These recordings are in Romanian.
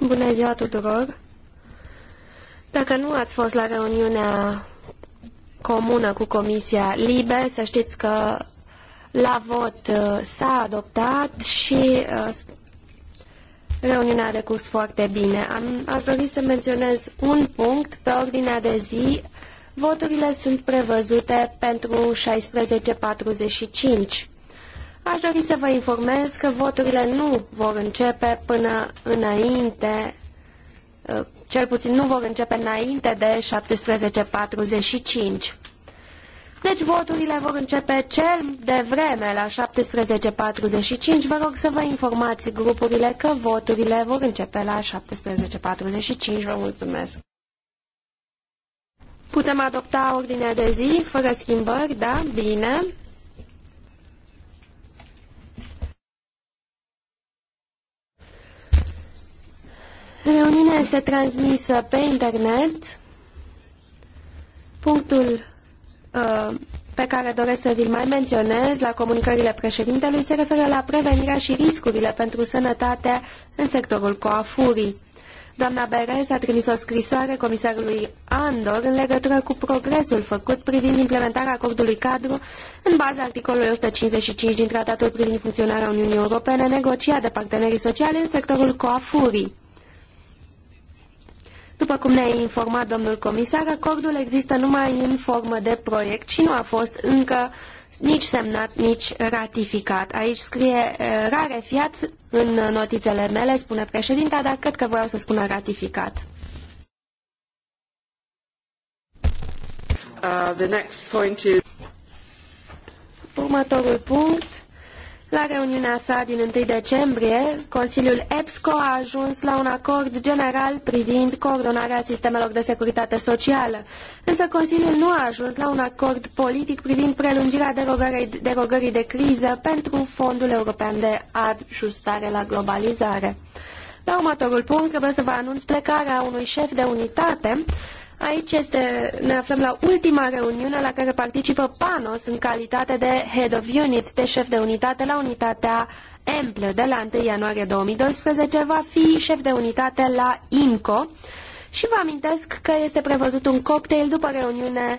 Bună ziua tuturor! Dacă nu ați fost la reuniunea comună cu Comisia Libe, să știți că la vot uh, s-a adoptat și uh, reuniunea a decurs foarte bine. Am, aș dori să menționez un punct pe ordinea de zi. Voturile sunt prevăzute pentru 16.45. Aș dori să vă informez că voturile nu vor începe până înainte, uh, cel puțin nu vor începe înainte de 17.45. Deci voturile vor începe cel de vreme la 17.45. Vă rog să vă informați grupurile că voturile vor începe la 17.45. Vă mulțumesc. Putem adopta ordinea de zi fără schimbări, da? Bine. Reuniunea este transmisă pe internet. Punctul uh, pe care doresc să vi-l mai menționez la comunicările președintelui se referă la prevenirea și riscurile pentru sănătate în sectorul coafurii. Doamna Berez a trimis o scrisoare comisarului Andor în legătură cu progresul făcut privind implementarea acordului cadru în baza articolului 155 din Tratatul privind funcționarea Uniunii Europene negociat de partenerii sociale în sectorul coafurii. După cum ne-a informat domnul comisar, acordul există numai în formă de proiect și nu a fost încă nici semnat, nici ratificat. Aici scrie rare fiat în notițele mele, spune președinta, dar cred că voiau să spună ratificat. Uh, the next point is... Următorul punct la reuniunea sa din 1 decembrie, Consiliul EPSCO a ajuns la un acord general privind coordonarea sistemelor de securitate socială, însă Consiliul nu a ajuns la un acord politic privind prelungirea derogării, derogării de criză pentru Fondul European de Ajustare la Globalizare. La următorul punct trebuie să vă anunț plecarea unui șef de unitate Aici este, ne aflăm la ultima reuniune la care participă PANOS în calitate de Head of Unit, de șef de unitate la unitatea EMPL. De la 1 ianuarie 2012 va fi șef de unitate la IMCO și vă amintesc că este prevăzut un cocktail după reuniune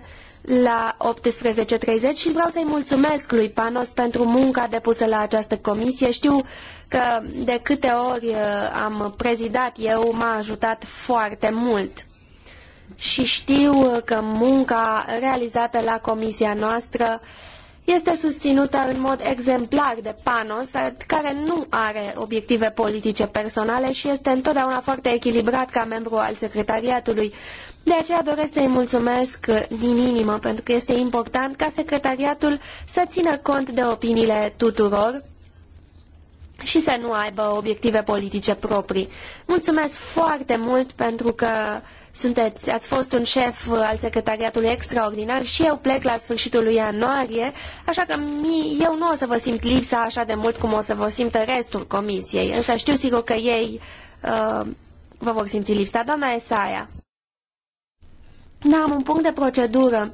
la 18.30 și vreau să-i mulțumesc lui Panos pentru munca depusă la această comisie. Știu că de câte ori uh, am prezidat eu m-a ajutat foarte mult și știu că munca realizată la comisia noastră este susținută în mod exemplar de Panos, care nu are obiective politice personale și este întotdeauna foarte echilibrat ca membru al secretariatului. De aceea doresc să-i mulțumesc din inimă, pentru că este important ca secretariatul să țină cont de opiniile tuturor și să nu aibă obiective politice proprii. Mulțumesc foarte mult pentru că sunteți, ați fost un șef al secretariatului extraordinar și eu plec la sfârșitul lui ianuarie, așa că mi, eu nu o să vă simt lipsa așa de mult cum o să vă simtă restul comisiei, însă știu sigur că ei uh, vă vor simți lipsa. Doamna Esaia. Da, am un punct de procedură.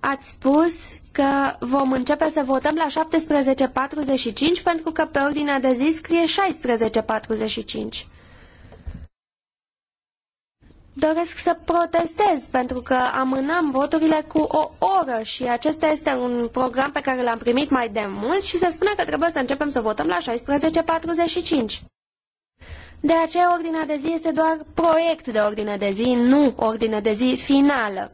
Ați spus că vom începe să votăm la 17.45 pentru că pe ordinea de zi scrie 16.45 doresc să protestez pentru că amânam voturile cu o oră și acesta este un program pe care l-am primit mai de mult și se spune că trebuie să începem să votăm la 16.45. De aceea ordinea de zi este doar proiect de ordine de zi, nu ordine de zi finală.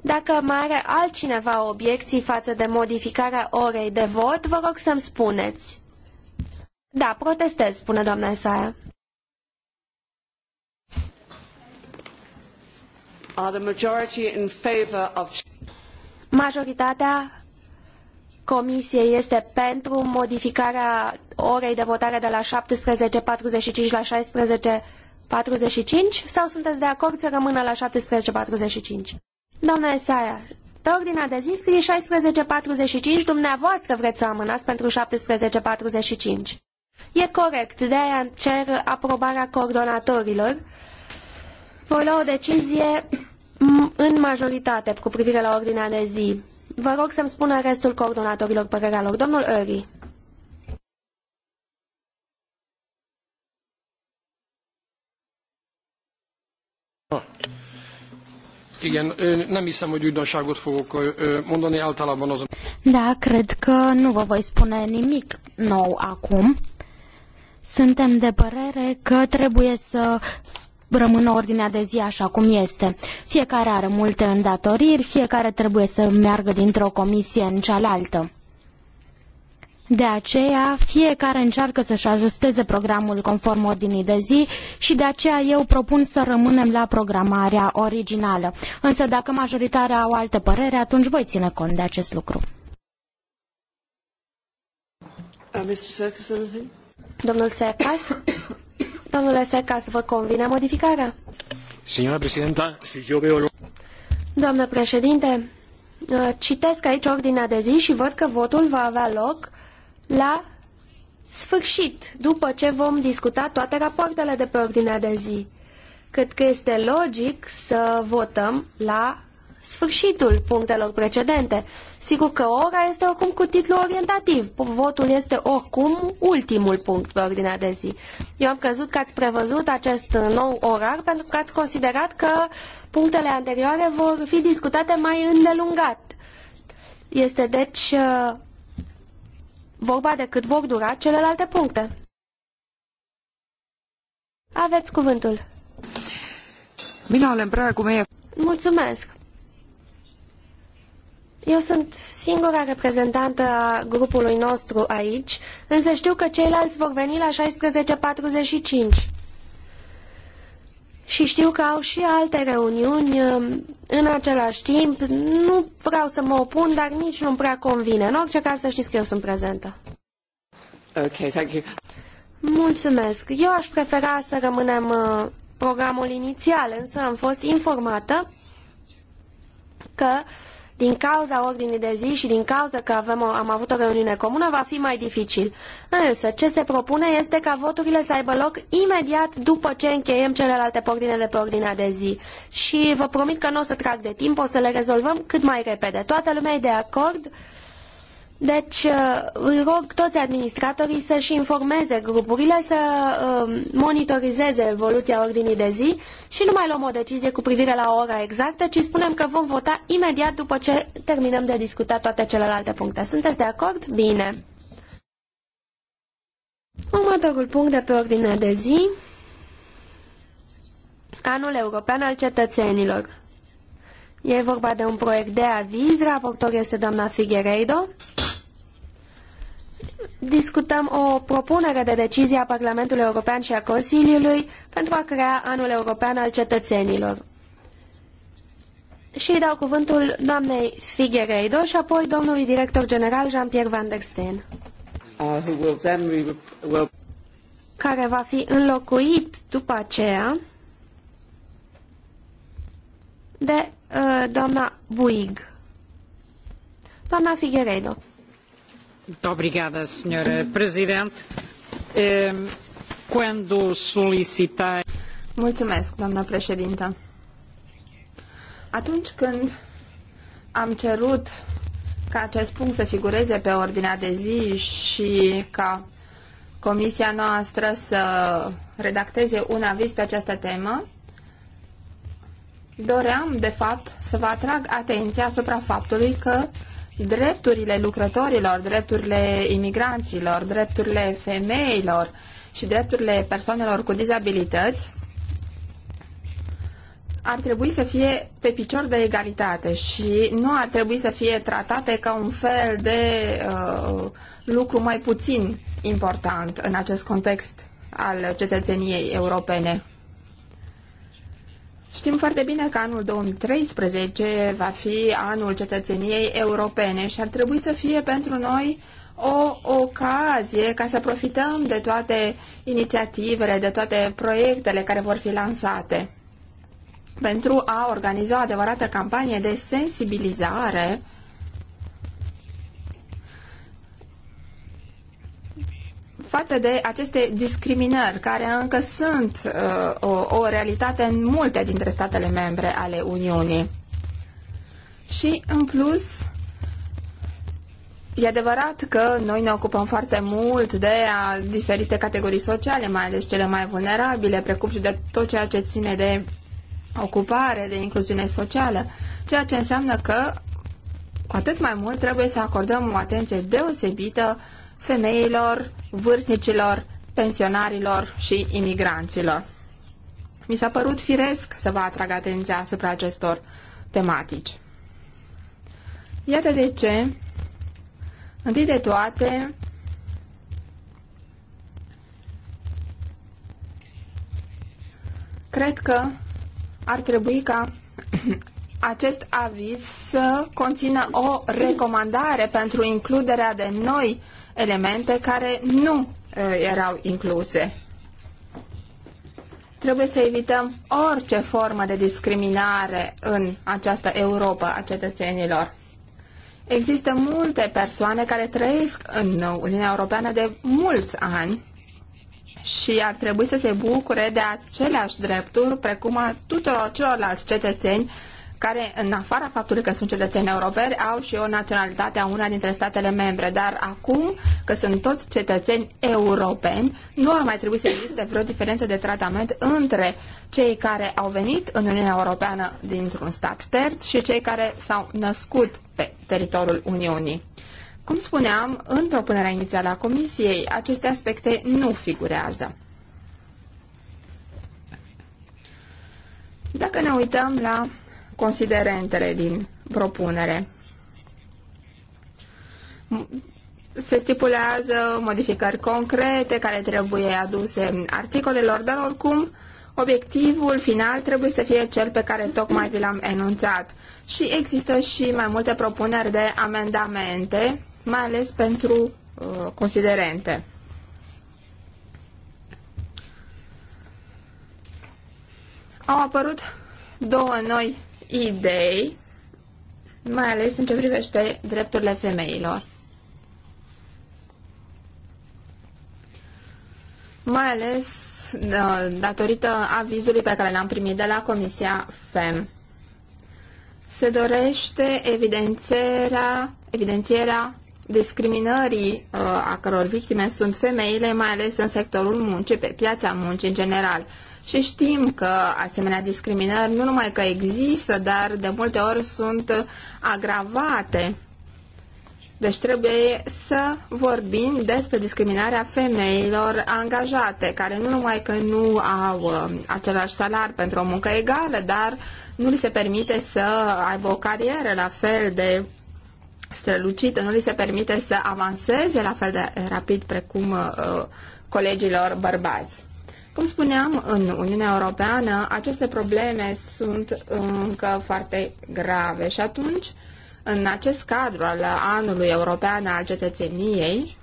Dacă mai are altcineva obiecții față de modificarea orei de vot, vă rog să-mi spuneți. Da, protestez, spune doamna Esaia. are the majority in favor of... Majoritatea Comisiei este pentru modificarea orei de votare de la 17.45 la 16.45 sau sunteți de acord să rămână la 17.45? Doamna Esaia, pe ordinea de zi scrie 16.45, dumneavoastră vreți să amânați pentru 17.45. E corect, de aia cer aprobarea coordonatorilor vor o decizie în majoritate cu privire la ordinea de zi. Vă rog să-mi spună restul coordonatorilor părerea lor. Domnul Eri. Igen, nem hiszem, hogy újdonságot fogok mondani, általában azon... Da, cred că nu vă voi spune nimic nou acum. Suntem de părere că trebuie să rămână ordinea de zi așa cum este. Fiecare are multe îndatoriri, fiecare trebuie să meargă dintr-o comisie în cealaltă. De aceea, fiecare încearcă să-și ajusteze programul conform ordinii de zi și de aceea eu propun să rămânem la programarea originală. Însă dacă majoritatea au altă părere, atunci voi ține cont de acest lucru. Uh, Domnul Sercas? Domnule Secas, vă convine modificarea? Signora Presidenta, eu veo... Doamnă președinte, uh, citesc aici ordinea de zi și văd că votul va avea loc la sfârșit, după ce vom discuta toate rapoartele de pe ordinea de zi. Cât că este logic să votăm la sfârșitul punctelor precedente. Sigur că ora este oricum cu titlu orientativ. Votul este oricum ultimul punct pe ordinea de zi. Eu am crezut că ați prevăzut acest nou orar pentru că ați considerat că punctele anterioare vor fi discutate mai îndelungat. Este deci uh, vorba de cât vor dura celelalte puncte. Aveți cuvântul. Mina olen praegu meie... Mulțumesc. Eu sunt singura reprezentantă a grupului nostru aici, însă știu că ceilalți vor veni la 16.45. Și știu că au și alte reuniuni um, în același timp. Nu vreau să mă opun, dar nici nu prea convine. În orice caz să știți că eu sunt prezentă. Ok, thank you. Mulțumesc. Eu aș prefera să rămânem uh, programul inițial, însă am fost informată că din cauza ordinii de zi și din cauza că avem o, am avut o reuniune comună, va fi mai dificil. Însă, ce se propune este ca voturile să aibă loc imediat după ce încheiem celelalte ordine de pe ordinea de zi. Și vă promit că nu o să trag de timp, o să le rezolvăm cât mai repede. Toată lumea e de acord? Deci uh, îi rog toți administratorii să-și informeze grupurile, să uh, monitorizeze evoluția ordinii de zi și nu mai luăm o decizie cu privire la ora exactă, ci spunem că vom vota imediat după ce terminăm de discutat toate celelalte puncte. Sunteți de acord? Bine. Următorul punct de pe ordinea de zi. Anul European al Cetățenilor. E vorba de un proiect de aviz, raportor este doamna Figueiredo discutăm o propunere de decizie a Parlamentului European și a Consiliului pentru a crea anul european al cetățenilor. Și îi dau cuvântul doamnei Figueiredo și apoi domnului director general Jean-Pierre Van der Steen, uh, care va fi înlocuit după aceea de uh, doamna Buig. Doamna Figueiredo obrigada, Senhora Presidente. Ehm, quando solicitei... Mulțumesc, doamna președintă. Atunci când am cerut ca acest punct să figureze pe ordinea de zi și ca comisia noastră să redacteze un aviz pe această temă, doream, de fapt, să vă atrag atenția asupra faptului că drepturile lucrătorilor, drepturile imigranților, drepturile femeilor și drepturile persoanelor cu dizabilități ar trebui să fie pe picior de egalitate și nu ar trebui să fie tratate ca un fel de uh, lucru mai puțin important în acest context al cetățeniei europene. Știm foarte bine că anul 2013 va fi anul cetățeniei europene și ar trebui să fie pentru noi o ocazie ca să profităm de toate inițiativele, de toate proiectele care vor fi lansate. Pentru a organiza o adevărată campanie de sensibilizare față de aceste discriminări care încă sunt uh, o, o realitate în multe dintre statele membre ale Uniunii. Și, în plus, E adevărat că noi ne ocupăm foarte mult de a, diferite categorii sociale, mai ales cele mai vulnerabile, precum și de tot ceea ce ține de ocupare, de incluziune socială, ceea ce înseamnă că cu atât mai mult trebuie să acordăm o atenție deosebită uh, femeilor, vârstnicilor, pensionarilor și imigranților. Mi s-a părut firesc să vă atrag atenția asupra acestor tematici. Iată de ce, întâi de toate, cred că ar trebui ca acest aviz să conțină o recomandare pentru includerea de noi elemente care nu eh, erau incluse. Trebuie să evităm orice formă de discriminare în această Europa a cetățenilor. Există multe persoane care trăiesc în Uniunea Europeană de mulți ani și ar trebui să se bucure de aceleași drepturi precum a tuturor celorlalți cetățeni care, în afara faptului că sunt cetățeni europeni, au și o naționalitate a una dintre statele membre. Dar acum că sunt toți cetățeni europeni, nu ar mai trebui să existe vreo diferență de tratament între cei care au venit în Uniunea Europeană dintr-un stat terț și cei care s-au născut pe teritoriul Uniunii. Cum spuneam, în propunerea inițială a Comisiei, aceste aspecte nu figurează. Dacă ne uităm la considerentele din propunere. Se stipulează modificări concrete care trebuie aduse articolelor, dar oricum obiectivul final trebuie să fie cel pe care tocmai vi l-am enunțat. Și există și mai multe propuneri de amendamente, mai ales pentru uh, considerente. Au apărut două noi idei, mai ales în ce privește drepturile femeilor. Mai ales uh, datorită avizului pe care l-am primit de la Comisia FEM. Se dorește evidențierea, evidențierea discriminării uh, a căror victime sunt femeile, mai ales în sectorul muncii, pe piața muncii în general și știm că asemenea discriminări nu numai că există, dar de multe ori sunt agravate. Deci trebuie să vorbim despre discriminarea femeilor angajate, care nu numai că nu au uh, același salar pentru o muncă egală, dar nu li se permite să aibă o carieră la fel de strălucită, nu li se permite să avanseze la fel de rapid precum uh, colegilor bărbați. Cum spuneam, în Uniunea Europeană aceste probleme sunt încă foarte grave și atunci, în acest cadru al anului european al cetățeniei,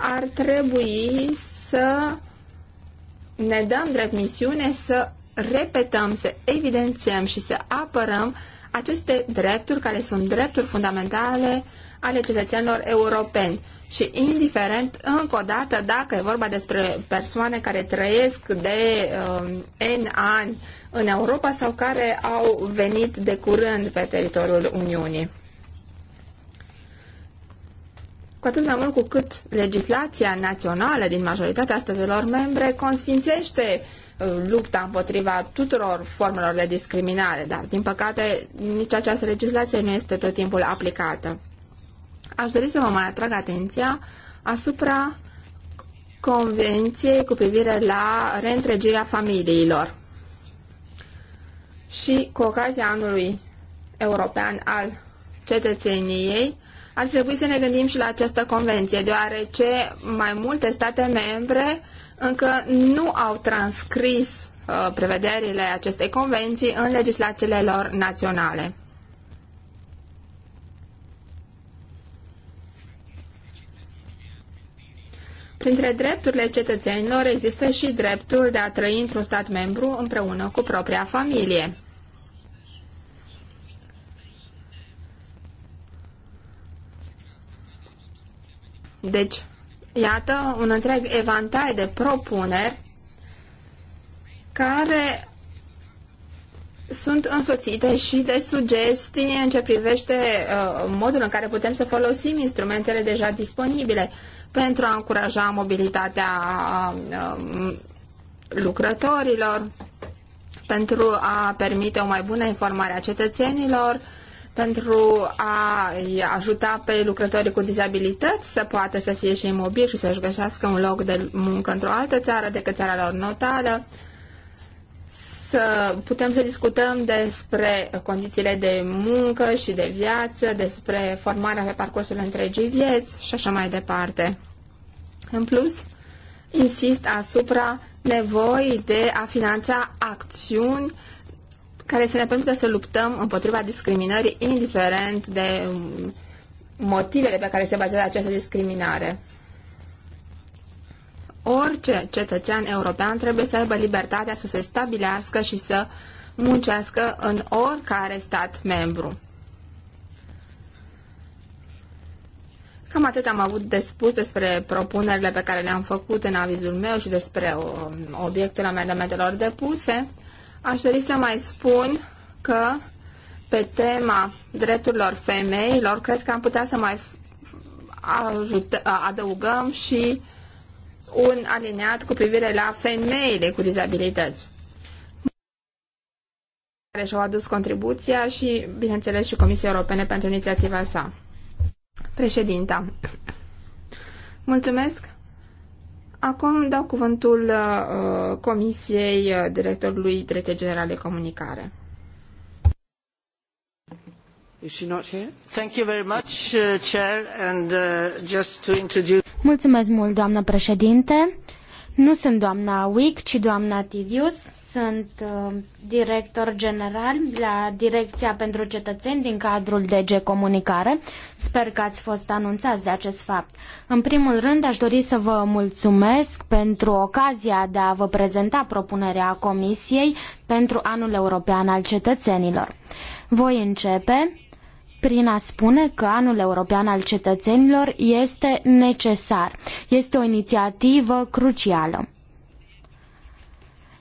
ar trebui să ne dăm drept misiune să repetăm, să evidențiem și să apărăm aceste drepturi care sunt drepturi fundamentale ale cetățenilor europeni și indiferent, încă o dată, dacă e vorba despre persoane care trăiesc de uh, N ani în Europa sau care au venit de curând pe teritoriul Uniunii. Cu atât mai mult cu cât legislația națională din majoritatea statelor membre consfințește uh, lupta împotriva tuturor formelor de discriminare, dar din păcate nici această legislație nu este tot timpul aplicată aș dori să vă mai atrag atenția asupra Convenției cu privire la reîntregirea familiilor. Și cu ocazia anului european al cetățeniei, ar trebui să ne gândim și la această convenție, deoarece mai multe state membre încă nu au transcris uh, prevederile acestei convenții în legislațiile lor naționale. Printre drepturile cetățenilor există și dreptul de a trăi într-un stat membru împreună cu propria familie. Deci, iată un întreg evantai de propuneri care sunt însoțite și de sugestii în ce privește uh, modul în care putem să folosim instrumentele deja disponibile pentru a încuraja mobilitatea um, lucrătorilor, pentru a permite o mai bună informare a cetățenilor, pentru a ajuta pe lucrătorii cu dizabilități să poată să fie și mobili și să-și găsească un loc de muncă într-o altă țară decât țara lor notală, să putem să discutăm despre condițiile de muncă și de viață, despre formarea pe parcursul întregii vieți și așa mai departe. În plus, insist asupra nevoii de a finanța acțiuni care să ne permită să luptăm împotriva discriminării, indiferent de motivele pe care se bazează această discriminare orice cetățean european trebuie să aibă libertatea să se stabilească și să muncească în oricare stat membru. Cam atât am avut de spus despre propunerile pe care le-am făcut în avizul meu și despre obiectul amendamentelor depuse. Aș dori să mai spun că pe tema drepturilor femeilor, cred că am putea să mai ajută, adăugăm și un alineat cu privire la femeile cu dizabilități care și-au adus contribuția și, bineînțeles, și Comisia Europene pentru inițiativa sa. Președinta, mulțumesc. Acum dau cuvântul uh, Comisiei uh, Directorului Direcției Generale Comunicare. Mulțumesc mult, doamnă președinte. Nu sunt doamna Wick, ci doamna Tidius. Sunt uh, director general la Direcția pentru Cetățeni din cadrul DG Comunicare. Sper că ați fost anunțați de acest fapt. În primul rând, aș dori să vă mulțumesc pentru ocazia de a vă prezenta propunerea Comisiei pentru Anul European al Cetățenilor. Voi începe prin a spune că anul european al cetățenilor este necesar. Este o inițiativă crucială.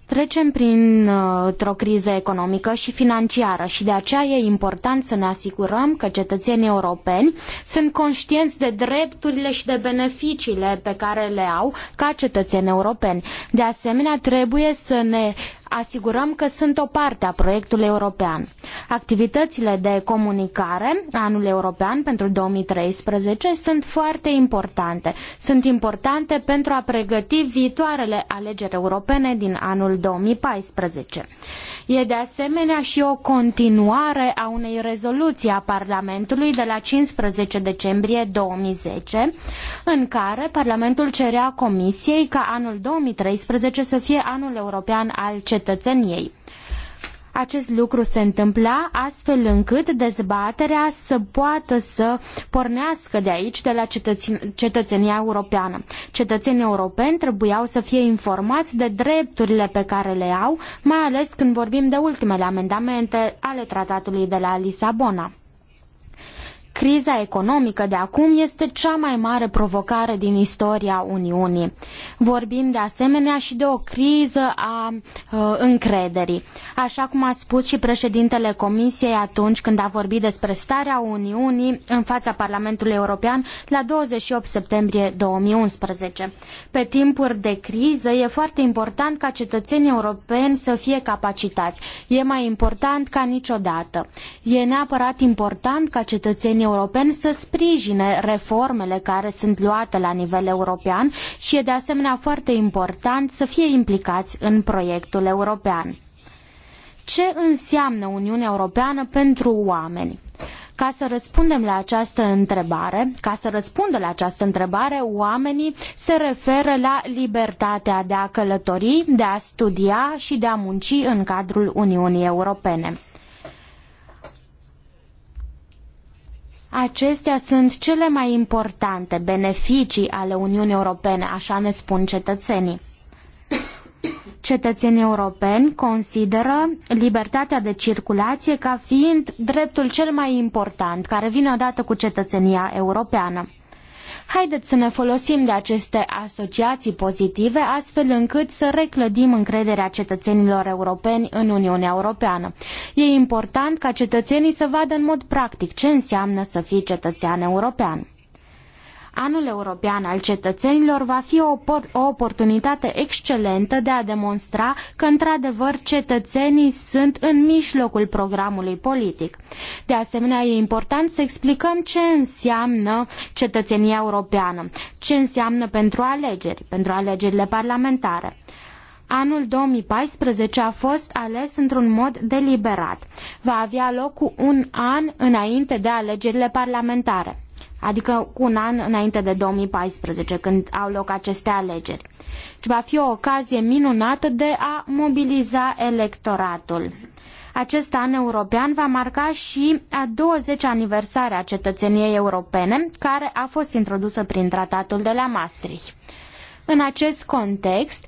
Trecem printr-o uh, criză economică și financiară și de aceea e important să ne asigurăm că cetățenii europeni sunt conștienți de drepturile și de beneficiile pe care le au ca cetățeni europeni. De asemenea, trebuie să ne asigurăm că sunt o parte a proiectului european. Activitățile de comunicare anul european pentru 2013 sunt foarte importante. Sunt importante pentru a pregăti viitoarele alegeri europene din anul 2014. E de asemenea și o continuare a unei rezoluții a Parlamentului de la 15 decembrie 2010, în care Parlamentul cerea Comisiei ca anul 2013 să fie anul european al cetățenilor cetățeniei. Acest lucru se întâmpla astfel încât dezbaterea să poată să pornească de aici, de la cetățenia europeană. Cetățenii europeni trebuiau să fie informați de drepturile pe care le au, mai ales când vorbim de ultimele amendamente ale tratatului de la Lisabona. Criza economică de acum este cea mai mare provocare din istoria Uniunii. Vorbim de asemenea și de o criză a uh, încrederii. Așa cum a spus și președintele Comisiei atunci când a vorbit despre starea Uniunii în fața Parlamentului European la 28 septembrie 2011. Pe timpuri de criză e foarte important ca cetățenii europeni să fie capacitați. E mai important ca niciodată. E neapărat important ca cetățenii europeni să sprijine reformele care sunt luate la nivel european și e de asemenea foarte important să fie implicați în proiectul european. Ce înseamnă Uniunea Europeană pentru oameni? Ca să răspundem la această întrebare, ca să răspundă la această întrebare, oamenii se referă la libertatea de a călători, de a studia și de a munci în cadrul Uniunii Europene. Acestea sunt cele mai importante beneficii ale Uniunii Europene, așa ne spun cetățenii. Cetățenii europeni consideră libertatea de circulație ca fiind dreptul cel mai important, care vine odată cu cetățenia europeană. Haideți să ne folosim de aceste asociații pozitive astfel încât să reclădim încrederea cetățenilor europeni în Uniunea Europeană. E important ca cetățenii să vadă în mod practic ce înseamnă să fii cetățean european. Anul European al Cetățenilor va fi o, o oportunitate excelentă de a demonstra că, într-adevăr, cetățenii sunt în mijlocul programului politic. De asemenea, e important să explicăm ce înseamnă cetățenia europeană, ce înseamnă pentru alegeri, pentru alegerile parlamentare. Anul 2014 a fost ales într-un mod deliberat. Va avea loc un an înainte de alegerile parlamentare adică cu un an înainte de 2014, când au loc aceste alegeri. Deci va fi o ocazie minunată de a mobiliza electoratul. Acest an european va marca și a 20 -a aniversare a cetățeniei europene, care a fost introdusă prin tratatul de la Maastricht. În acest context,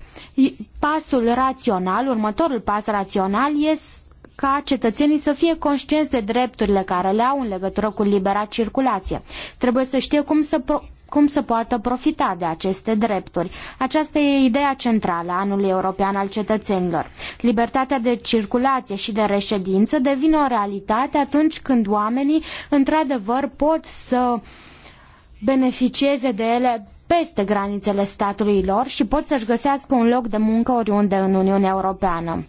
pasul rațional, următorul pas rațional este ca cetățenii să fie conștienți de drepturile care le au în legătură cu libera circulație. Trebuie să știe cum să cum să poată profita de aceste drepturi. Aceasta e ideea centrală a anului european al cetățenilor. Libertatea de circulație și de reședință devine o realitate atunci când oamenii într-adevăr pot să beneficieze de ele peste granițele statului lor și pot să-și găsească un loc de muncă oriunde în Uniunea Europeană.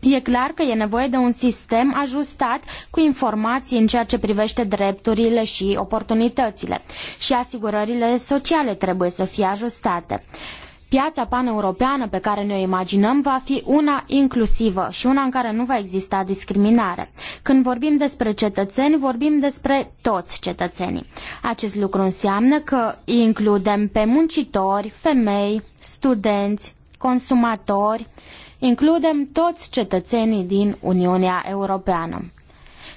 E clar că e nevoie de un sistem ajustat cu informații în ceea ce privește drepturile și oportunitățile. Și asigurările sociale trebuie să fie ajustate. Piața paneuropeană pe care ne o imaginăm va fi una inclusivă și una în care nu va exista discriminare. Când vorbim despre cetățeni, vorbim despre toți cetățenii. Acest lucru înseamnă că îi includem pe muncitori, femei, studenți, consumatori, Includem toți cetățenii din Uniunea Europeană.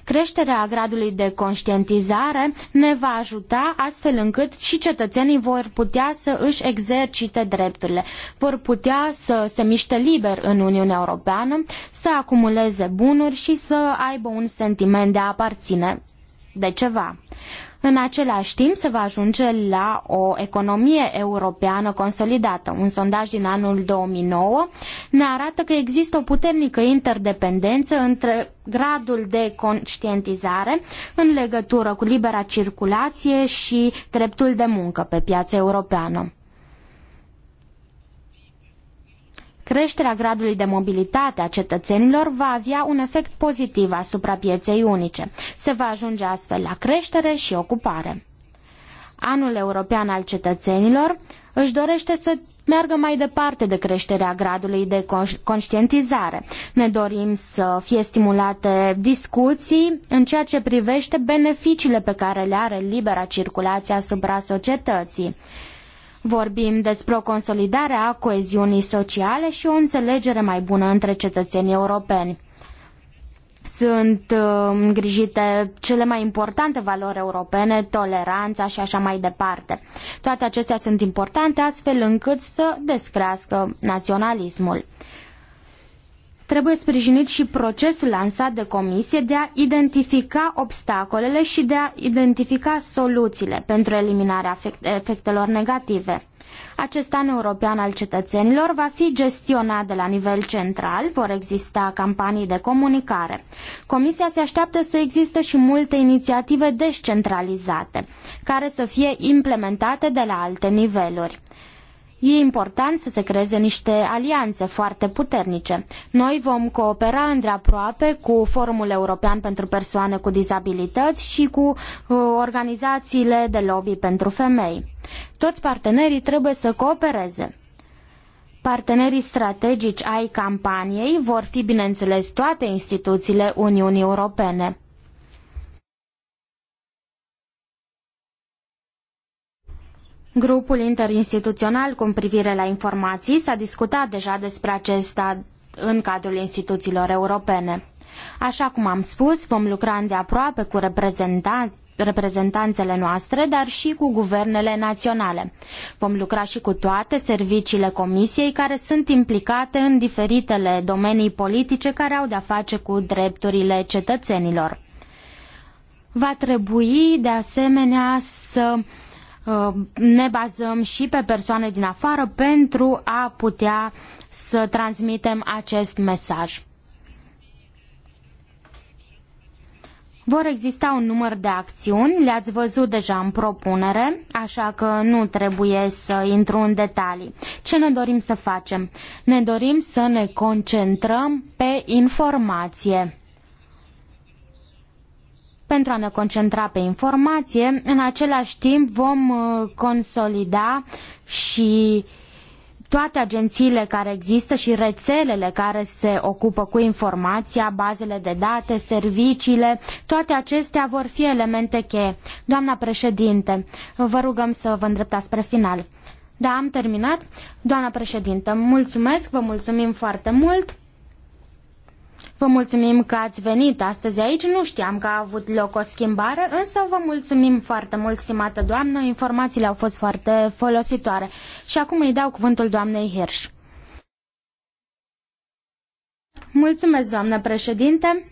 Creșterea gradului de conștientizare ne va ajuta astfel încât și cetățenii vor putea să își exercite drepturile, vor putea să se miște liber în Uniunea Europeană, să acumuleze bunuri și să aibă un sentiment de a aparține de ceva. În același timp se va ajunge la o economie europeană consolidată. Un sondaj din anul 2009 ne arată că există o puternică interdependență între gradul de conștientizare în legătură cu libera circulație și dreptul de muncă pe piața europeană. Creșterea gradului de mobilitate a cetățenilor va avea un efect pozitiv asupra pieței unice. Se va ajunge astfel la creștere și ocupare. Anul European al Cetățenilor își dorește să meargă mai departe de creșterea gradului de conștientizare. Ne dorim să fie stimulate discuții în ceea ce privește beneficiile pe care le are libera circulație asupra societății. Vorbim despre o consolidare a coeziunii sociale și o înțelegere mai bună între cetățenii europeni sunt uh, îngrijite cele mai importante valori europene, toleranța și așa mai departe. Toate acestea sunt importante astfel încât să descrească naționalismul. Trebuie sprijinit și procesul lansat de comisie de a identifica obstacolele și de a identifica soluțiile pentru eliminarea efectelor negative. Acest an european al cetățenilor va fi gestionat de la nivel central, vor exista campanii de comunicare. Comisia se așteaptă să existe și multe inițiative descentralizate, care să fie implementate de la alte niveluri. E important să se creeze niște alianțe foarte puternice. Noi vom coopera îndeaproape cu Forumul European pentru Persoane cu Dizabilități și cu uh, organizațiile de lobby pentru femei. Toți partenerii trebuie să coopereze. Partenerii strategici ai campaniei vor fi, bineînțeles, toate instituțiile Uniunii Europene. Grupul interinstituțional cu privire la informații s-a discutat deja despre acesta în cadrul instituțiilor europene. Așa cum am spus, vom lucra îndeaproape cu reprezentanți reprezentanțele noastre, dar și cu guvernele naționale. Vom lucra și cu toate serviciile comisiei care sunt implicate în diferitele domenii politice care au de-a face cu drepturile cetățenilor. Va trebui, de asemenea, să Uh, ne bazăm și pe persoane din afară pentru a putea să transmitem acest mesaj. Vor exista un număr de acțiuni, le-ați văzut deja în propunere, așa că nu trebuie să intru în detalii. Ce ne dorim să facem? Ne dorim să ne concentrăm pe informație pentru a ne concentra pe informație. În același timp vom uh, consolida și toate agențiile care există și rețelele care se ocupă cu informația, bazele de date, serviciile, toate acestea vor fi elemente cheie. Doamna președinte, vă rugăm să vă îndreptați spre final. Da, am terminat. Doamna președintă, mulțumesc, vă mulțumim foarte mult. Vă mulțumim că ați venit astăzi aici. Nu știam că a avut loc o schimbare, însă vă mulțumim foarte mult, stimată doamnă. Informațiile au fost foarte folositoare. Și acum îi dau cuvântul doamnei Hirsch. Mulțumesc, doamnă președinte.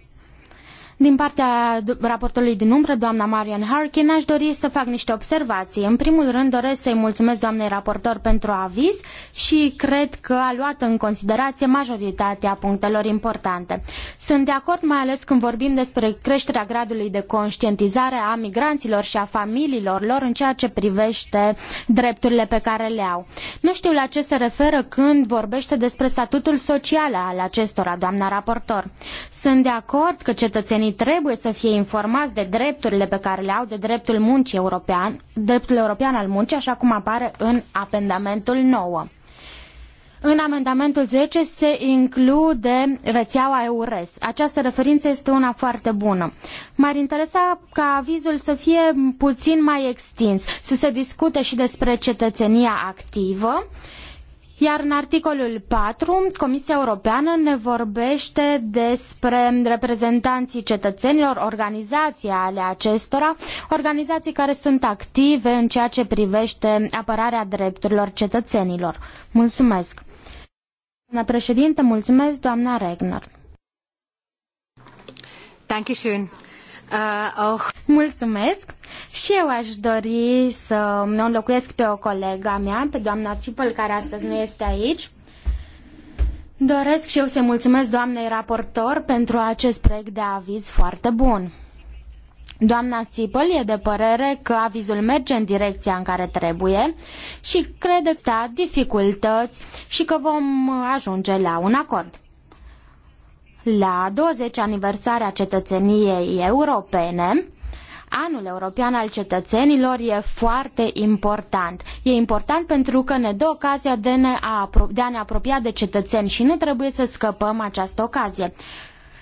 Din partea raportului din umbră, doamna Marian Harkin, aș dori să fac niște observații. În primul rând doresc să-i mulțumesc doamnei raportor pentru aviz și cred că a luat în considerație majoritatea punctelor importante. Sunt de acord mai ales când vorbim despre creșterea gradului de conștientizare a migranților și a familiilor lor în ceea ce privește drepturile pe care le au. Nu știu la ce se referă când vorbește despre statutul social al acestora, doamna raportor. Sunt de acord că cetățenii Cetățenii trebuie să fie informați de drepturile pe care le au de dreptul muncii european, dreptul european al muncii, așa cum apare în amendamentul 9. În amendamentul 10 se include rețeaua EURES. Această referință este una foarte bună. M-ar interesa ca avizul să fie puțin mai extins, să se discute și despre cetățenia activă, uh, iar în articolul 4, Comisia Europeană ne vorbește despre reprezentanții cetățenilor, organizații ale acestora, organizații care sunt active în ceea ce privește apărarea drepturilor cetățenilor. Mulțumesc! Doamna președinte, mulțumesc, doamna Regner. Uh, oh. Mulțumesc și eu aș dori să ne înlocuiesc pe o colega mea, pe doamna Țipăl, care astăzi nu este aici. Doresc și eu să mulțumesc doamnei raportor pentru acest proiect de aviz foarte bun. Doamna Sipăl e de părere că avizul merge în direcția în care trebuie și crede că dificultăți și că vom ajunge la un acord. La 20 aniversarea cetățeniei europene, Anul European al Cetățenilor e foarte important. E important pentru că ne dă ocazia de, ne a, de a ne apropia de cetățeni și nu trebuie să scăpăm această ocazie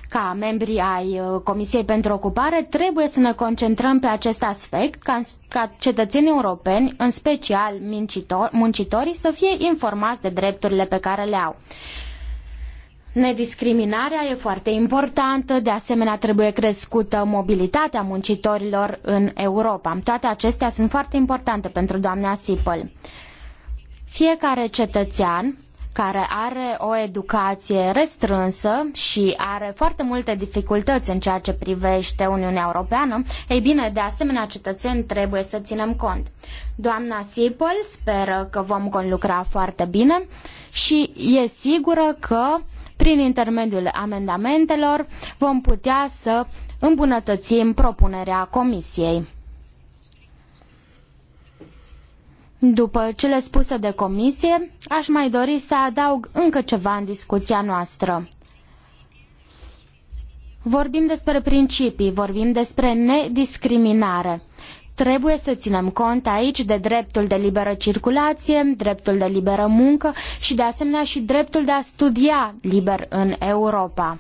ca membri ai uh, Comisiei pentru Ocupare, trebuie să ne concentrăm pe acest aspect ca, ca cetățenii europeni, în special muncitorii, să fie informați de drepturile pe care le au. Nediscriminarea e foarte importantă, de asemenea trebuie crescută mobilitatea muncitorilor în Europa. Toate acestea sunt foarte importante pentru doamna Sipăl. Fiecare cetățean care are o educație restrânsă și are foarte multe dificultăți în ceea ce privește Uniunea Europeană, ei bine, de asemenea cetățeni trebuie să ținem cont. Doamna Sipol speră că vom conlucra foarte bine și e sigură că prin intermediul amendamentelor vom putea să îmbunătățim propunerea Comisiei. După cele spuse de comisie, aș mai dori să adaug încă ceva în discuția noastră. Vorbim despre principii, vorbim despre nediscriminare. Trebuie să ținem cont aici de dreptul de liberă circulație, dreptul de liberă muncă și de asemenea și dreptul de a studia liber în Europa.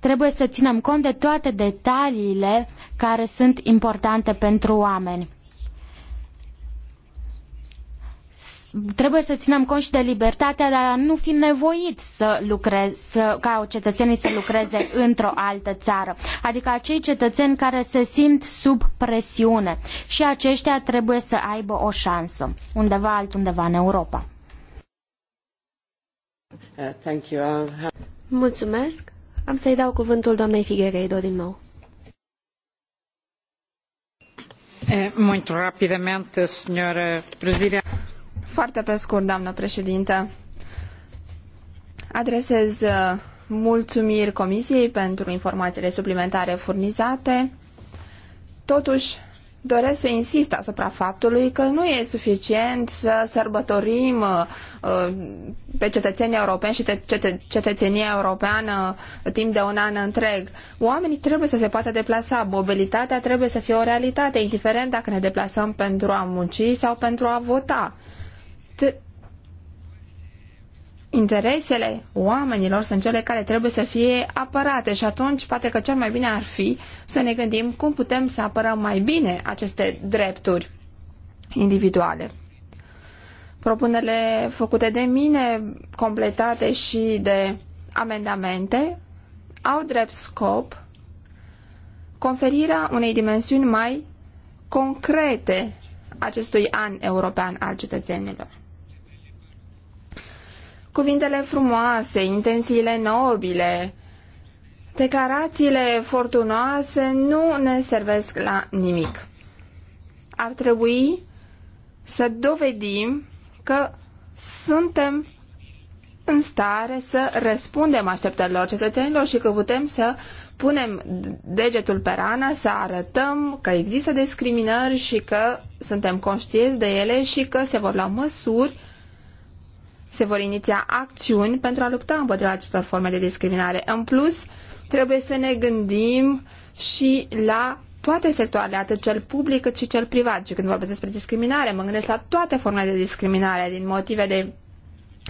Trebuie să ținem cont de toate detaliile care sunt importante pentru oameni. trebuie să ținem cont și de libertatea de a nu fi nevoit să lucrez, să, ca cetățenii să lucreze într-o altă țară. Adică acei cetățeni care se simt sub presiune și aceștia trebuie să aibă o șansă undeva altundeva în Europa. Uh, Mulțumesc. Am să-i dau cuvântul doamnei Figueiredo din nou. Eh, muito rapidamente, senhora Presidente. Foarte pe scurt, doamnă președinte. Adresez uh, mulțumiri Comisiei pentru informațiile suplimentare furnizate. Totuși, doresc să insist asupra faptului că nu e suficient să sărbătorim uh, uh, pe cetățenii europeni și cetățenia europeană timp de un an întreg. Oamenii trebuie să se poată deplasa, mobilitatea trebuie să fie o realitate, indiferent dacă ne deplasăm pentru a munci sau pentru a vota interesele oamenilor sunt cele care trebuie să fie apărate și atunci poate că cel mai bine ar fi să ne gândim cum putem să apărăm mai bine aceste drepturi individuale. Propunerile făcute de mine, completate și de amendamente, au drept scop conferirea unei dimensiuni mai concrete acestui an european al cetățenilor. Cuvintele frumoase, intențiile nobile, declarațiile fortunoase nu ne servesc la nimic. Ar trebui să dovedim că suntem în stare să răspundem așteptărilor cetățenilor și că putem să punem degetul pe rană, să arătăm că există discriminări și că suntem conștienți de ele și că se vor lua măsuri se vor iniția acțiuni pentru a lupta împotriva acestor forme de discriminare. În plus, trebuie să ne gândim și la toate sectoarele, atât cel public cât și cel privat. Și când vorbesc despre discriminare, mă gândesc la toate formele de discriminare, din motive de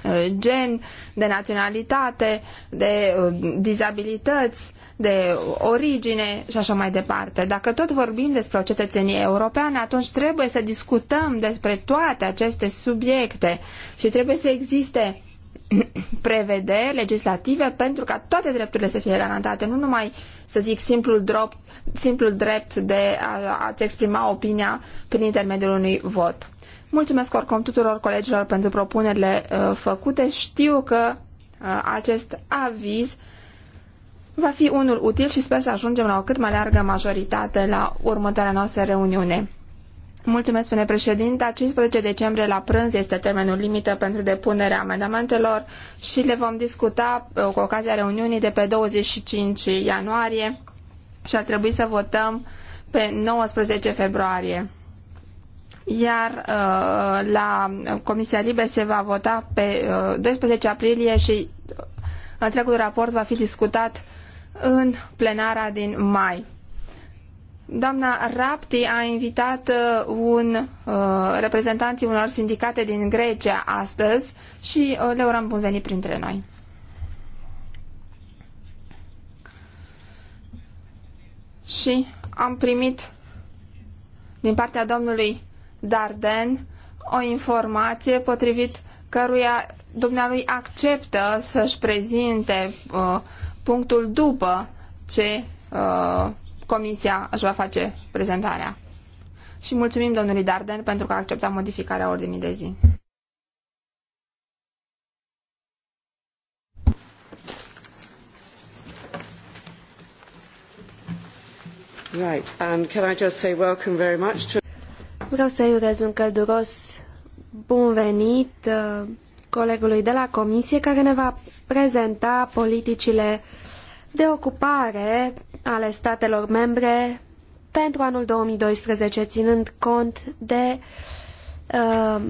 Uh, gen, de naționalitate, de uh, dizabilități, de origine și așa mai departe. Dacă tot vorbim despre o cetățenie europeană, atunci trebuie să discutăm despre toate aceste subiecte și trebuie să existe prevederi legislative pentru ca toate drepturile să fie garantate, nu numai, să zic, simplul, drop, simplul drept de a, a-ți exprima opinia prin intermediul unui vot. Mulțumesc oricum tuturor colegilor pentru propunerile uh, făcute. Știu că uh, acest aviz va fi unul util și sper să ajungem la o cât mai largă majoritate la următoarea noastră reuniune. Mulțumesc, spune președinte. 15 decembrie la prânz este termenul limită pentru depunerea amendamentelor și le vom discuta uh, cu ocazia reuniunii de pe 25 ianuarie și ar trebui să votăm pe 19 februarie iar uh, la Comisia Libe se va vota pe 12 uh, aprilie și uh, întregul raport va fi discutat în plenara din mai. Doamna Rapti a invitat un uh, reprezentanții unor sindicate din Grecia astăzi și uh, le urăm bun venit printre noi. Și am primit din partea domnului Darden o informație potrivit căruia dumnealui acceptă să-și prezinte uh, punctul după ce uh, comisia își va face prezentarea. Și mulțumim domnului Darden pentru că a acceptat modificarea ordinii de zi. Right, and can I just say welcome very much to Vreau să-i urez un călduros bun venit uh, colegului de la Comisie care ne va prezenta politicile de ocupare ale statelor membre pentru anul 2012, ținând cont de uh,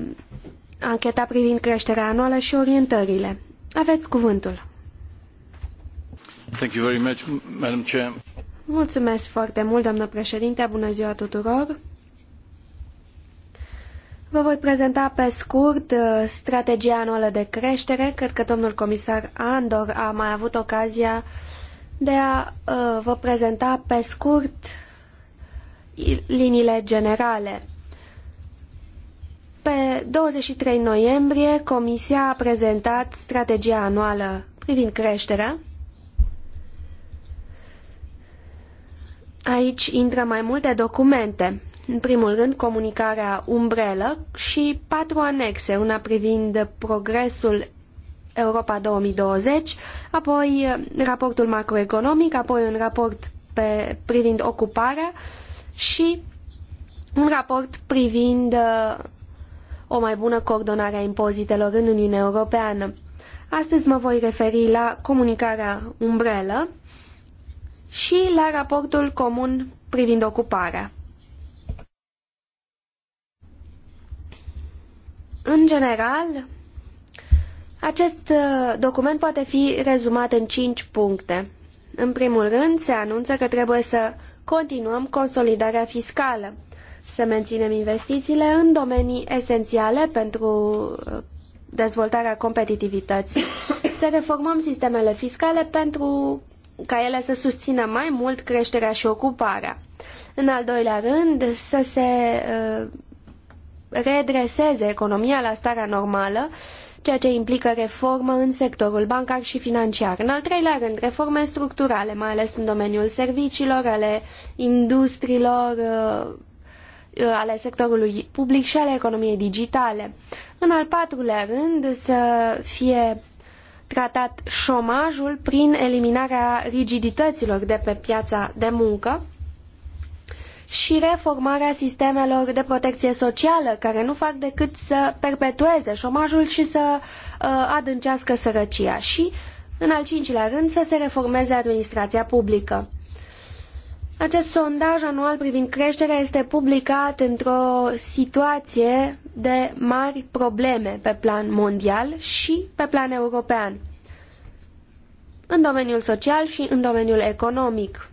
ancheta privind creșterea anuală și orientările. Aveți cuvântul. Thank you very much, Madam Chair. Mulțumesc foarte mult, doamnă președinte. Bună ziua tuturor. Vă voi prezenta pe scurt uh, strategia anuală de creștere. Cred că domnul comisar Andor a mai avut ocazia de a uh, vă prezenta pe scurt liniile generale. Pe 23 noiembrie, Comisia a prezentat strategia anuală privind creșterea. Aici intră mai multe documente. În primul rând, comunicarea umbrelă și patru anexe, una privind progresul Europa 2020, apoi raportul macroeconomic, apoi un raport pe, privind ocuparea și un raport privind uh, o mai bună coordonare a impozitelor în Uniunea Europeană. Astăzi mă voi referi la comunicarea umbrelă și la raportul comun privind ocuparea. În general, acest uh, document poate fi rezumat în cinci puncte. În primul rând, se anunță că trebuie să continuăm consolidarea fiscală, să menținem investițiile în domenii esențiale pentru uh, dezvoltarea competitivității, să reformăm sistemele fiscale pentru ca ele să susțină mai mult creșterea și ocuparea. În al doilea rând, să se uh, redreseze economia la starea normală, ceea ce implică reformă în sectorul bancar și financiar. În al treilea rând, reforme structurale, mai ales în domeniul serviciilor, ale industriilor, uh, uh, ale sectorului public și ale economiei digitale. În al patrulea rând, să fie tratat șomajul prin eliminarea rigidităților de pe piața de muncă și reformarea sistemelor de protecție socială, care nu fac decât să perpetueze șomajul și să uh, adâncească sărăcia și, în al cincilea rând, să se reformeze administrația publică. Acest sondaj anual privind creșterea este publicat într-o situație de mari probleme pe plan mondial și pe plan european, în domeniul social și în domeniul economic.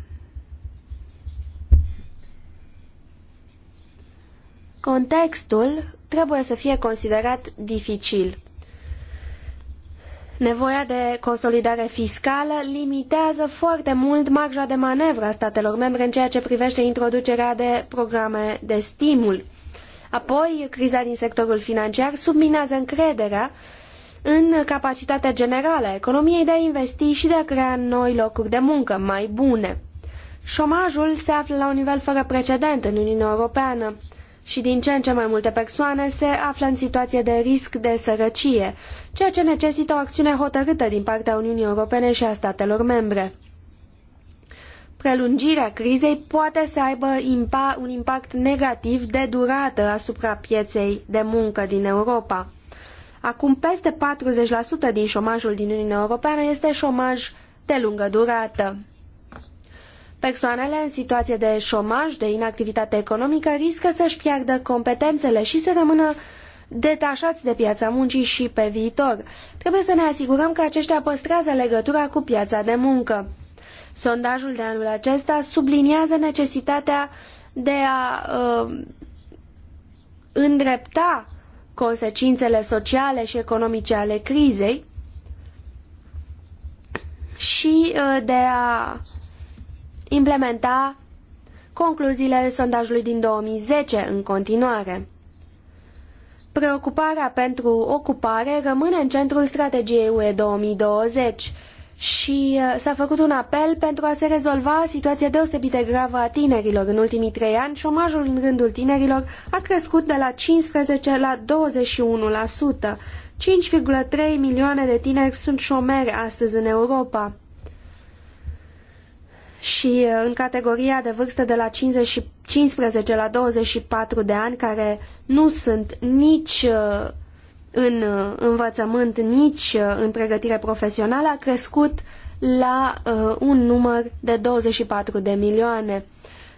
Contextul trebuie să fie considerat dificil. Nevoia de consolidare fiscală limitează foarte mult marja de manevră a statelor membre în ceea ce privește introducerea de programe de stimul. Apoi, criza din sectorul financiar subminează încrederea în capacitatea generală a economiei de a investi și de a crea noi locuri de muncă mai bune. Șomajul se află la un nivel fără precedent în Uniunea Europeană și din ce în ce mai multe persoane se află în situație de risc de sărăcie, ceea ce necesită o acțiune hotărâtă din partea Uniunii Europene și a statelor membre. Prelungirea crizei poate să aibă un impact negativ de durată asupra pieței de muncă din Europa. Acum peste 40% din șomajul din Uniunea Europeană este șomaj de lungă durată. Persoanele în situație de șomaj, de inactivitate economică, riscă să-și piardă competențele și să rămână detașați de piața muncii și pe viitor. Trebuie să ne asigurăm că aceștia păstrează legătura cu piața de muncă. Sondajul de anul acesta subliniază necesitatea de a uh, îndrepta consecințele sociale și economice ale crizei și uh, de a implementa concluziile sondajului din 2010 în continuare. Preocuparea pentru ocupare rămâne în centrul strategiei UE 2020 și uh, s-a făcut un apel pentru a se rezolva situația deosebit de gravă a tinerilor. În ultimii trei ani, șomajul în rândul tinerilor a crescut de la 15 la 21%. 5,3 milioane de tineri sunt șomeri astăzi în Europa și uh, în categoria de vârstă de la 50, 15 la 24 de ani, care nu sunt nici uh, în uh, învățământ, nici în pregătire profesională, a crescut la un număr de 24 de milioane.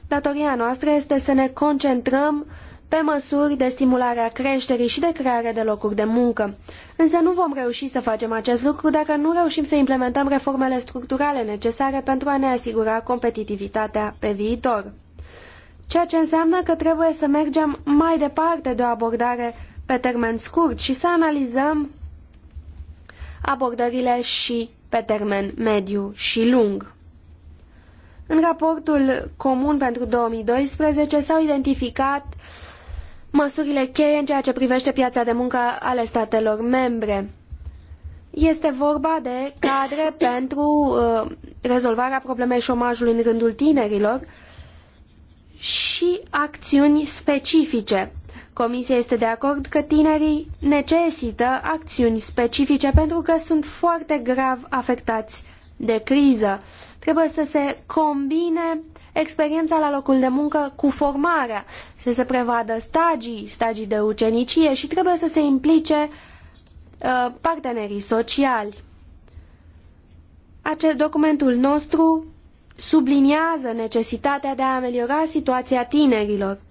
Datoria noastră este să ne concentrăm uh, pe măsuri de stimulare a creșterii și de creare de locuri de muncă. Însă nu vom reuși să facem acest lucru dacă nu reușim să implementăm reformele structurale necesare pentru a ne asigura competitivitatea pe viitor. Ceea ce înseamnă că trebuie să mergem mai departe de o abordare pe termen scurt și să analizăm abordările și pe termen mediu și lung. În raportul comun pentru 2012 s-au identificat uh, măsurile cheie în ceea ce privește piața de muncă ale statelor membre. Este vorba de cadre pentru uh, rezolvarea problemei șomajului în rândul tinerilor și acțiuni specifice. Comisia este de acord că tinerii necesită acțiuni specifice pentru că sunt foarte grav afectați de criză. Trebuie să se combine experiența la locul de muncă cu formarea, să se prevadă stagii, stagii de ucenicie și trebuie să se implice uh, partenerii sociali. Acest documentul nostru subliniază necesitatea de a ameliora situația tinerilor.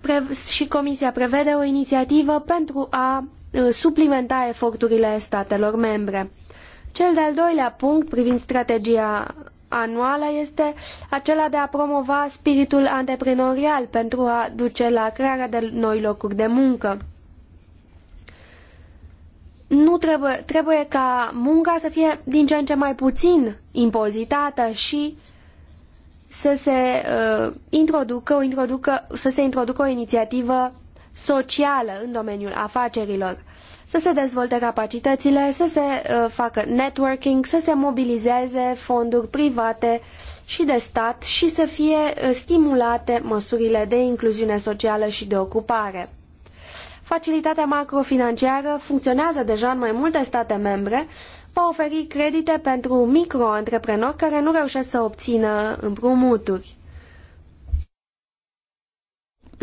Pre și Comisia prevede o inițiativă pentru a uh, suplimenta eforturile statelor membre. Cel de-al doilea punct privind strategia anuală este acela de a promova spiritul antreprenorial pentru a duce la crearea de noi locuri de muncă. Nu trebuie, trebuie ca munca să fie din ce în ce mai puțin impozitată și să se uh, introducă, o introducă, să se introducă o inițiativă socială în domeniul afacerilor, să se dezvolte capacitățile, să se uh, facă networking, să se mobilizeze fonduri private și de stat și să fie uh, stimulate măsurile de incluziune socială și de ocupare. Facilitatea macrofinanciară funcționează deja în mai multe state membre, va oferi credite pentru micro-antreprenori care nu reușesc să obțină împrumuturi.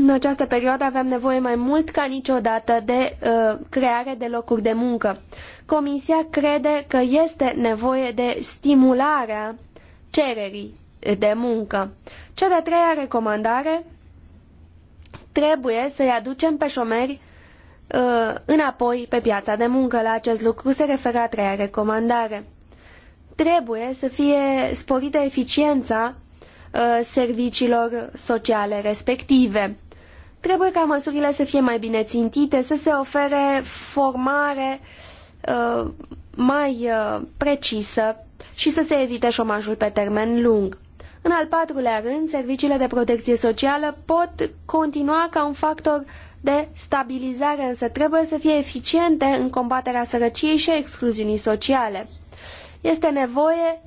În această perioadă avem nevoie mai mult ca niciodată de uh, creare de locuri de muncă. Comisia crede că este nevoie de stimularea cererii de muncă. Cea de-a treia recomandare trebuie să-i aducem pe șomeri uh, înapoi pe piața de muncă. La acest lucru se referă a treia recomandare. Trebuie să fie sporită eficiența uh, serviciilor sociale respective. Trebuie ca măsurile să fie mai bine țintite, să se ofere formare uh, mai uh, precisă și să se evite șomajul pe termen lung. În al patrulea rând, serviciile de protecție socială pot continua ca un factor de stabilizare, însă trebuie să fie eficiente în combaterea sărăciei și a excluziunii sociale. Este nevoie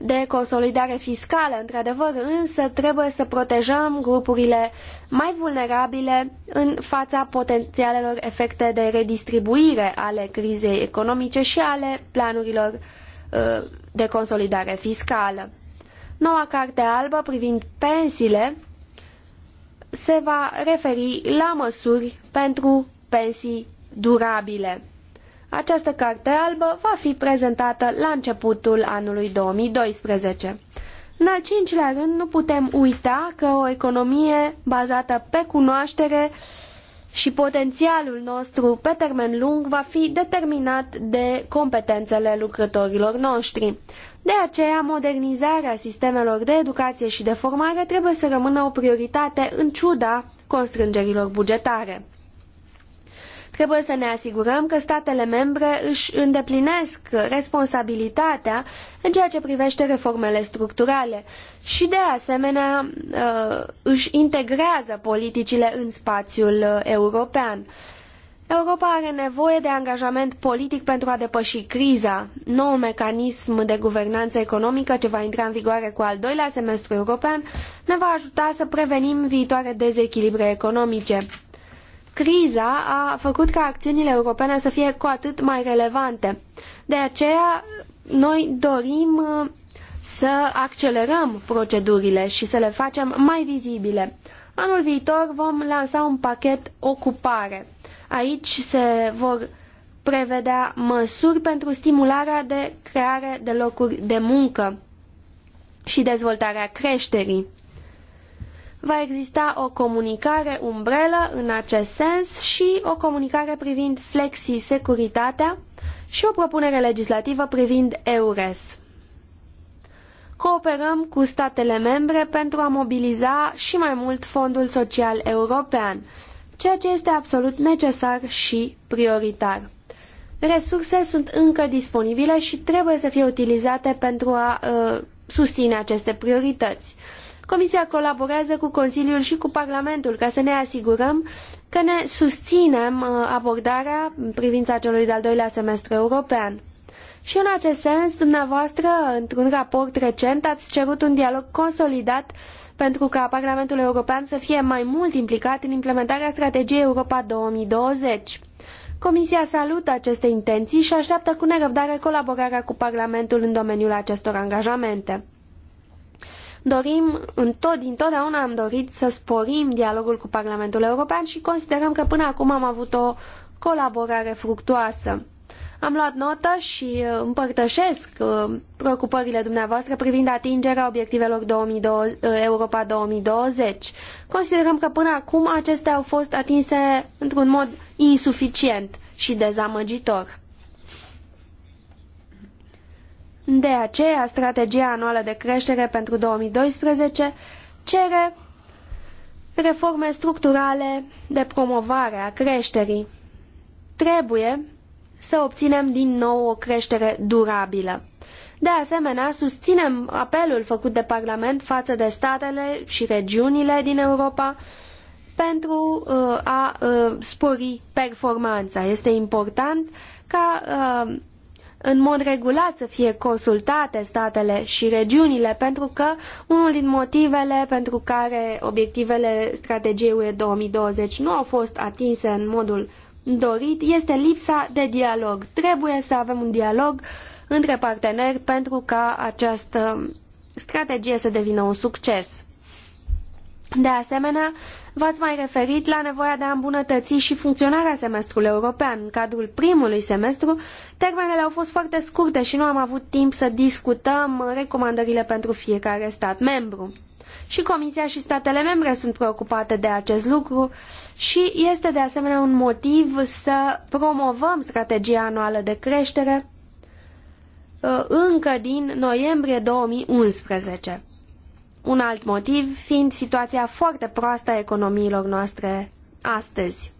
de consolidare fiscală, într-adevăr, însă trebuie să protejăm grupurile mai vulnerabile în fața potențialelor efecte de redistribuire ale crizei economice și ale planurilor uh, de consolidare fiscală. Noua carte albă privind pensiile se va referi la măsuri pentru pensii durabile. Această carte albă va fi prezentată la începutul anului 2012. În al cincilea rând, nu putem uita că o economie bazată pe cunoaștere și potențialul nostru pe termen lung va fi determinat de competențele lucrătorilor noștri. De aceea, modernizarea sistemelor de educație și de formare trebuie să rămână o prioritate în ciuda constrângerilor bugetare. Trebuie să ne asigurăm că statele membre își îndeplinesc responsabilitatea în ceea ce privește reformele structurale și, de asemenea, uh, își integrează politicile în spațiul uh, european. Europa are nevoie de angajament politic pentru a depăși criza. Noul mecanism de guvernanță economică ce va intra în vigoare cu al doilea semestru european ne va ajuta să prevenim viitoare dezechilibre economice. Criza a făcut ca acțiunile europene să fie cu atât mai relevante. De aceea, noi dorim uh, să accelerăm procedurile și să le facem mai vizibile. Anul viitor vom lansa un pachet ocupare. Aici se vor prevedea măsuri pentru stimularea de creare de locuri de muncă și dezvoltarea creșterii. Va exista o comunicare umbrelă în acest sens și o comunicare privind flexi-securitatea și o propunere legislativă privind EURES. Cooperăm cu statele membre pentru a mobiliza și mai mult Fondul Social European, ceea ce este absolut necesar și prioritar. Resurse sunt încă disponibile și trebuie să fie utilizate pentru a uh, susține aceste priorități. Comisia colaborează cu Consiliul și cu Parlamentul ca să ne asigurăm că ne susținem uh, abordarea în privința celui de-al doilea semestru european. Și în acest sens, dumneavoastră, într-un raport recent, ați cerut un dialog consolidat pentru ca Parlamentul European să fie mai mult implicat în implementarea strategiei Europa 2020. Comisia salută aceste intenții și așteaptă cu nerăbdare colaborarea cu Parlamentul în domeniul acestor angajamente. Dorim, în tot, dintotdeauna am dorit să sporim dialogul cu Parlamentul European și considerăm că până acum am avut o colaborare fructuoasă. Am luat notă și uh, împărtășesc uh, preocupările dumneavoastră privind atingerea obiectivelor 2020, uh, Europa 2020. Considerăm că până acum acestea au fost atinse într-un mod insuficient și dezamăgitor. De aceea, strategia anuală de creștere pentru 2012 cere reforme structurale de promovare a creșterii. Trebuie să obținem din nou o creștere durabilă. De asemenea, susținem apelul făcut de Parlament față de statele și regiunile din Europa pentru uh, a uh, spori performanța. Este important ca uh, în mod regulat să fie consultate statele și regiunile, pentru că unul din motivele pentru care obiectivele strategiei UE 2020 nu au fost atinse în modul dorit este lipsa de dialog. Trebuie să avem un dialog între parteneri pentru ca această strategie să devină un succes. De asemenea, V-ați mai referit la nevoia de a îmbunătăți și funcționarea semestrului european. În cadrul primului semestru, termenele au fost foarte scurte și nu am avut timp să discutăm recomandările pentru fiecare stat membru. Și Comisia și statele membre sunt preocupate de acest lucru și este de asemenea un motiv să promovăm strategia anuală de creștere uh, încă din noiembrie 2011. Un alt motiv fiind situația foarte proastă a economiilor noastre astăzi.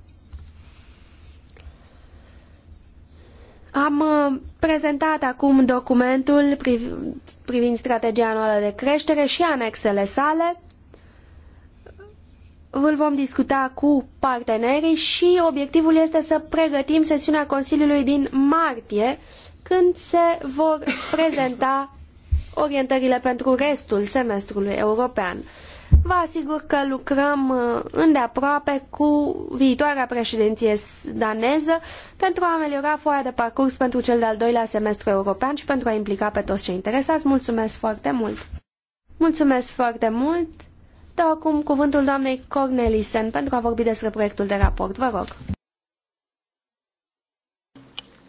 Am uh, prezentat acum documentul privind strategia anuală de creștere și anexele sale. Îl vom discuta cu partenerii și obiectivul este să pregătim sesiunea Consiliului din martie, când se vor prezenta orientările pentru restul semestrului european. Vă asigur că lucrăm uh, îndeaproape cu viitoarea președinție daneză pentru a ameliora foaia de parcurs pentru cel de-al doilea semestru european și pentru a implica pe toți cei interesați. Mulțumesc foarte mult! Mulțumesc foarte mult! Dau acum cuvântul doamnei Cornelisen pentru a vorbi despre proiectul de raport. Vă rog!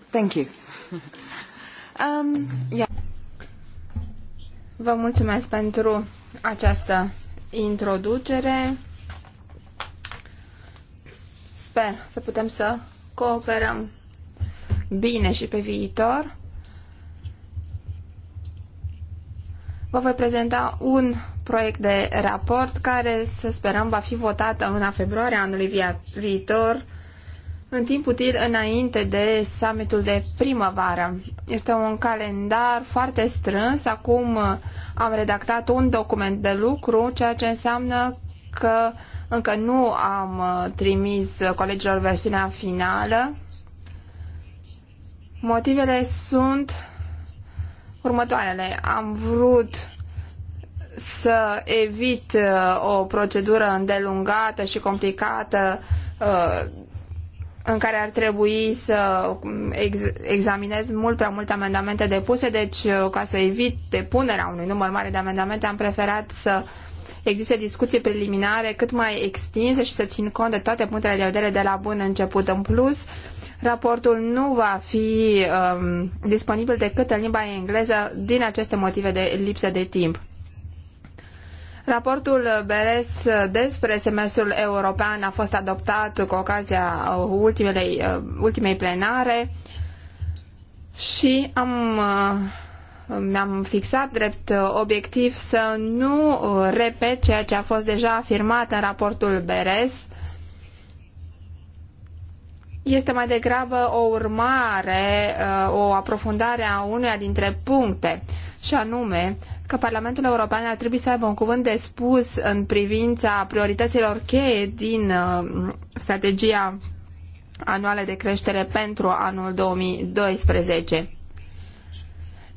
Thank you. um, yeah. Vă mulțumesc pentru această introducere. Sper să putem să cooperăm bine și pe viitor. Vă voi prezenta un proiect de raport care să sperăm va fi votat în luna februarie anului viitor în timp util înainte de summitul de primăvară. Este un calendar foarte strâns. Acum uh, am redactat un document de lucru, ceea ce înseamnă că încă nu am uh, trimis colegilor versiunea finală. Motivele sunt următoarele. Am vrut să evit uh, o procedură îndelungată și complicată în care ar trebui să ex examinez mult prea multe amendamente depuse, deci uh, ca să evit depunerea unui număr mare de amendamente, am preferat să existe discuții preliminare cât mai extinse și să țin cont de toate punctele de vedere de la bun început. În plus, raportul nu va fi um, disponibil decât în limba engleză din aceste motive de lipsă de timp. Raportul Beres despre semestrul european a fost adoptat cu ocazia ultimei, uh, ultimei plenare și am uh, mi-am fixat drept obiectiv să nu repet ceea ce a fost deja afirmat în raportul Beres. Este mai degrabă o urmare, uh, o aprofundare a uneia dintre puncte, și anume că Parlamentul European ar trebui să aibă un cuvânt de spus în privința priorităților cheie din uh, strategia anuală de creștere pentru anul 2012.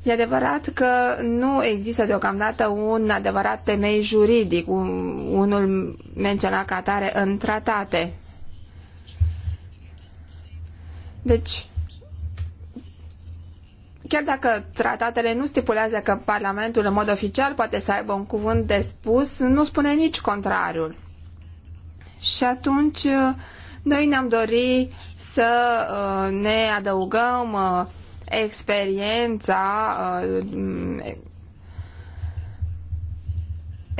E adevărat că nu există deocamdată un adevărat temei juridic, unul menționat ca atare în tratate. Deci, chiar dacă tratatele nu stipulează că Parlamentul în mod oficial poate să aibă un cuvânt de spus, nu spune nici contrariul. Și atunci uh, noi ne-am dorit să uh, ne adăugăm uh, experiența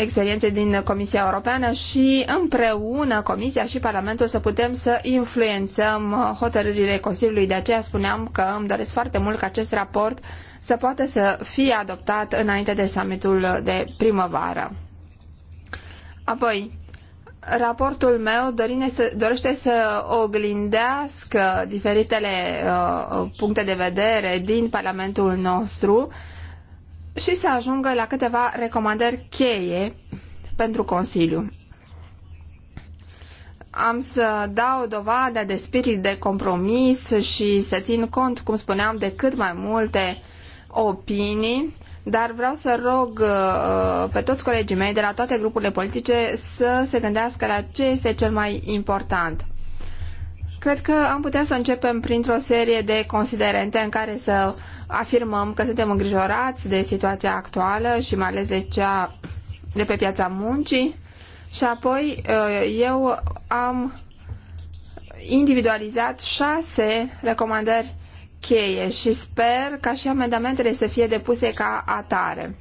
experiențe din Comisia Europeană și împreună Comisia și Parlamentul să putem să influențăm hotărârile Consiliului. De aceea spuneam că îmi doresc foarte mult ca acest raport să poată să fie adoptat înainte de summitul de primăvară. Apoi, raportul meu dorine să, dorește să oglindească diferitele uh, puncte de vedere din Parlamentul nostru uh, și să ajungă la câteva recomandări cheie pentru Consiliu. Am să dau dovadă de spirit de compromis și să țin cont, cum spuneam, de cât mai multe opinii, dar vreau să rog uh, pe toți colegii mei de la toate grupurile politice să se gândească la ce este cel mai important. Cred că am putea să începem printr-o serie de considerente în care să afirmăm că suntem îngrijorați de situația actuală și mai ales de cea de pe piața muncii și apoi uh, eu am individualizat șase recomandări cheie și sper ca și amendamentele să fie depuse ca atare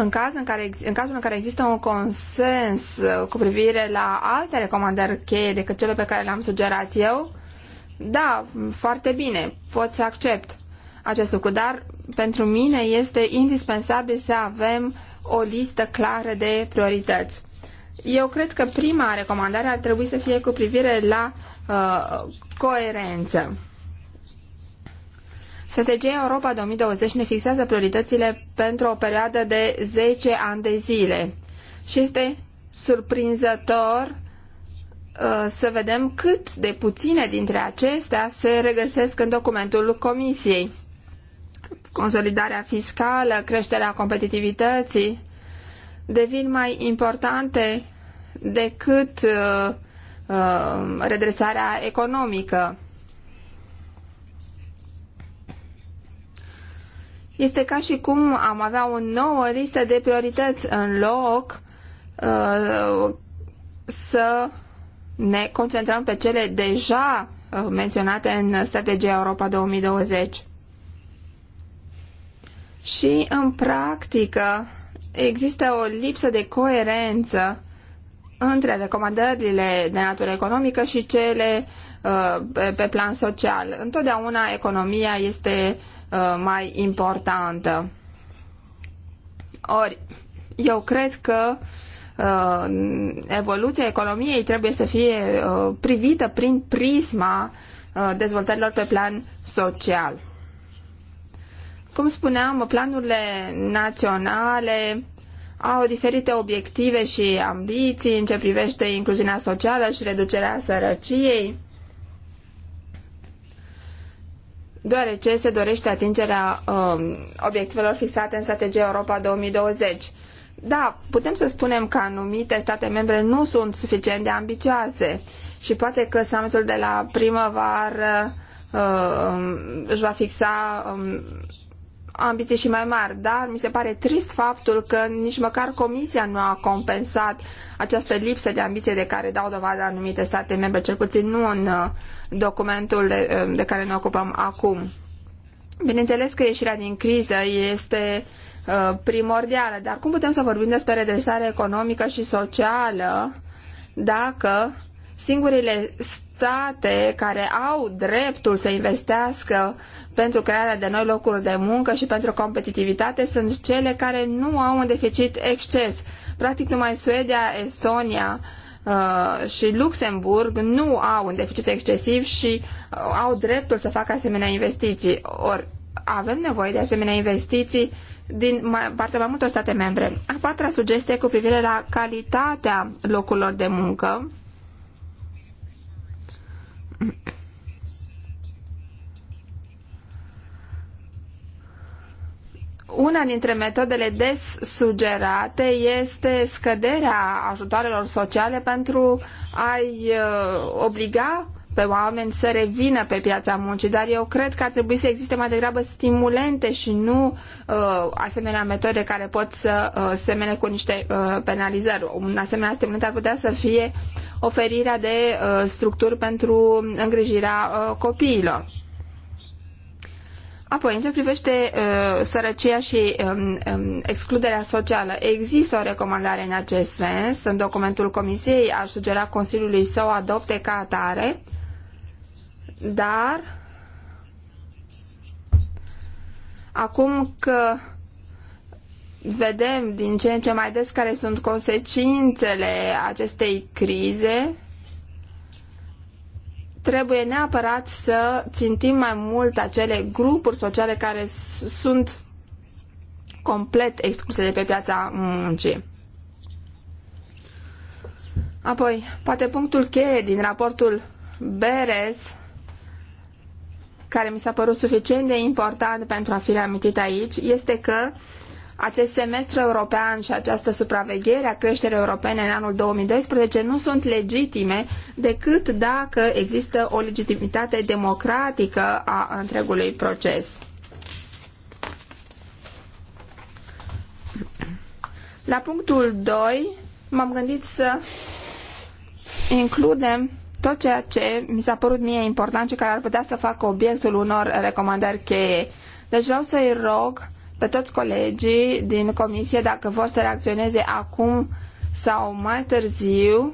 în, caz în, care, în cazul în care există un consens uh, cu privire la alte recomandări cheie decât cele pe care le-am sugerat eu, da, foarte bine, pot să accept acest lucru, dar pentru mine este indispensabil să avem o listă clară de priorități. Eu cred că prima recomandare ar trebui să fie cu privire la uh, coerență. Strategia Europa 2020 ne fixează prioritățile pentru o perioadă de 10 ani de zile și este surprinzător uh, să vedem cât de puține dintre acestea se regăsesc în documentul Comisiei. Consolidarea fiscală, creșterea competitivității devin mai importante decât uh, uh, redresarea economică. Este ca și cum am avea o nouă listă de priorități în loc uh, să ne concentrăm pe cele deja uh, menționate în strategia Europa 2020. Și în practică există o lipsă de coerență între recomandările de natură economică și cele uh, pe plan social. Întotdeauna economia este Uh, mai importantă. Ori, eu cred că uh, evoluția economiei trebuie să fie uh, privită prin prisma dezvoltărilor pe plan social. Cum spuneam, planurile naționale au diferite obiective și ambiții în ce privește incluziunea socială și reducerea sărăciei. deoarece se dorește atingerea um, obiectivelor fixate în strategia Europa 2020. Da, putem să spunem că anumite state membre nu sunt suficient de ambicioase și poate că summitul de la primăvară uh, um, își va fixa um, ambiții și mai mari, dar mi se pare trist faptul că nici măcar Comisia nu a compensat această lipsă de ambiție de care dau dovadă anumite state membre, cel puțin nu în uh, documentul de, uh, de care ne ocupăm acum. Bineînțeles că ieșirea din criză este uh, primordială, dar cum putem să vorbim despre redresare economică și socială dacă Singurele state care au dreptul să investească pentru crearea de noi locuri de muncă și pentru competitivitate sunt cele care nu au un deficit exces. Practic numai Suedia, Estonia, uh, și Luxemburg nu au un deficit excesiv și uh, au dreptul să facă asemenea investiții. or avem nevoie de asemenea investiții din partea mai multor state membre. A patra sugestie cu privire la calitatea locurilor de muncă. Una dintre metodele des sugerate este scăderea ajutoarelor sociale pentru a-i uh, obliga pe oameni să revină pe piața muncii, dar eu cred că ar trebui să existe mai degrabă stimulente și nu uh, asemenea metode care pot să uh, semene cu niște uh, penalizări. Un asemenea stimulent ar putea să fie oferirea de uh, structuri pentru îngrijirea uh, copiilor. Apoi, în ce privește uh, sărăcia și um, um, excluderea socială, există o recomandare în acest sens. În documentul Comisiei aș sugera Consiliului să o adopte ca atare. Uh, dar acum că vedem din ce în ce mai des care sunt consecințele acestei crize, trebuie neapărat să țintim mai mult acele grupuri sociale care sunt complet excluse de pe piața muncii. Apoi, poate punctul cheie din raportul Beres care mi s-a părut suficient de important pentru a fi reamintit aici este că acest semestru european și această supraveghere a creșterii europene în anul 2012 nu sunt legitime decât dacă există o legitimitate democratică a întregului proces. La punctul 2 m-am gândit să includem tot ceea ce mi s-a părut mie important și care ar putea să facă obiectul unor recomandări cheie. Deci vreau să-i rog pe toți colegii din comisie dacă vor să reacționeze acum sau mai târziu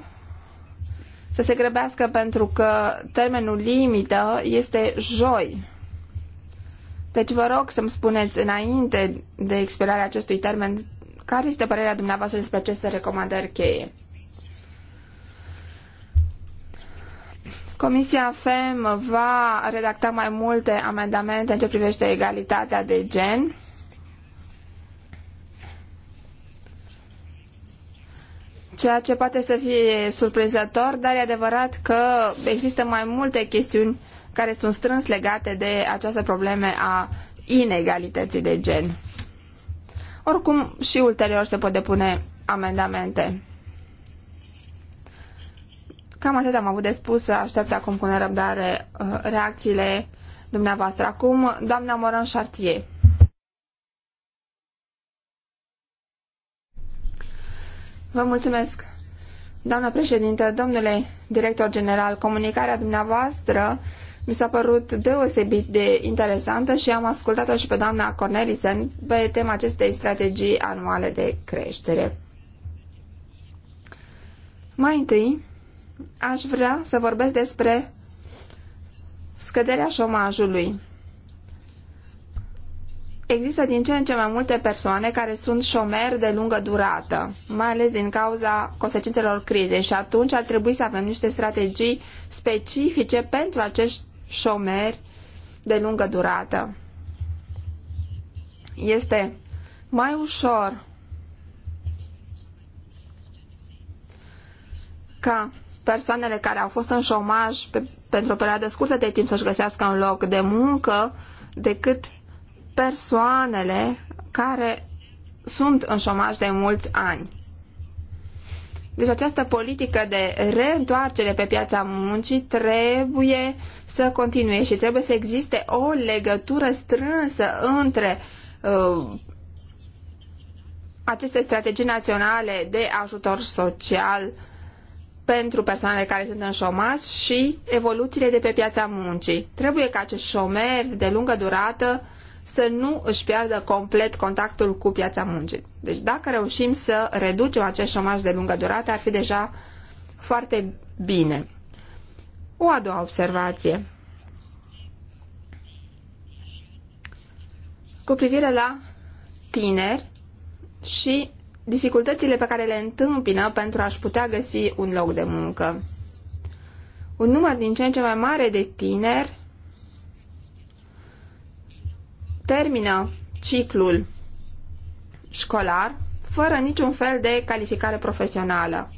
să se grăbească pentru că termenul limită este joi. Deci vă rog să-mi spuneți înainte de expirarea acestui termen care este părerea dumneavoastră despre aceste recomandări cheie. Comisia FEM va redacta mai multe amendamente în ce privește egalitatea de gen. Ceea ce poate să fie surprinzător, dar e adevărat că există mai multe chestiuni care sunt strâns legate de această probleme a inegalității de gen. Oricum, și ulterior se pot depune amendamente. Cam atât am avut de spus, aștept acum cu nerăbdare uh, reacțiile dumneavoastră. Acum, doamna Moran Chartier. Vă mulțumesc. Doamna președintă, domnule director general, comunicarea dumneavoastră mi s-a părut deosebit de interesantă și am ascultat-o și pe doamna Cornelisen pe tema acestei strategii anuale de creștere. Mai întâi, aș vrea să vorbesc despre scăderea șomajului. Există din ce în ce mai multe persoane care sunt șomeri de lungă durată, mai ales din cauza consecințelor crizei și atunci ar trebui să avem niște strategii specifice pentru acești șomeri de lungă durată. Este mai ușor ca persoanele care au fost în șomaj pe, pentru o perioadă scurtă de timp să-și găsească un loc de muncă decât persoanele care sunt în șomaj de mulți ani. Deci această politică de reîntoarcere pe piața muncii trebuie să continue și trebuie să existe o legătură strânsă între uh, aceste strategii naționale de ajutor social pentru persoanele care sunt în șomaj și evoluțiile de pe piața muncii. Trebuie ca acești șomeri de lungă durată să nu își piardă complet contactul cu piața muncii. Deci dacă reușim să reducem acest șomaj de lungă durată, ar fi deja foarte bine. O a doua observație. Cu privire la tineri și dificultățile pe care le întâmpină pentru a-și putea găsi un loc de muncă. Un număr din ce în ce mai mare de tineri termină ciclul școlar fără niciun fel de calificare profesională.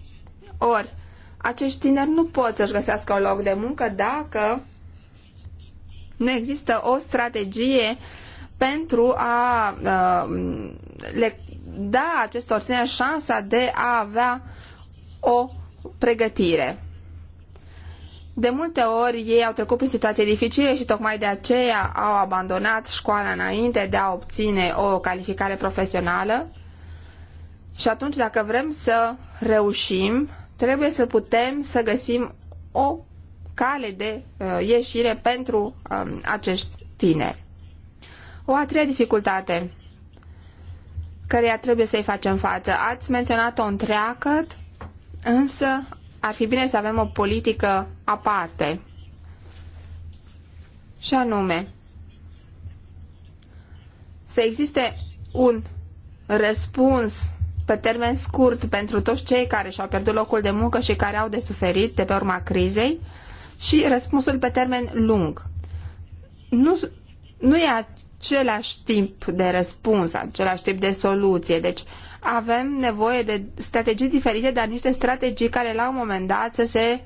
Ori, acești tineri nu pot să-și găsească un loc de muncă dacă nu există o strategie pentru a uh, le da acestor tineri șansa de a avea o pregătire. De multe ori ei au trecut prin situații dificile și tocmai de aceea au abandonat școala înainte de a obține o calificare profesională. Și atunci, dacă vrem să reușim, trebuie să putem să găsim o cale de uh, ieșire pentru um, acești tineri. O a treia dificultate căreia trebuie să-i facem față. Ați menționat-o întreagăt, însă ar fi bine să avem o politică aparte. Și anume, să existe un răspuns pe termen scurt pentru toți cei care și-au pierdut locul de muncă și care au de suferit de pe urma crizei și răspunsul pe termen lung. Nu, nu e același timp de răspuns, același tip de soluție. Deci avem nevoie de strategii diferite, dar niște strategii care la un moment dat să se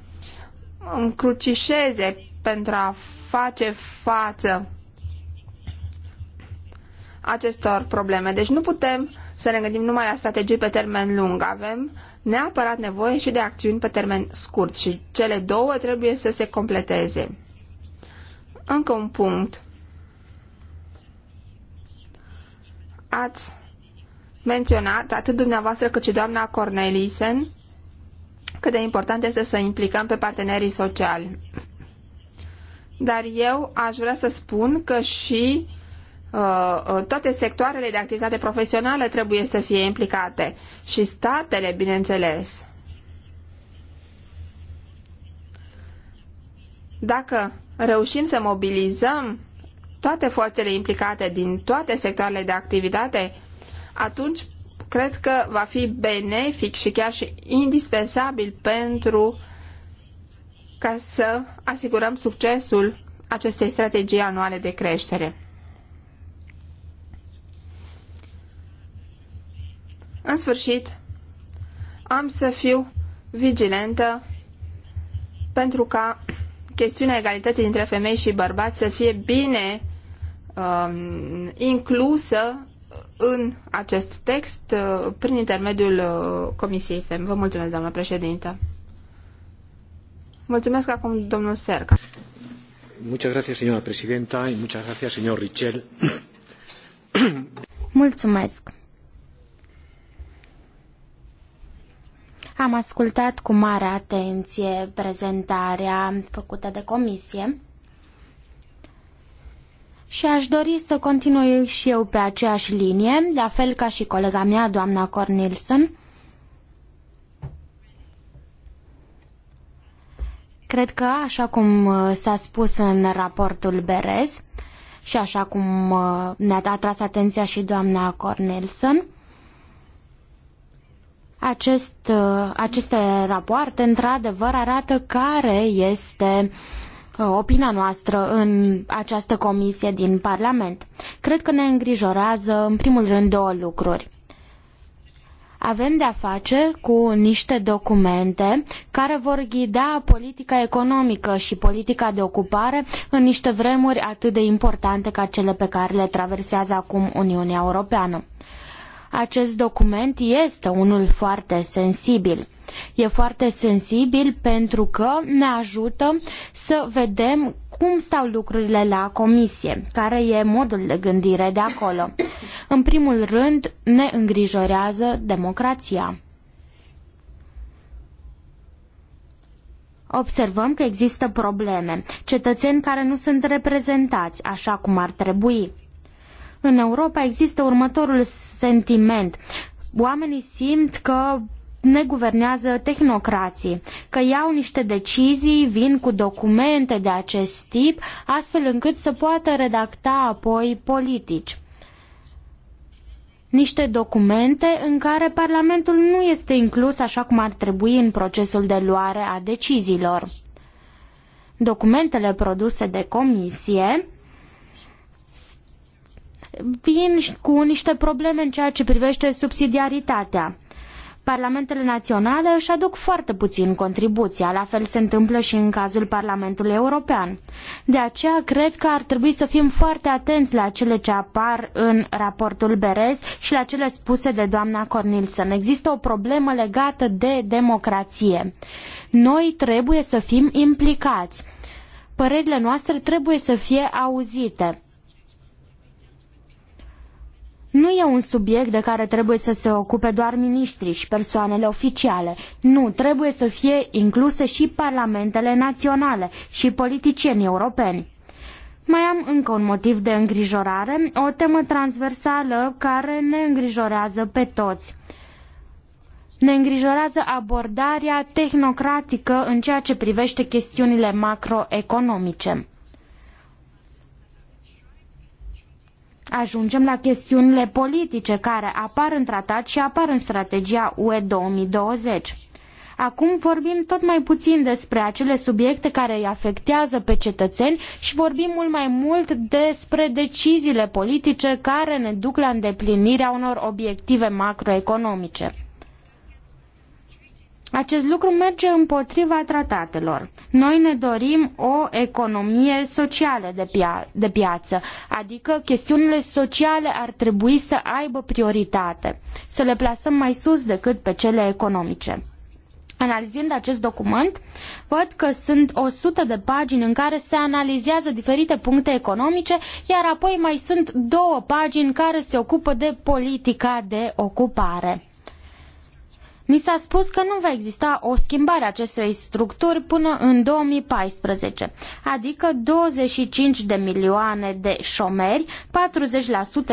încrucișeze pentru a face față acestor probleme. Deci nu putem să ne gândim numai la strategii pe termen lung. Avem neapărat nevoie și de acțiuni pe termen scurt și cele două trebuie să se completeze. Încă un punct. ați menționat, atât dumneavoastră cât și doamna Cornelisen, cât de important este să implicăm pe partenerii sociali. Dar eu aș vrea să spun că și uh, uh, toate sectoarele de activitate profesională trebuie să fie implicate și statele, bineînțeles. Dacă reușim să mobilizăm toate forțele implicate din toate sectoarele de activitate, atunci cred că va fi benefic și chiar și indispensabil pentru ca să asigurăm succesul acestei strategii anuale de creștere. În sfârșit, am să fiu vigilentă pentru ca chestiunea egalității dintre femei și bărbați să fie bine Um, inclusă în acest text uh, prin intermediul uh, Comisiei FEM. Vă mulțumesc, doamnă președintă. Mulțumesc acum domnul Serca. Muchas gracias, señora presidenta, y muchas gracias, señor Richel. Mulțumesc. Am ascultat cu mare atenție prezentarea făcută de comisie și aș dori să continui și eu pe aceeași linie, la fel ca și colega mea, doamna Cornilson. Cred că, așa cum uh, s-a spus în raportul Berez și așa cum uh, ne-a atras atenția și doamna Cornelson, acest, uh, aceste rapoarte într-adevăr arată care este uh, Uh, opinia noastră în această comisie din Parlament. Cred că ne îngrijorează în primul rând două lucruri. Avem de-a face cu niște documente care vor ghida politica economică și politica de ocupare în niște vremuri atât de importante ca cele pe care le traversează acum Uniunea Europeană. Acest document este unul foarte sensibil E foarte sensibil pentru că ne ajută să vedem cum stau lucrurile la comisie, care e modul de gândire de acolo. În primul rând, ne îngrijorează democrația. Observăm că există probleme, cetățeni care nu sunt reprezentați așa cum ar trebui. În Europa există următorul sentiment. Oamenii simt că ne guvernează tehnocrații, că iau niște decizii, vin cu documente de acest tip, astfel încât să poată redacta apoi politici. Niște documente în care Parlamentul nu este inclus așa cum ar trebui în procesul de luare a deciziilor. Documentele produse de comisie vin cu niște probleme în ceea ce privește subsidiaritatea Parlamentele naționale își aduc foarte puțin contribuția, la fel se întâmplă și în cazul Parlamentului European. De aceea cred că ar trebui să fim foarte atenți la cele ce apar în raportul Berez și la cele spuse de doamna Cornilson. Există o problemă legată de democrație. Noi trebuie să fim implicați. Părerile noastre trebuie să fie auzite nu e un subiect de care trebuie să se ocupe doar miniștrii și persoanele oficiale. Nu, trebuie să fie incluse și parlamentele naționale și politicienii europeni. Mai am încă un motiv de îngrijorare, o temă transversală care ne îngrijorează pe toți. Ne îngrijorează abordarea tehnocratică în ceea ce privește chestiunile macroeconomice. ajungem la chestiunile politice care apar în tratat și apar în strategia UE 2020. Acum vorbim tot mai puțin despre acele subiecte care îi afectează pe cetățeni și vorbim mult mai mult despre deciziile politice care ne duc la îndeplinirea unor obiective macroeconomice. Acest lucru merge împotriva tratatelor. Noi ne dorim o economie socială de, pia- de piață, adică chestiunile sociale ar trebui să aibă prioritate, să le plasăm mai sus decât pe cele economice. Analizând acest document, văd că sunt 100 de pagini în care se analizează diferite puncte economice, iar apoi mai sunt două pagini care se ocupă de politica de ocupare. Ni s-a spus că nu va exista o schimbare a acestei structuri până în 2014, adică 25 de milioane de șomeri,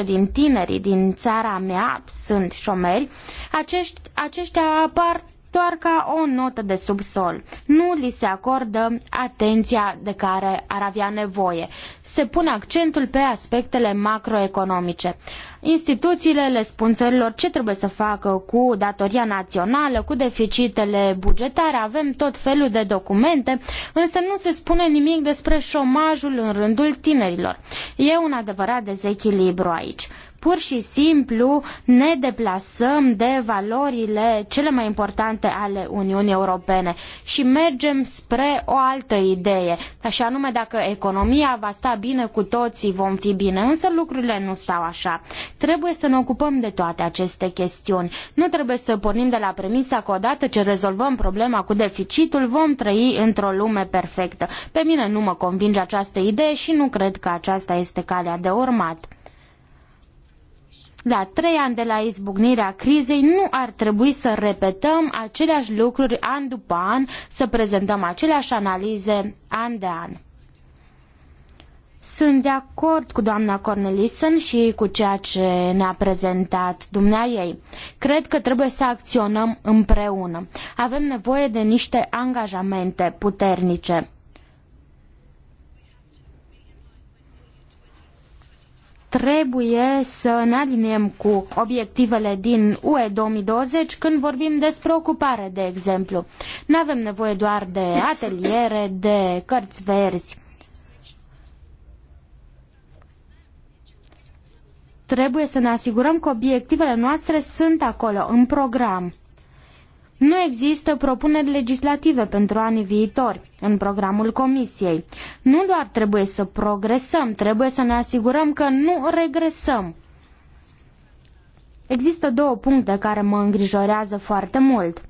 40% din tinerii din țara mea sunt șomeri, acești, aceștia apar doar ca o notă de subsol. Nu li se acordă atenția de care ar avea nevoie. Se pune accentul pe aspectele macroeconomice. Instituțiile le spun țărilor ce trebuie să facă cu datoria națională, cu deficitele bugetare, avem tot felul de documente, însă nu se spune nimic despre șomajul în rândul tinerilor. E un adevărat dezechilibru aici pur și simplu ne deplasăm de valorile cele mai importante ale Uniunii Europene și mergem spre o altă idee, așa anume dacă economia va sta bine cu toții vom fi bine, însă lucrurile nu stau așa. Trebuie să ne ocupăm de toate aceste chestiuni. Nu trebuie să pornim de la premisa că odată ce rezolvăm problema cu deficitul vom trăi într-o lume perfectă. Pe mine nu mă convinge această idee și nu cred că aceasta este calea de urmat. La da, trei ani de la izbucnirea crizei nu ar trebui să repetăm aceleași lucruri an după an, să prezentăm aceleași analize an de an. Sunt de acord cu doamna Cornelison și cu ceea ce ne-a prezentat dumnea ei. Cred că trebuie să acționăm împreună. Avem nevoie de niște angajamente puternice. trebuie să ne aliniem cu obiectivele din UE 2020 când vorbim despre ocupare, de exemplu. Nu avem nevoie doar de ateliere, de cărți verzi. Trebuie să ne asigurăm că obiectivele noastre sunt acolo, în program. Nu există propuneri legislative pentru anii viitori în programul Comisiei. Nu doar trebuie să progresăm, trebuie să ne asigurăm că nu regresăm. Există două puncte care mă îngrijorează foarte mult.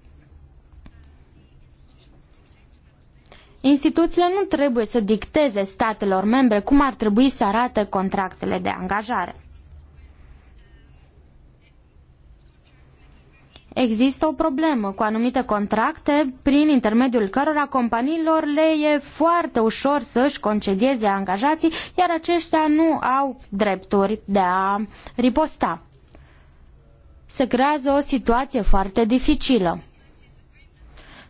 Instituțiile nu trebuie să dicteze statelor membre cum ar trebui să arate contractele de angajare. există o problemă cu anumite contracte prin intermediul cărora companiilor le e foarte ușor să și concedieze angajații, iar aceștia nu au drepturi de a riposta. Se creează o situație foarte dificilă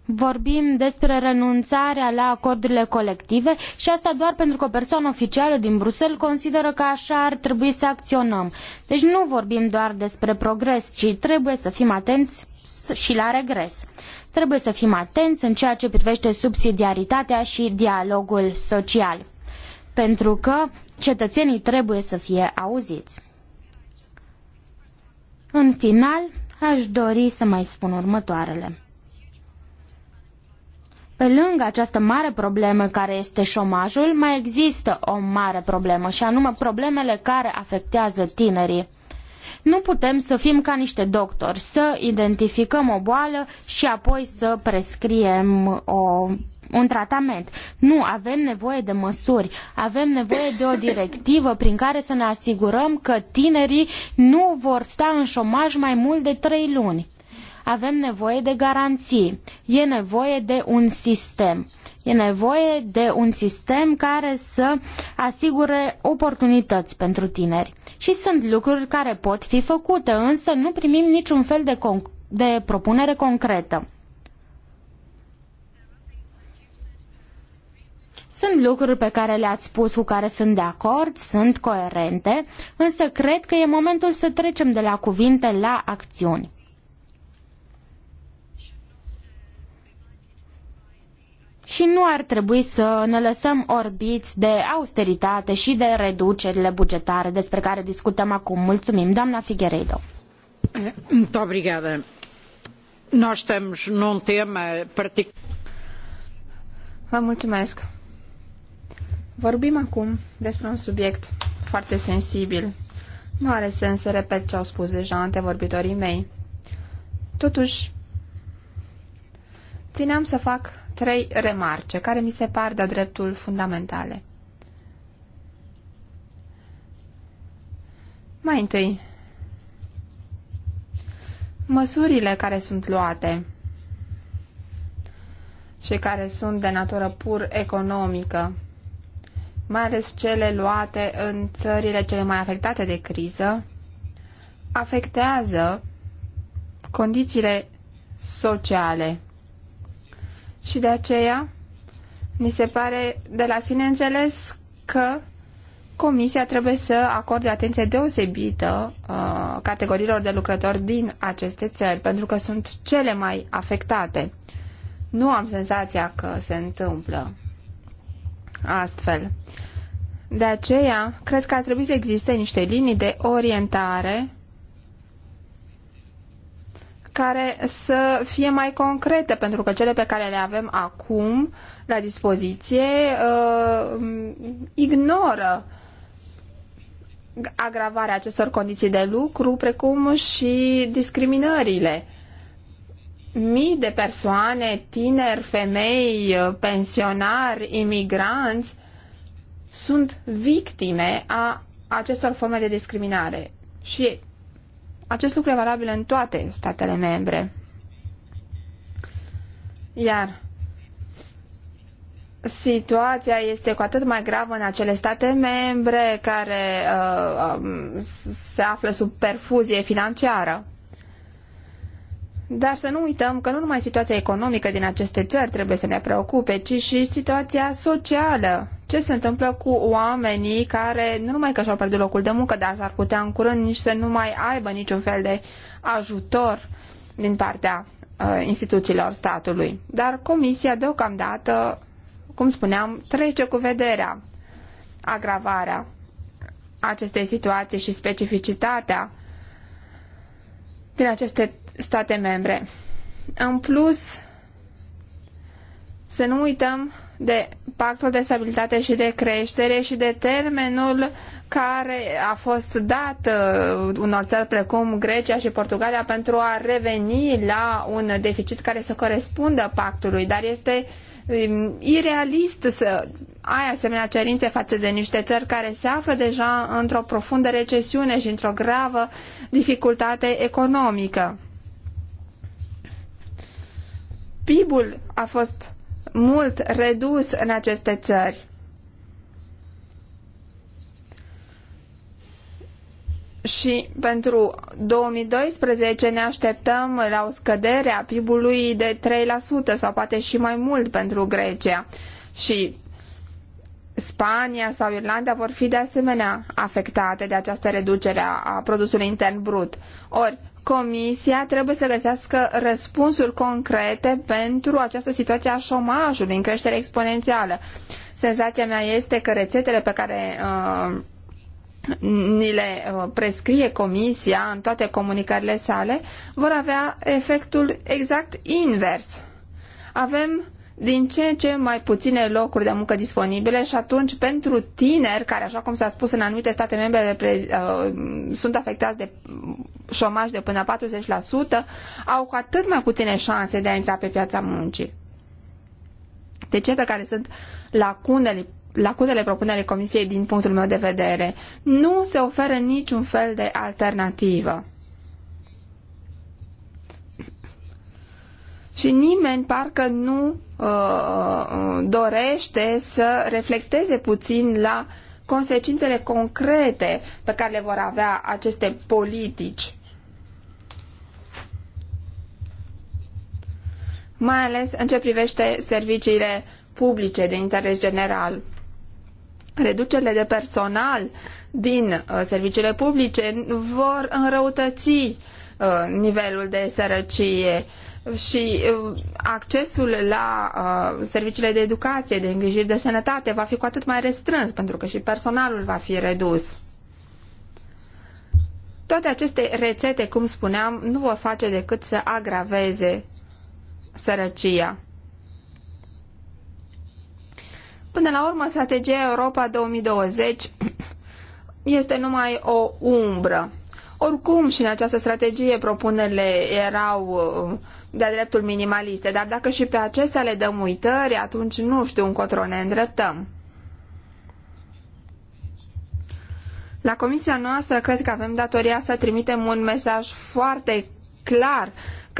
vorbim despre renunțarea la acordurile colective și asta doar pentru că o persoană oficială din Bruxelles consideră că așa ar trebui să acționăm. Deci nu vorbim doar despre progres, ci trebuie să fim atenți și la regres. Trebuie să fim atenți în ceea ce privește subsidiaritatea și dialogul social, pentru că cetățenii trebuie să fie auziți. În final, aș dori să mai spun următoarele. Pe lângă această mare problemă care este șomajul, mai există o mare problemă și anume problemele care afectează tinerii. Nu putem să fim ca niște doctori, să identificăm o boală și apoi să prescriem o, un tratament. Nu, avem nevoie de măsuri, avem nevoie de o directivă prin care să ne asigurăm că tinerii nu vor sta în șomaj mai mult de trei luni. Avem nevoie de garanții, e nevoie de un sistem. E nevoie de un sistem care să asigure oportunități pentru tineri. Și sunt lucruri care pot fi făcute, însă nu primim niciun fel de, conc- de propunere concretă. Sunt lucruri pe care le-ați spus cu care sunt de acord, sunt coerente, însă cred că e momentul să trecem de la cuvinte la acțiuni. și nu ar trebui să ne lăsăm orbiți de austeritate și de reducerile bugetare despre care discutăm acum. Mulțumim, doamna Figueiredo. Muito obrigada. Nós estamos num tema particular. Vă mulțumesc. Vorbim acum despre un subiect foarte sensibil. Nu are sens să repet ce au spus deja antevorbitorii mei. Totuși, țineam să fac trei remarce care mi se par de dreptul fundamentale. Mai întâi, măsurile care sunt luate și care sunt de natură pur economică, mai ales cele luate în țările cele mai afectate de criză, afectează condițiile sociale și de aceea ni se pare de la sine înțeles că Comisia trebuie să acorde atenție deosebită uh, categoriilor de lucrători din aceste țări, pentru că sunt cele mai afectate. Nu am senzația că se întâmplă astfel. De aceea, cred că ar trebui să existe niște linii de orientare care să fie mai concrete, pentru că cele pe care le avem acum la dispoziție uh, ignoră agravarea acestor condiții de lucru, precum și discriminările. Mii de persoane, tineri, femei, pensionari, imigranți, sunt victime a acestor forme de discriminare. Și acest lucru e valabil în toate statele membre. Iar situația este cu atât mai gravă în acele state membre care uh, um, se află sub perfuzie financiară. Dar să nu uităm că nu numai situația economică din aceste țări trebuie să ne preocupe, ci și situația socială. Ce se întâmplă cu oamenii care nu numai că și-au pierdut locul de muncă, dar s-ar putea în curând nici să nu mai aibă niciun fel de ajutor din partea uh, instituțiilor statului. Dar comisia deocamdată, cum spuneam, trece cu vederea agravarea acestei situații și specificitatea din aceste state membre. În plus, să nu uităm de pactul de stabilitate și de creștere și de termenul care a fost dat uh, unor țări precum Grecia și Portugalia pentru a reveni la un deficit care să corespundă pactului, dar este um, irealist să ai asemenea cerințe față de niște țări care se află deja într-o profundă recesiune și într-o gravă dificultate economică. PIB-ul a fost mult redus în aceste țări. Și pentru 2012 ne așteptăm la o scădere a PIB-ului de 3% sau poate și mai mult pentru Grecia. Și Spania sau Irlanda vor fi de asemenea afectate de această reducere a, a produsului intern brut. Ori, Comisia trebuie să găsească răspunsuri concrete pentru această situație a șomajului în creștere exponențială. Senzația mea este că rețetele pe care uh, ni le uh, prescrie Comisia în toate comunicările sale vor avea efectul exact invers. Avem din ce în ce mai puține locuri de muncă disponibile și atunci pentru tineri, care, așa cum s-a spus în anumite state membre, uh, sunt afectați de șomaj de până 40%, au cu atât mai puține șanse de a intra pe piața muncii. Deci, iată care sunt lacunele lacunele propunerii Comisiei din punctul meu de vedere. Nu se oferă niciun fel de alternativă. și nimeni parcă nu uh, uh, dorește să reflecteze puțin la consecințele concrete pe care le vor avea aceste politici. Mai ales în ce privește serviciile publice de interes general. Reducerile de personal din uh, serviciile publice vor înrăutăți uh, nivelul de sărăcie și uh, accesul la uh, serviciile de educație, de îngrijiri de sănătate va fi cu atât mai restrâns, pentru că și personalul va fi redus. Toate aceste rețete, cum spuneam, nu vor face decât să agraveze sărăcia. Până la urmă, strategia Europa 2020 este numai o umbră oricum și în această strategie propunerile erau uh, de-a dreptul minimaliste, dar dacă și pe acestea le dăm uitări, atunci nu știu încotro ne îndreptăm. La comisia noastră cred că avem datoria să trimitem un mesaj foarte clar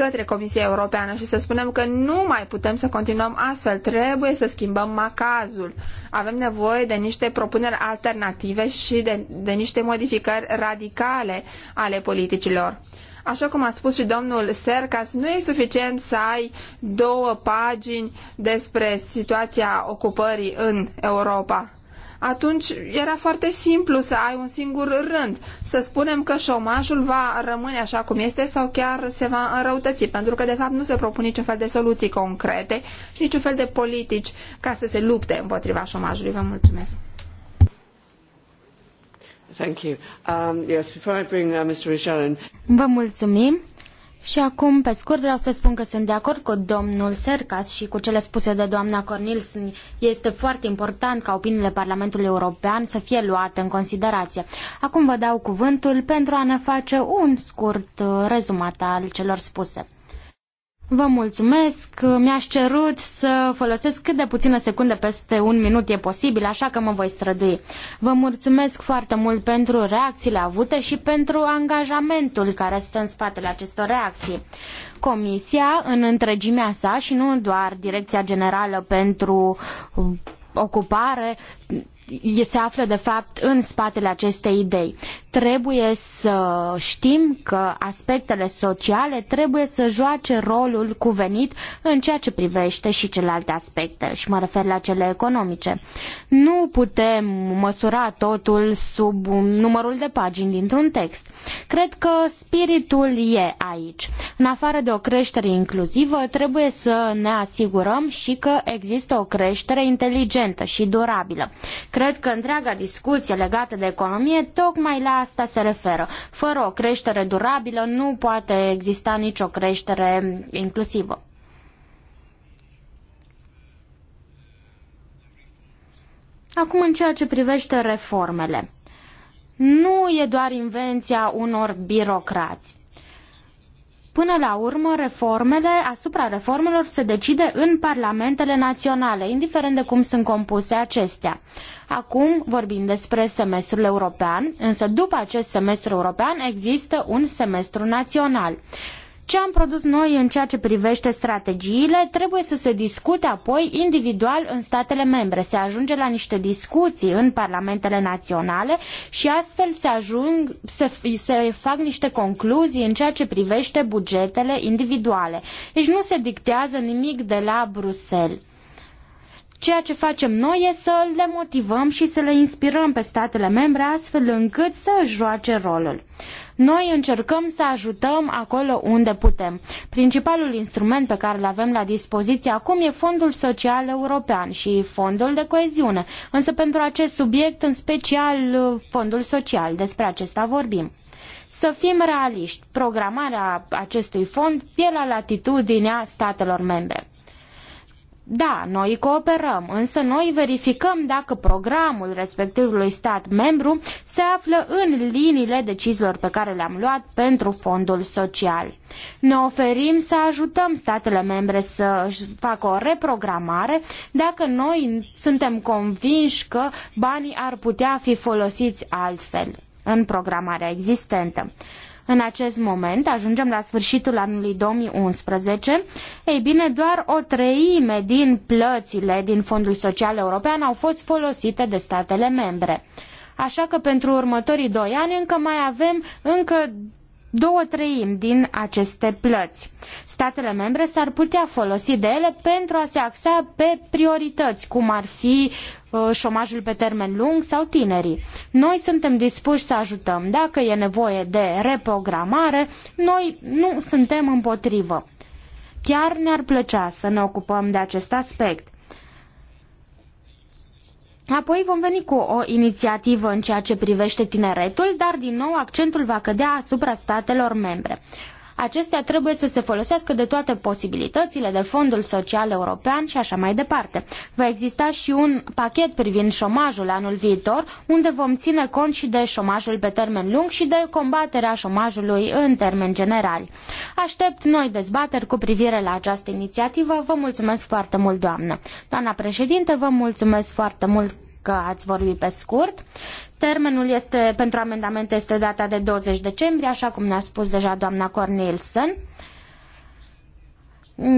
către Comisia Europeană și să spunem că nu mai putem să continuăm astfel, trebuie să schimbăm macazul. Avem nevoie de niște propuneri alternative și de, de niște modificări radicale ale politicilor. Așa cum a spus și domnul Sercas, nu e suficient să ai două pagini despre situația ocupării în Europa atunci era foarte simplu să ai un singur rând. Să spunem că șomajul va rămâne așa cum este sau chiar se va înrăutăți, pentru că de fapt nu se propun niciun fel de soluții concrete și niciun fel de politici ca să se lupte împotriva șomajului. Vă mulțumesc! Thank you. Um, yes, before I bring uh, Mr. Richelin... Vă mulțumim. Și acum, pe scurt, vreau să spun că sunt de acord cu domnul Sercas și cu cele spuse de doamna Cornilson. Este foarte important ca opiniile Parlamentului European să fie luate în considerație. Acum vă dau cuvântul pentru a ne face un scurt uh, rezumat al celor spuse. Vă mulțumesc. Mi-aș cerut să folosesc cât de puțină secunde peste un minut e posibil, așa că mă voi strădui. Vă mulțumesc foarte mult pentru reacțiile avute și pentru angajamentul care stă în spatele acestor reacții. Comisia, în întregimea sa și nu doar Direcția Generală pentru Ocupare, se află de fapt în spatele acestei idei. Trebuie să știm că aspectele sociale trebuie să joace rolul cuvenit în ceea ce privește și celelalte aspecte, și mă refer la cele economice. Nu putem măsura totul sub numărul de pagini dintr-un text. Cred că spiritul e aici. În afară de o creștere inclusivă, trebuie să ne asigurăm și că există o creștere inteligentă și durabilă. Cred că întreaga discuție legată de economie tocmai la asta se referă. Fără o creștere durabilă nu poate exista nicio creștere inclusivă. Acum în ceea ce privește reformele. Nu e doar invenția unor birocrați. Până la urmă, reformele, asupra reformelor se decide în parlamentele naționale, indiferent de cum sunt compuse acestea. Acum vorbim despre semestrul european, însă după acest semestru european există un semestru național. Ce am produs noi în ceea ce privește strategiile trebuie să se discute apoi individual în statele membre. Se ajunge la niște discuții în parlamentele naționale și astfel se ajung se, se fac niște concluzii în ceea ce privește bugetele individuale. Deci nu se dictează nimic de la Bruxelles. Ceea ce facem noi e să le motivăm și să le inspirăm pe statele membre astfel încât să își joace rolul. Noi încercăm să ajutăm acolo unde putem. Principalul instrument pe care îl avem la dispoziție acum e Fondul Social European și Fondul de Coeziune, însă pentru acest subiect, în special Fondul Social, despre acesta vorbim. Să fim realiști, programarea acestui fond e la latitudinea statelor membre. Da, noi cooperăm, însă noi verificăm dacă programul respectivului stat membru se află în liniile deciziilor pe care le-am luat pentru fondul social. Ne oferim să ajutăm statele membre să facă o reprogramare dacă noi suntem convinși că banii ar putea fi folosiți altfel în programarea existentă în acest moment, ajungem la sfârșitul anului 2011, ei bine, doar o treime din plățile din Fondul Social European au fost folosite de statele membre. Așa că pentru următorii doi ani încă mai avem încă două treimi din aceste plăți. Statele membre s-ar putea folosi de ele pentru a se axa pe priorități, cum ar fi uh, șomajul pe termen lung sau tinerii. Noi suntem dispuși să ajutăm. Dacă e nevoie de reprogramare, noi nu suntem împotrivă. Chiar ne-ar plăcea să ne ocupăm de acest aspect. Apoi vom veni cu o inițiativă în ceea ce privește tineretul, dar din nou accentul va cădea asupra statelor membre. Acestea trebuie să se folosească de toate posibilitățile de Fondul Social European și așa mai departe. Va exista și un pachet privind șomajul anul viitor, unde vom ține cont și de șomajul pe termen lung și de combaterea șomajului în termen general. Aștept noi dezbateri cu privire la această inițiativă. Vă mulțumesc foarte mult, doamnă. Doamna președinte, vă mulțumesc foarte mult că ați vorbit pe scurt. Termenul este, pentru amendamente este data de 20 decembrie, așa cum ne-a spus deja doamna Cornelson.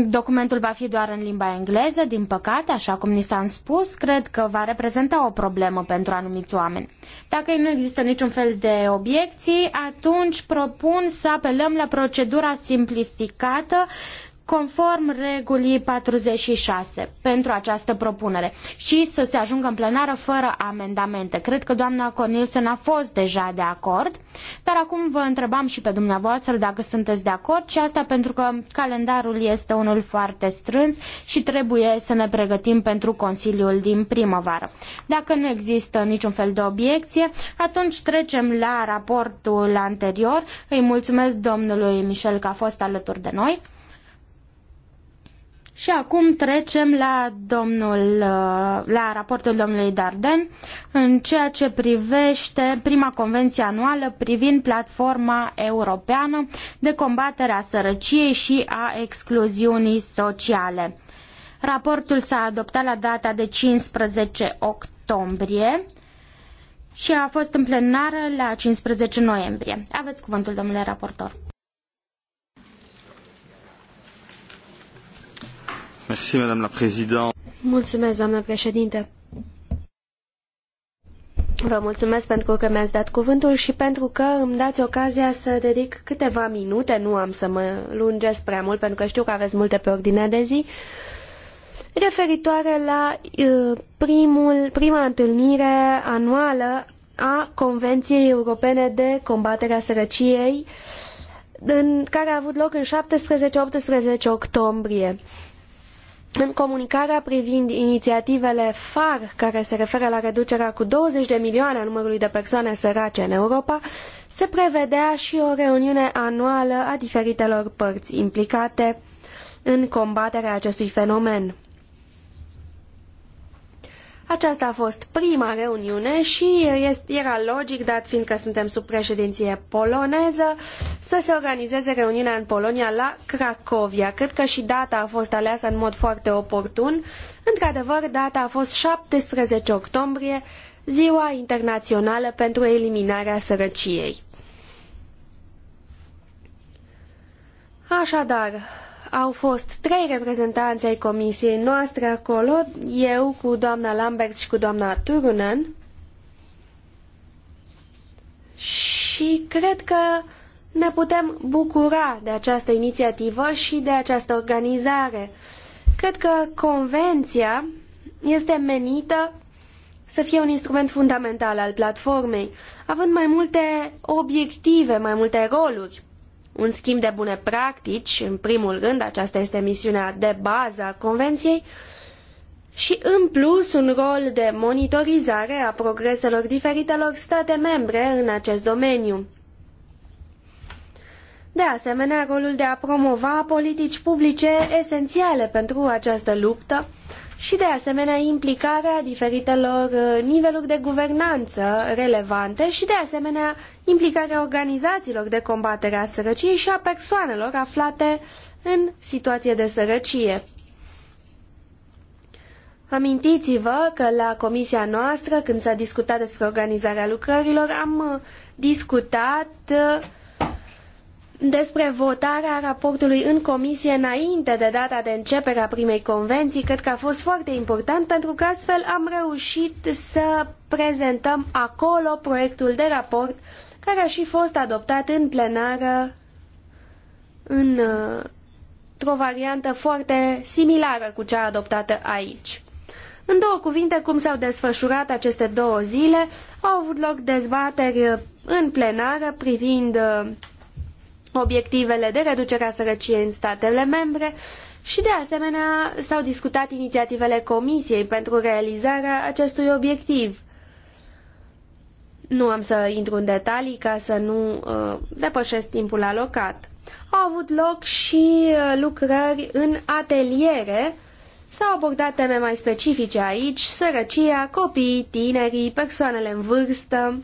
Documentul va fi doar în limba engleză, din păcate, așa cum ni s-a spus, cred că va reprezenta o problemă pentru anumiți oameni. Dacă nu există niciun fel de obiecții, atunci propun să apelăm la procedura simplificată conform regulii 46 pentru această propunere și să se ajungă în plenară fără amendamente. Cred că doamna Cornilson a fost deja de acord, dar acum vă întrebam și pe dumneavoastră dacă sunteți de acord și asta pentru că calendarul este unul foarte strâns și trebuie să ne pregătim pentru Consiliul din primăvară. Dacă nu există niciun fel de obiecție, atunci trecem la raportul anterior. Îi mulțumesc domnului Michel că a fost alături de noi. Și acum trecem la, domnul, uh, la raportul domnului Darden în ceea ce privește prima convenție anuală privind platforma europeană de combatere a sărăciei și a excluziunii sociale. Raportul s-a adoptat la data de 15 octombrie și a fost în plenară la 15 noiembrie. Aveți cuvântul, domnule raportor. Mulțumesc, doamnă președinte. Vă mulțumesc pentru că mi-ați dat cuvântul și pentru că îmi dați ocazia să dedic câteva minute, nu am să mă lungesc prea mult pentru că știu că aveți multe pe ordinea de zi, referitoare la uh, primul, prima întâlnire anuală a Convenției Europene de Combatere a Sărăciei, în, care a avut loc în 17-18 octombrie. În comunicarea privind inițiativele FAR, care se referă la reducerea cu 20 de milioane a numărului de persoane sărace în Europa, se prevedea și o reuniune anuală a diferitelor părți implicate în combaterea acestui fenomen. Aceasta a fost prima reuniune și era logic, dat fiindcă suntem sub președinție poloneză, să se organizeze reuniunea în Polonia la Cracovia. Cred că și data a fost aleasă în mod foarte oportun. Într-adevăr, data a fost 17 octombrie, Ziua Internațională pentru Eliminarea Sărăciei. Așadar, au fost trei reprezentanți ai comisiei noastre acolo, eu cu doamna Lambert și cu doamna Turunen. Și cred că ne putem bucura de această inițiativă și de această organizare. Cred că convenția este menită să fie un instrument fundamental al platformei, având mai multe obiective, mai multe roluri un schimb de bune practici, în primul rând, aceasta este misiunea de bază a Convenției, și în plus un rol de monitorizare a progreselor diferitelor state membre în acest domeniu. De asemenea, rolul de a promova politici publice esențiale pentru această luptă, și de asemenea implicarea diferitelor uh, niveluri de guvernanță relevante și de asemenea implicarea organizațiilor de combatere a sărăciei și a persoanelor aflate în situație de sărăcie. Amintiți-vă că la comisia noastră, când s-a discutat despre organizarea lucrărilor, am uh, discutat uh, despre votarea raportului în comisie înainte de data de începere a primei convenții, cred că a fost foarte important pentru că astfel am reușit să prezentăm acolo proiectul de raport care a și fost adoptat în plenară în într-o uh, variantă foarte similară cu cea adoptată aici. În două cuvinte, cum s-au desfășurat aceste două zile, au avut loc dezbateri în plenară privind uh, obiectivele de reducere a sărăciei în statele membre și, de asemenea, s-au discutat inițiativele Comisiei pentru realizarea acestui obiectiv. Nu am să intru în detalii ca să nu uh, depășesc timpul alocat. Au avut loc și uh, lucrări în ateliere. S-au abordat teme mai specifice aici, sărăcia, copiii, tinerii, persoanele în vârstă,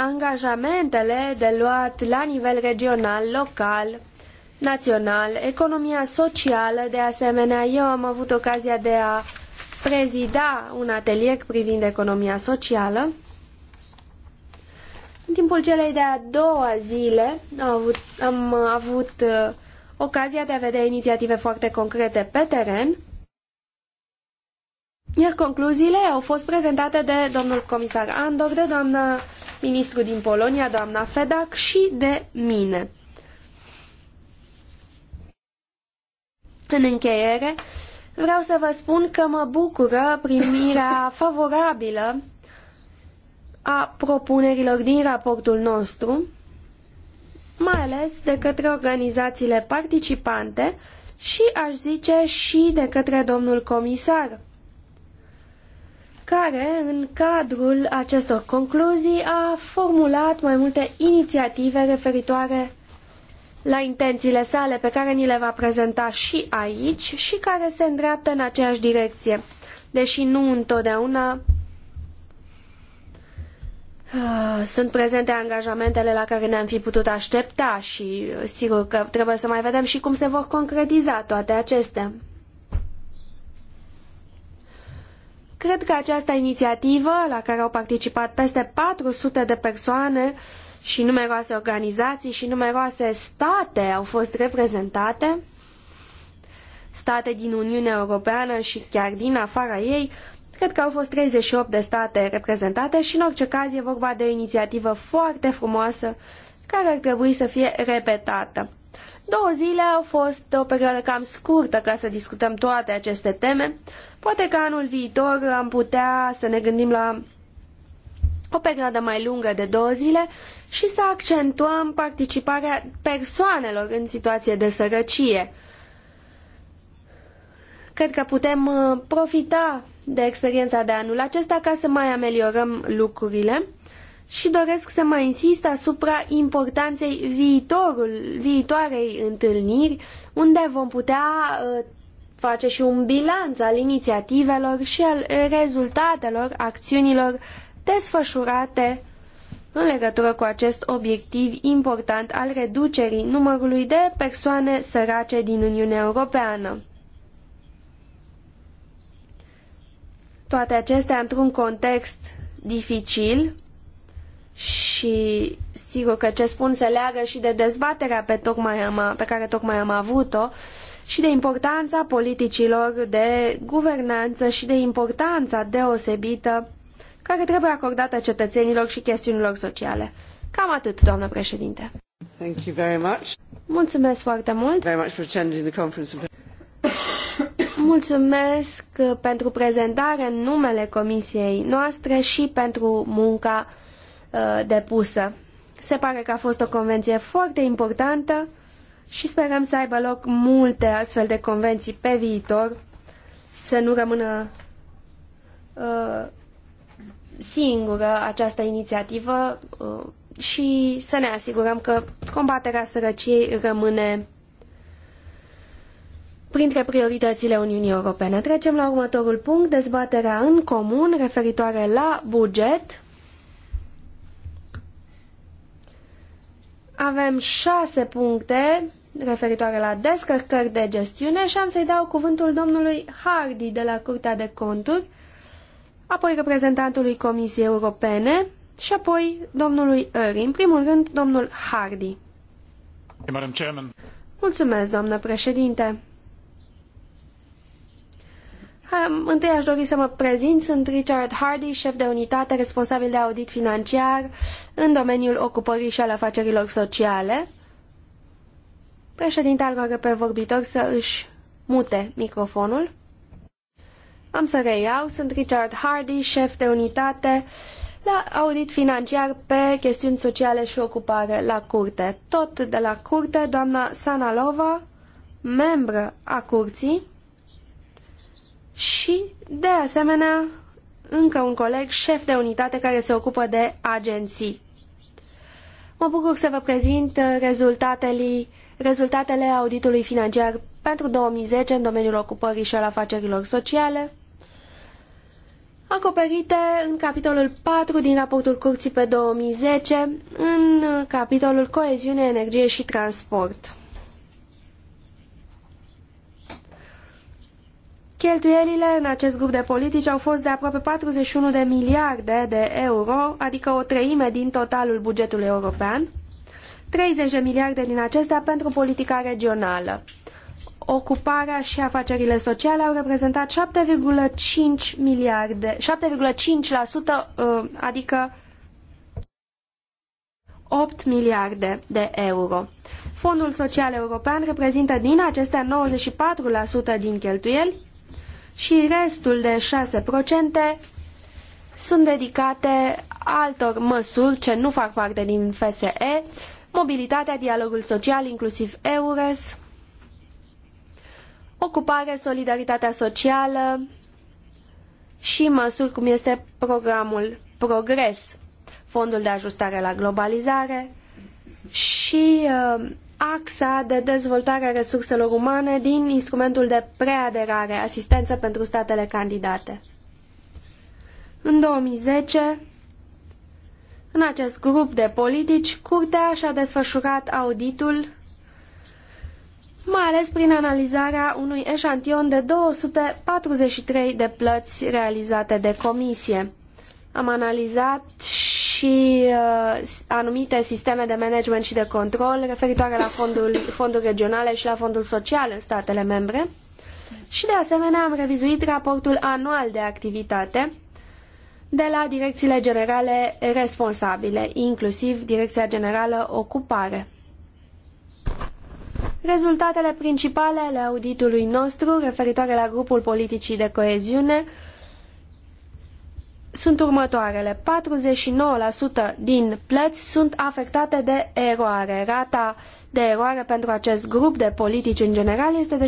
angajamentele de luat la nivel regional, local, național, economia socială, de asemenea, eu am avut ocazia de a prezida un atelier privind economia socială. În timpul celei de-a doua zile am avut, am avut uh, ocazia de a vedea inițiative foarte concrete pe teren, iar concluziile au fost prezentate de domnul comisar Andor, de doamna ministru din Polonia, doamna Fedak, și de mine. În încheiere, vreau să vă spun că mă bucură primirea favorabilă a propunerilor din raportul nostru, mai ales de către organizațiile participante și, aș zice, și de către domnul comisar care, în cadrul acestor concluzii, a formulat mai multe inițiative referitoare la intențiile sale pe care ni le va prezenta și aici și care se îndreaptă în aceeași direcție, deși nu întotdeauna ah, sunt prezente angajamentele la care ne-am fi putut aștepta și sigur că trebuie să mai vedem și cum se vor concretiza toate acestea. Cred că această inițiativă, la care au participat peste 400 de persoane și numeroase organizații și numeroase state au fost reprezentate, state din Uniunea Europeană și chiar din afara ei, cred că au fost 38 de state reprezentate și în orice caz e vorba de o inițiativă foarte frumoasă care ar trebui să fie repetată. Două zile au fost o perioadă cam scurtă ca să discutăm toate aceste teme. Poate că anul viitor am putea să ne gândim la o perioadă mai lungă de două zile și să accentuăm participarea persoanelor în situație de sărăcie. Cred că putem uh, profita de experiența de anul acesta ca să mai ameliorăm lucrurile și doresc să mai insist asupra importanței viitorul, viitoarei întâlniri, unde vom putea uh, face și un bilanț al inițiativelor și al rezultatelor acțiunilor desfășurate în legătură cu acest obiectiv important al reducerii numărului de persoane sărace din Uniunea Europeană. Toate acestea într-un context dificil și sigur că ce spun se leagă și de dezbaterea pe, tocmai am, pe care tocmai am avut-o și de importanța politicilor de guvernanță și de importanța deosebită care trebuie acordată cetățenilor și chestiunilor sociale. Cam atât, doamnă președinte. Thank you very much. Mulțumesc foarte mult. Very much for attending the conference. Mulțumesc pentru prezentare în numele comisiei noastre și pentru munca Uh, depusă. Se pare că a fost o convenție foarte importantă și sperăm să aibă loc multe astfel de convenții pe viitor, să nu rămână uh, singură această inițiativă uh, și să ne asigurăm că combaterea sărăciei rămâne printre prioritățile Uniunii Europene. Trecem la următorul punct, dezbaterea în comun referitoare la buget. Avem șase puncte referitoare la descărcări de gestiune și am să-i dau cuvântul domnului Hardy de la Curtea de Conturi, apoi reprezentantului Comisiei Europene și apoi domnului Ări, În primul rând, domnul Hardy. Mulțumesc, doamnă președinte. Întâi aș dori să mă prezint. Sunt Richard Hardy, șef de unitate responsabil de audit financiar în domeniul ocupării și al afacerilor sociale. Președinta rogă pe vorbitor să își mute microfonul. Am să reiau. Sunt Richard Hardy, șef de unitate la audit financiar pe chestiuni sociale și ocupare la curte. Tot de la curte, doamna Sanalova, membră a curții, și, de asemenea, încă un coleg, șef de unitate care se ocupă de agenții. Mă bucur să vă prezint rezultatele, rezultatele auditului financiar pentru 2010 în domeniul ocupării și al afacerilor sociale, acoperite în capitolul 4 din raportul Curții pe 2010, în capitolul Coeziune, Energie și Transport. Cheltuielile în acest grup de politici au fost de aproape 41 de miliarde de euro, adică o treime din totalul bugetului european, 30 de miliarde din acestea pentru politica regională. Ocuparea și afacerile sociale au reprezentat 7,5 miliarde, 7,5%, ă, adică 8 miliarde de euro. Fondul Social European reprezintă din acestea 94% din cheltuieli, și restul de 6% sunt dedicate altor măsuri ce nu fac parte din FSE, mobilitatea, dialogul social, inclusiv EURES, ocupare, solidaritatea socială și măsuri cum este programul Progres, fondul de ajustare la globalizare și uh, axa de dezvoltare a resurselor umane din instrumentul de preaderare, asistență pentru statele candidate. În 2010, în acest grup de politici, Curtea și-a desfășurat auditul mai ales prin analizarea unui eșantion de 243 de plăți realizate de comisie. Am analizat și uh, anumite sisteme de management și de control referitoare la fondul, fonduri regionale și la fondul social în statele membre. Și de asemenea am revizuit raportul anual de activitate de la direcțiile generale responsabile, inclusiv Direcția Generală Ocupare. Rezultatele principale ale auditului nostru referitoare la grupul politicii de coeziune sunt următoarele. 49% din plăți sunt afectate de eroare. Rata de eroare pentru acest grup de politici în general este de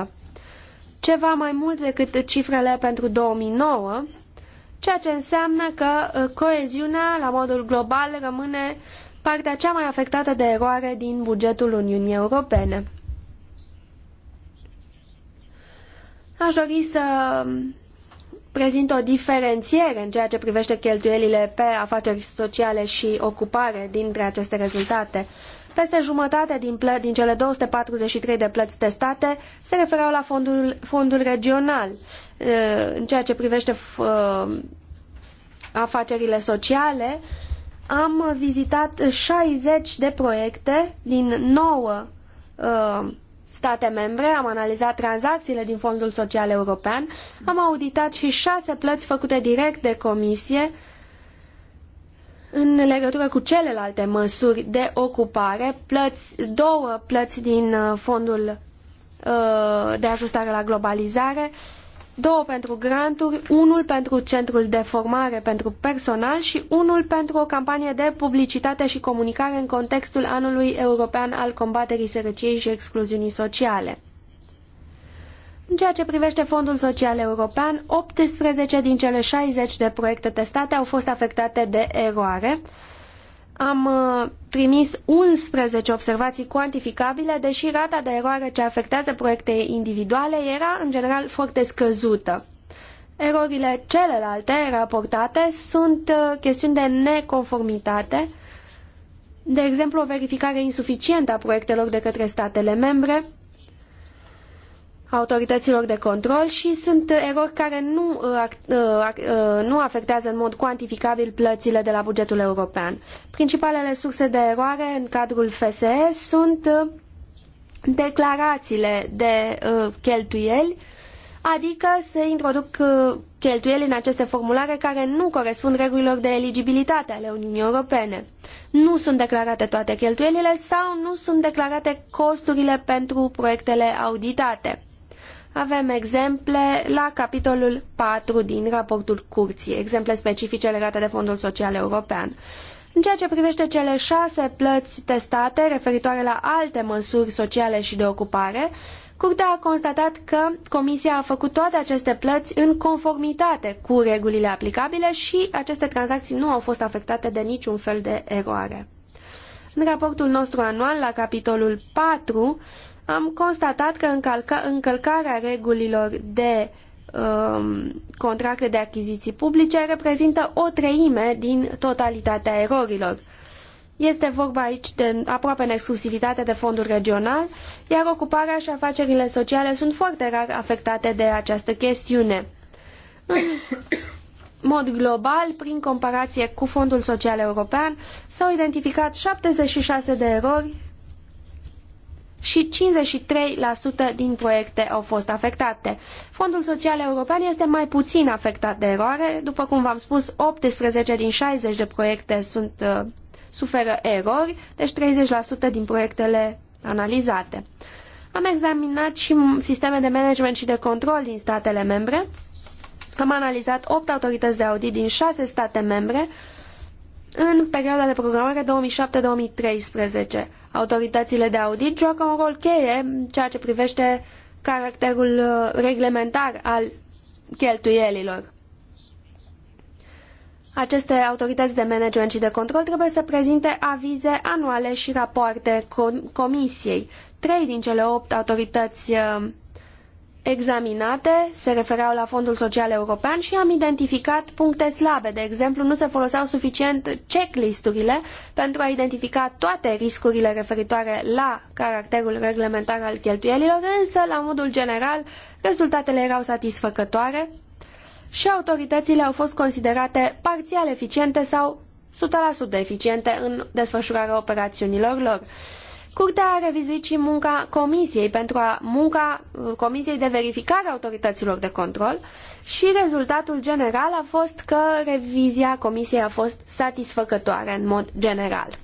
7,7%, ceva mai mult decât cifrele pentru 2009, ceea ce înseamnă că ă, coeziunea la modul global rămâne partea cea mai afectată de eroare din bugetul Uniunii Europene. Aș dori să prezintă o diferențiere în ceea ce privește cheltuielile pe afaceri sociale și ocupare dintre aceste rezultate. Peste jumătate din, plă- din cele 243 de plăți testate se refereau la fondul, fondul regional. Uh, în ceea ce privește uh, afacerile sociale, am vizitat 60 de proiecte din 9 state membre, am analizat tranzacțiile din Fondul Social European, am auditat și șase plăți făcute direct de comisie în legătură cu celelalte măsuri de ocupare, plăți, două plăți din uh, Fondul uh, de Ajustare la Globalizare, uh, două pentru granturi, unul pentru centrul de formare pentru personal și unul pentru o campanie de publicitate și comunicare în contextul anului european al combaterii sărăciei și excluziunii sociale. În ceea ce privește Fondul Social European, 18 din cele 60 de proiecte testate au fost afectate de eroare, am uh, trimis 11 observații cuantificabile, deși rata de eroare ce afectează proiecte individuale era în general foarte scăzută. Erorile celelalte raportate sunt uh, chestiuni de neconformitate, de exemplu o verificare insuficientă a proiectelor de către statele membre, autorităților de control și sunt erori care nu, uh, uh, uh, nu afectează în mod cuantificabil plățile de la bugetul european. Principalele surse de eroare în cadrul FSE sunt declarațiile de cheltuieli, adică se introduc cheltuieli în aceste formulare care nu corespund regulilor de eligibilitate ale Uniunii Europene. Nu sunt declarate toate cheltuielile sau nu sunt declarate costurile pentru proiectele auditate. Avem exemple la capitolul 4 din raportul curții, exemple specifice legate de Fondul Social European. În ceea ce privește cele șase plăți testate referitoare la alte măsuri sociale și de ocupare, Curtea a constatat că Comisia a făcut toate aceste plăți în conformitate cu regulile aplicabile și aceste tranzacții nu au fost afectate de niciun fel de eroare. În raportul nostru anual, la capitolul 4, am constatat că încălcarea regulilor de um, contracte de achiziții publice reprezintă o treime din totalitatea erorilor. Este vorba aici de aproape în exclusivitate de fonduri regional, iar ocuparea și afacerile sociale sunt foarte rar afectate de această chestiune. În mod global, prin comparație cu Fondul Social European, s-au identificat 76 de erori și 53% din proiecte au fost afectate. Fondul Social European este mai puțin afectat de eroare. După cum v-am spus, 18 din 60 de proiecte sunt, uh, suferă erori, deci 30% din proiectele analizate. Am examinat și sisteme de management și de control din statele membre. Am analizat 8 autorități de audit din 6 state membre în perioada de programare 2007-2013. Autoritățile de audit joacă un rol cheie în ceea ce privește caracterul uh, reglementar al cheltuielilor. Aceste autorități de management și de control trebuie să prezinte avize anuale și rapoarte comisiei. Trei din cele opt autorități uh, examinate se refereau la Fondul Social European și am identificat puncte slabe. De exemplu, nu se foloseau suficient checklisturile pentru a identifica toate riscurile referitoare la caracterul reglementar al cheltuielilor, însă, la modul general, rezultatele erau satisfăcătoare și autoritățile au fost considerate parțial eficiente sau 100% eficiente în desfășurarea operațiunilor lor. Curtea a revizuit și munca comisiei pentru a munca uh, comisiei de verificare a autorităților de control și rezultatul general a fost că revizia comisiei a fost satisfăcătoare în mod general.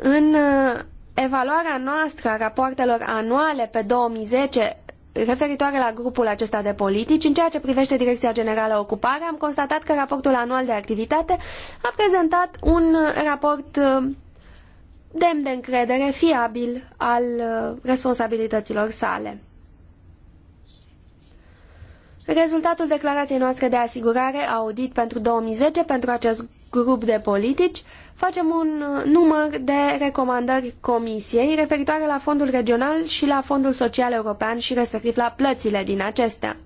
În uh, evaluarea noastră a rapoartelor anuale pe 2010 referitoare la grupul acesta de politici, în ceea ce privește Direcția Generală Ocupare, am constatat că raportul anual de activitate a prezentat un uh, raport demn de încredere, fiabil al uh, responsabilităților sale. Rezultatul declarației noastre de asigurare audit pentru 2010 pentru acest grup de politici facem un uh, număr de recomandări comisiei referitoare la fondul regional și la fondul social european și respectiv la plățile din acestea.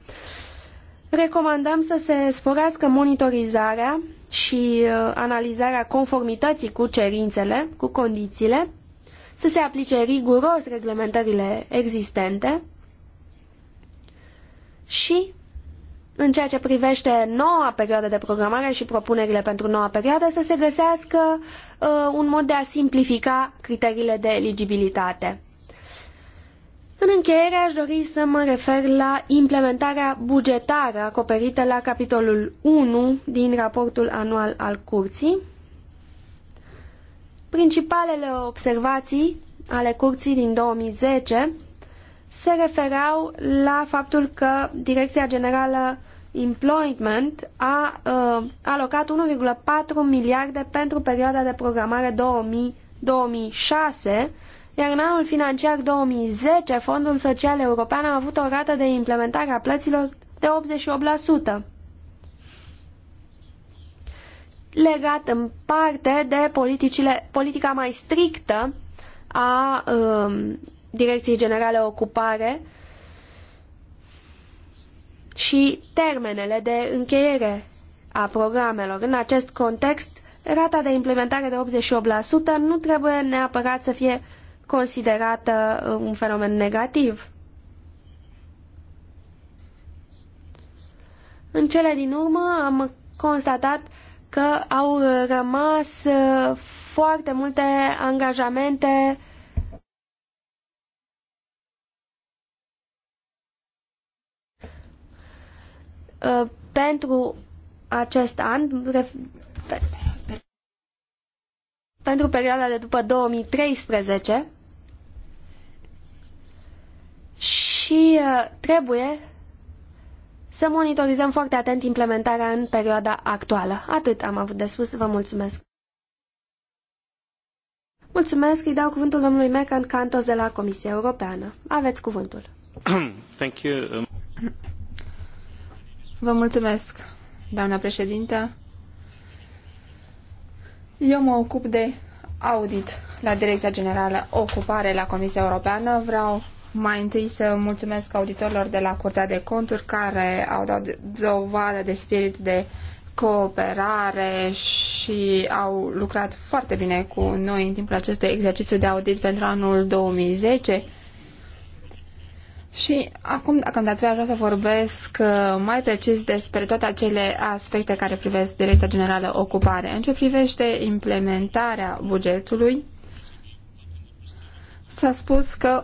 Recomandăm să se sporească monitorizarea și uh, analizarea conformității cu cerințele, cu condițiile, să se aplice riguros reglementările existente și în ceea ce privește noua perioadă de programare și propunerile pentru noua perioadă, să se găsească uh, un mod de a simplifica criteriile de eligibilitate. În încheiere aș dori să mă refer la implementarea bugetară acoperită la capitolul 1 din raportul anual al curții. Principalele observații ale curții din 2010 se refereau la faptul că Direcția Generală Employment a uh, alocat 1,4 miliarde pentru perioada de programare 2000 2006 iar în anul financiar 2010 Fondul Social European a avut o rată de implementare a plăților de 88%, legat în parte de politicile, politica mai strictă a um, Direcției Generale Ocupare și termenele de încheiere a programelor. În acest context, rata de implementare de 88% nu trebuie neapărat să fie considerată uh, un fenomen negativ. În cele din urmă am constatat că au rămas uh, foarte multe angajamente uh, pentru acest an, pentru perioada de după 2013, și uh, trebuie să monitorizăm foarte atent implementarea în perioada actuală. Atât am avut de spus, vă mulțumesc. Mulțumesc, îi dau cuvântul domnului Mecan Cantos de la Comisia Europeană. Aveți cuvântul. Thank you. Um, vă mulțumesc, doamna președintă. Eu mă ocup de audit la Direcția Generală Ocupare la Comisia Europeană. Vreau mai întâi să mulțumesc auditorilor de la Curtea de Conturi care au dat dovadă de spirit de cooperare și au lucrat foarte bine cu noi în timpul acestui exercițiu de audit pentru anul 2010. Și acum, dacă îmi dați voie, să vorbesc uh, mai precis despre toate acele aspecte care privesc Direcția Generală Ocupare. În ce privește implementarea bugetului, S-a spus că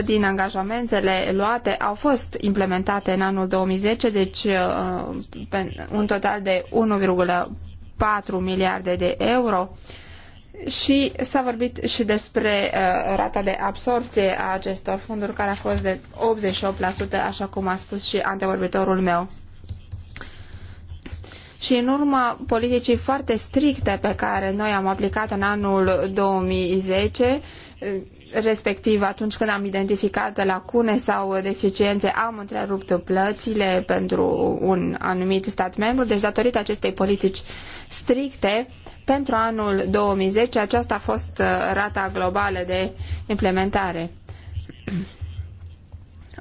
100% din angajamentele luate au fost implementate în anul 2010, deci uh, un total de 1,4 miliarde de euro și s-a vorbit și despre uh, rata de absorție a acestor fonduri care a fost de 88%, așa cum a spus și antevorbitorul meu. Și în urma politicii foarte stricte pe care noi am aplicat în anul 2010, respectiv atunci când am identificat lacune sau deficiențe, am întrerupt plățile pentru un anumit stat membru, deci datorită acestei politici stricte, pentru anul 2010 aceasta a fost uh, rata globală de implementare.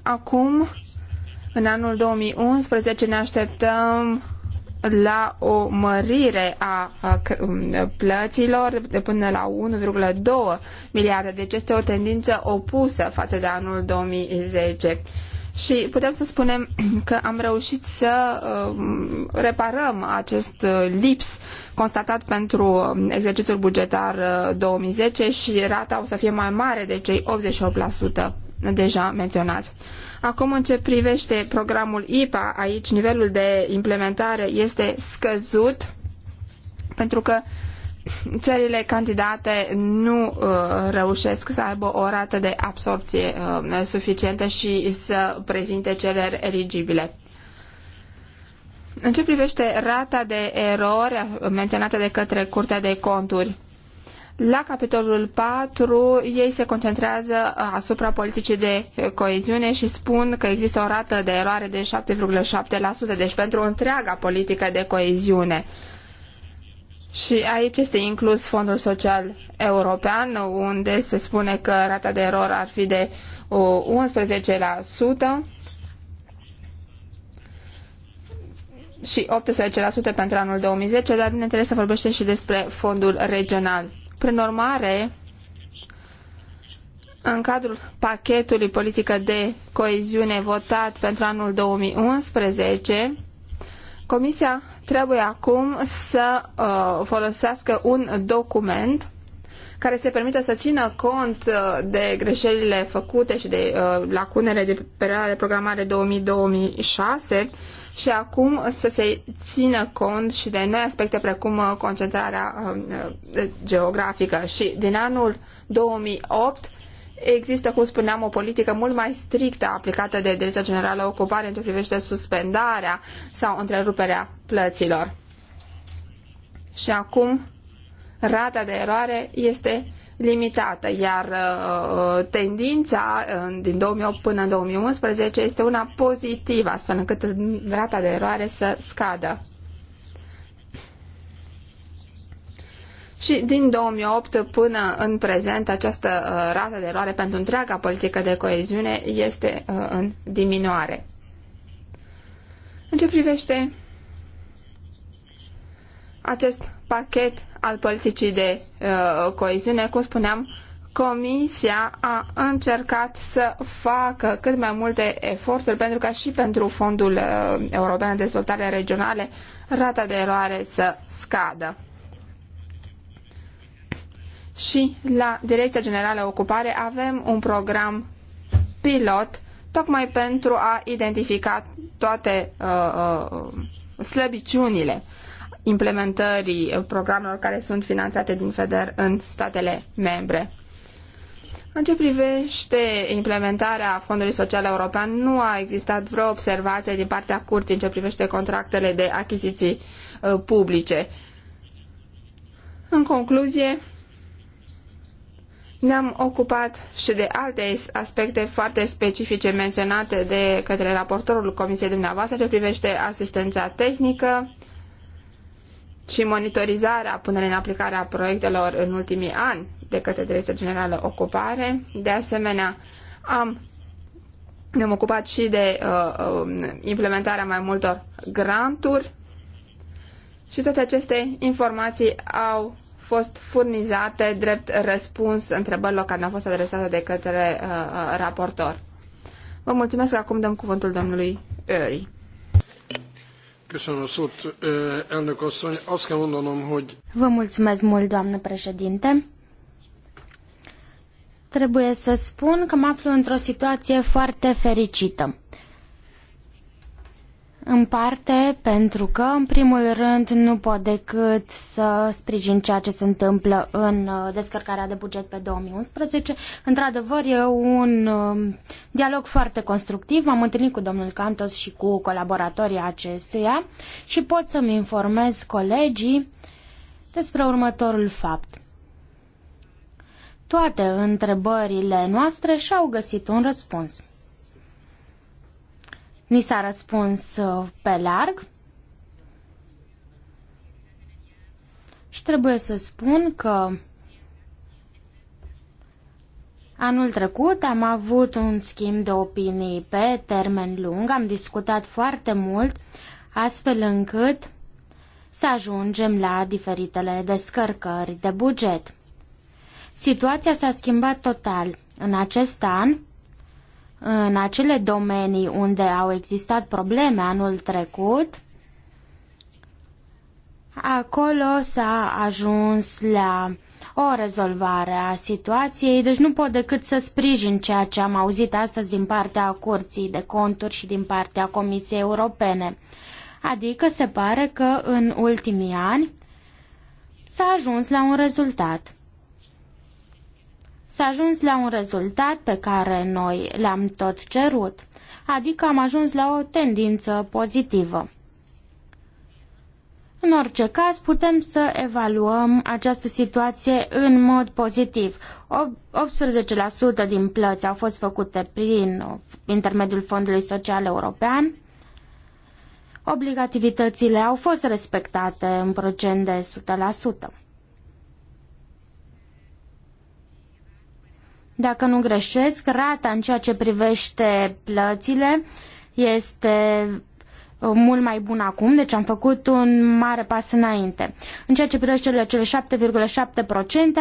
Acum, în anul 2011, ne așteptăm la o mărire a um, plăților de până la 1,2 miliarde. Deci este o tendință opusă față de anul 2010. Și putem să spunem că am reușit să um, reparăm acest uh, lips constatat pentru um, exercițiul bugetar 2010 uh, și rata o să fie mai mare de cei 88% deja menționați. Acum, în ce privește programul IPA, aici nivelul de implementare este scăzut pentru că țările candidate nu uh, reușesc să aibă o rată de absorpție uh, suficientă și să prezinte cele eligibile. În ce privește rata de erori menționată de către Curtea de Conturi, la capitolul 4, ei se concentrează uh, asupra politicii de coeziune și spun că există o rată de eroare de 7,7%, deci pentru întreaga politică de coeziune. Și aici este inclus Fondul Social European, unde se spune că rata de eror ar fi de 11% uh, și 18% pentru anul 2010, dar bineînțeles se vorbește și despre fondul regional. Prin urmare, în cadrul pachetului politică de coeziune votat pentru anul 2011, Comisia trebuie acum să uh, folosească un document care se permită să țină cont uh, de greșelile făcute și de uh, lacunele de perioada de programare 2000-2006 și acum să se țină cont și de noi aspecte precum uh, concentrarea um, uh, geografică. Și din anul 2008 există, cum spuneam, o politică mult mai strictă aplicată de Direcția Generală Ocupare în ce privește suspendarea sau întreruperea plăților. Și acum rata de eroare este limitată, iar uh, uh, tendința uh, din 2008 până în 2011 este una pozitivă, astfel încât rata de eroare să scadă. Și din 2008 până în prezent, această rată de eroare pentru întreaga politică de coeziune este în diminuare. În ce privește acest pachet al politicii de uh, coeziune, cum spuneam, Comisia a încercat să facă cât mai multe eforturi pentru ca și pentru Fondul uh, European de Dezvoltare Regionale rata de eroare să scadă. Și la Direcția Generală Ocupare avem un program pilot tocmai pentru a identifica toate uh, uh, slăbiciunile implementării programelor care sunt finanțate din FEDER în statele membre. În ce privește implementarea Fondului Social European, nu a existat vreo observație din partea curții în ce privește contractele de achiziții uh, publice. În concluzie, ne-am ocupat și de alte aspecte foarte specifice menționate de către raportorul Comisiei dumneavoastră ce privește asistența tehnică, și monitorizarea punerii în aplicare a proiectelor în ultimii ani de către Direcția Generală Ocupare. De asemenea, am ne-am ocupat și de uh, um, implementarea mai multor granturi și toate aceste informații au fost furnizate drept răspuns întrebărilor care ne-au fost adresate de către uh, uh raportor. Vă mulțumesc acum dăm cuvântul domnului Öri. Köszönöm a szót, elnök asszony. Azt kell mondanom, hogy... Vă mulțumesc mult, doamnă președinte. Trebuie să spun că mă aflu într-o situație foarte fericită. În parte pentru că, în primul rând, nu pot decât să sprijin ceea ce se întâmplă în uh, descărcarea de buget pe 2011. Într-adevăr, e un um, dialog foarte constructiv. M-am întâlnit cu domnul Cantos și cu colaboratorii acestuia și pot să-mi informez colegii despre următorul fapt. Toate întrebările noastre și-au găsit un răspuns. Ni s-a răspuns uh, pe larg și trebuie să spun că Anul trecut am avut un schimb de opinii pe termen lung, am discutat foarte mult, astfel încât să ajungem la diferitele descărcări de buget. Situația s-a schimbat total. În acest an în acele domenii unde au existat probleme anul trecut, acolo s-a ajuns la o rezolvare a situației, deci nu pot decât să sprijin ceea ce am auzit astăzi din partea Curții de Conturi și din partea Comisiei Europene. Adică se pare că în ultimii ani s-a ajuns la un rezultat. S-a ajuns la un rezultat pe care noi l-am tot cerut, adică am ajuns la o tendință pozitivă. În orice caz, putem să evaluăm această situație în mod pozitiv. 18% din plăți au fost făcute prin intermediul Fondului Social European. Obligativitățile au fost respectate în procent de 100%. Dacă nu greșesc, rata în ceea ce privește plățile este uh, mult mai bun acum, deci am făcut un mare pas înainte. În ceea ce privește cele, 7,7%,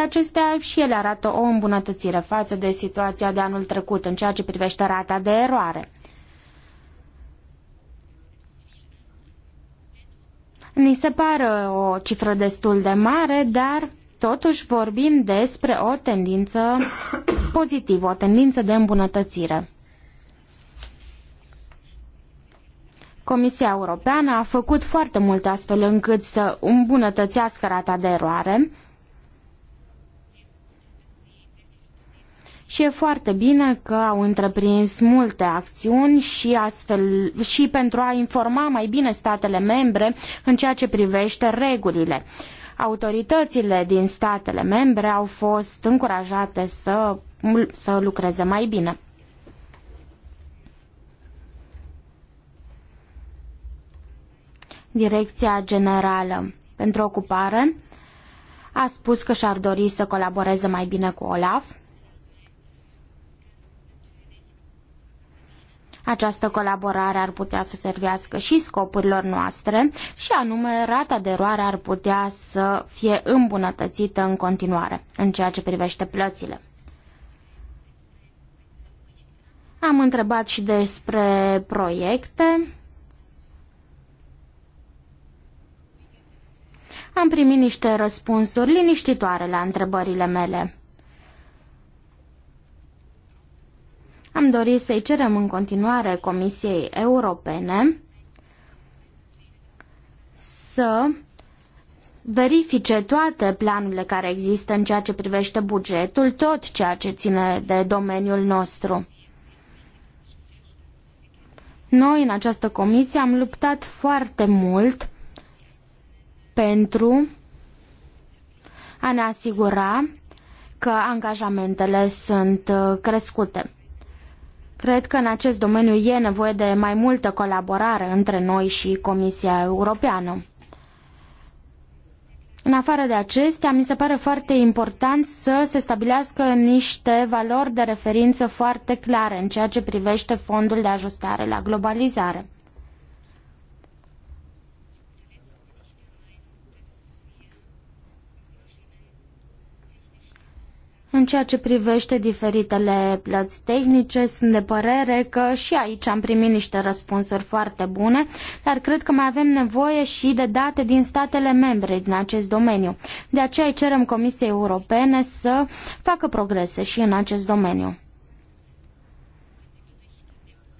acestea și ele arată o îmbunătățire față de situația de anul trecut în ceea ce privește rata de eroare. Ni se pare o cifră destul de mare, dar Totuși vorbim despre o tendință pozitivă, o tendință de îmbunătățire. Comisia Europeană a făcut foarte mult astfel încât să îmbunătățească rata de eroare și e foarte bine că au întreprins multe acțiuni și, astfel, și pentru a informa mai bine statele membre în ceea ce privește regulile. Uh, Autoritățile din statele membre au fost încurajate să, să lucreze mai bine. Direcția Generală pentru Ocupare a spus că și-ar dori să colaboreze mai bine cu OLAF Această colaborare ar putea să servească și scopurilor noastre și anume rata de eroare ar putea să fie îmbunătățită în continuare în ceea ce privește plățile. Am întrebat și despre proiecte. Am primit niște răspunsuri liniștitoare la întrebările mele. Am dorit să-i cerem în continuare Comisiei Europene să verifice toate planurile care există în ceea ce privește bugetul, tot ceea ce ține de domeniul nostru. Noi, în această comisie, am luptat foarte mult pentru a ne asigura că angajamentele sunt uh, crescute. Cred că în acest domeniu e nevoie de mai multă colaborare între noi și Comisia Europeană. În afară de acestea, mi se pare foarte important să se stabilească niște valori de referință foarte clare în ceea ce privește fondul de ajustare la globalizare. În ceea ce privește diferitele plăți tehnice, sunt de părere că și aici am primit niște răspunsuri foarte bune, dar cred că mai avem nevoie și de date din statele membre din acest domeniu. De aceea cerem Comisiei Europene să facă progrese și în acest domeniu.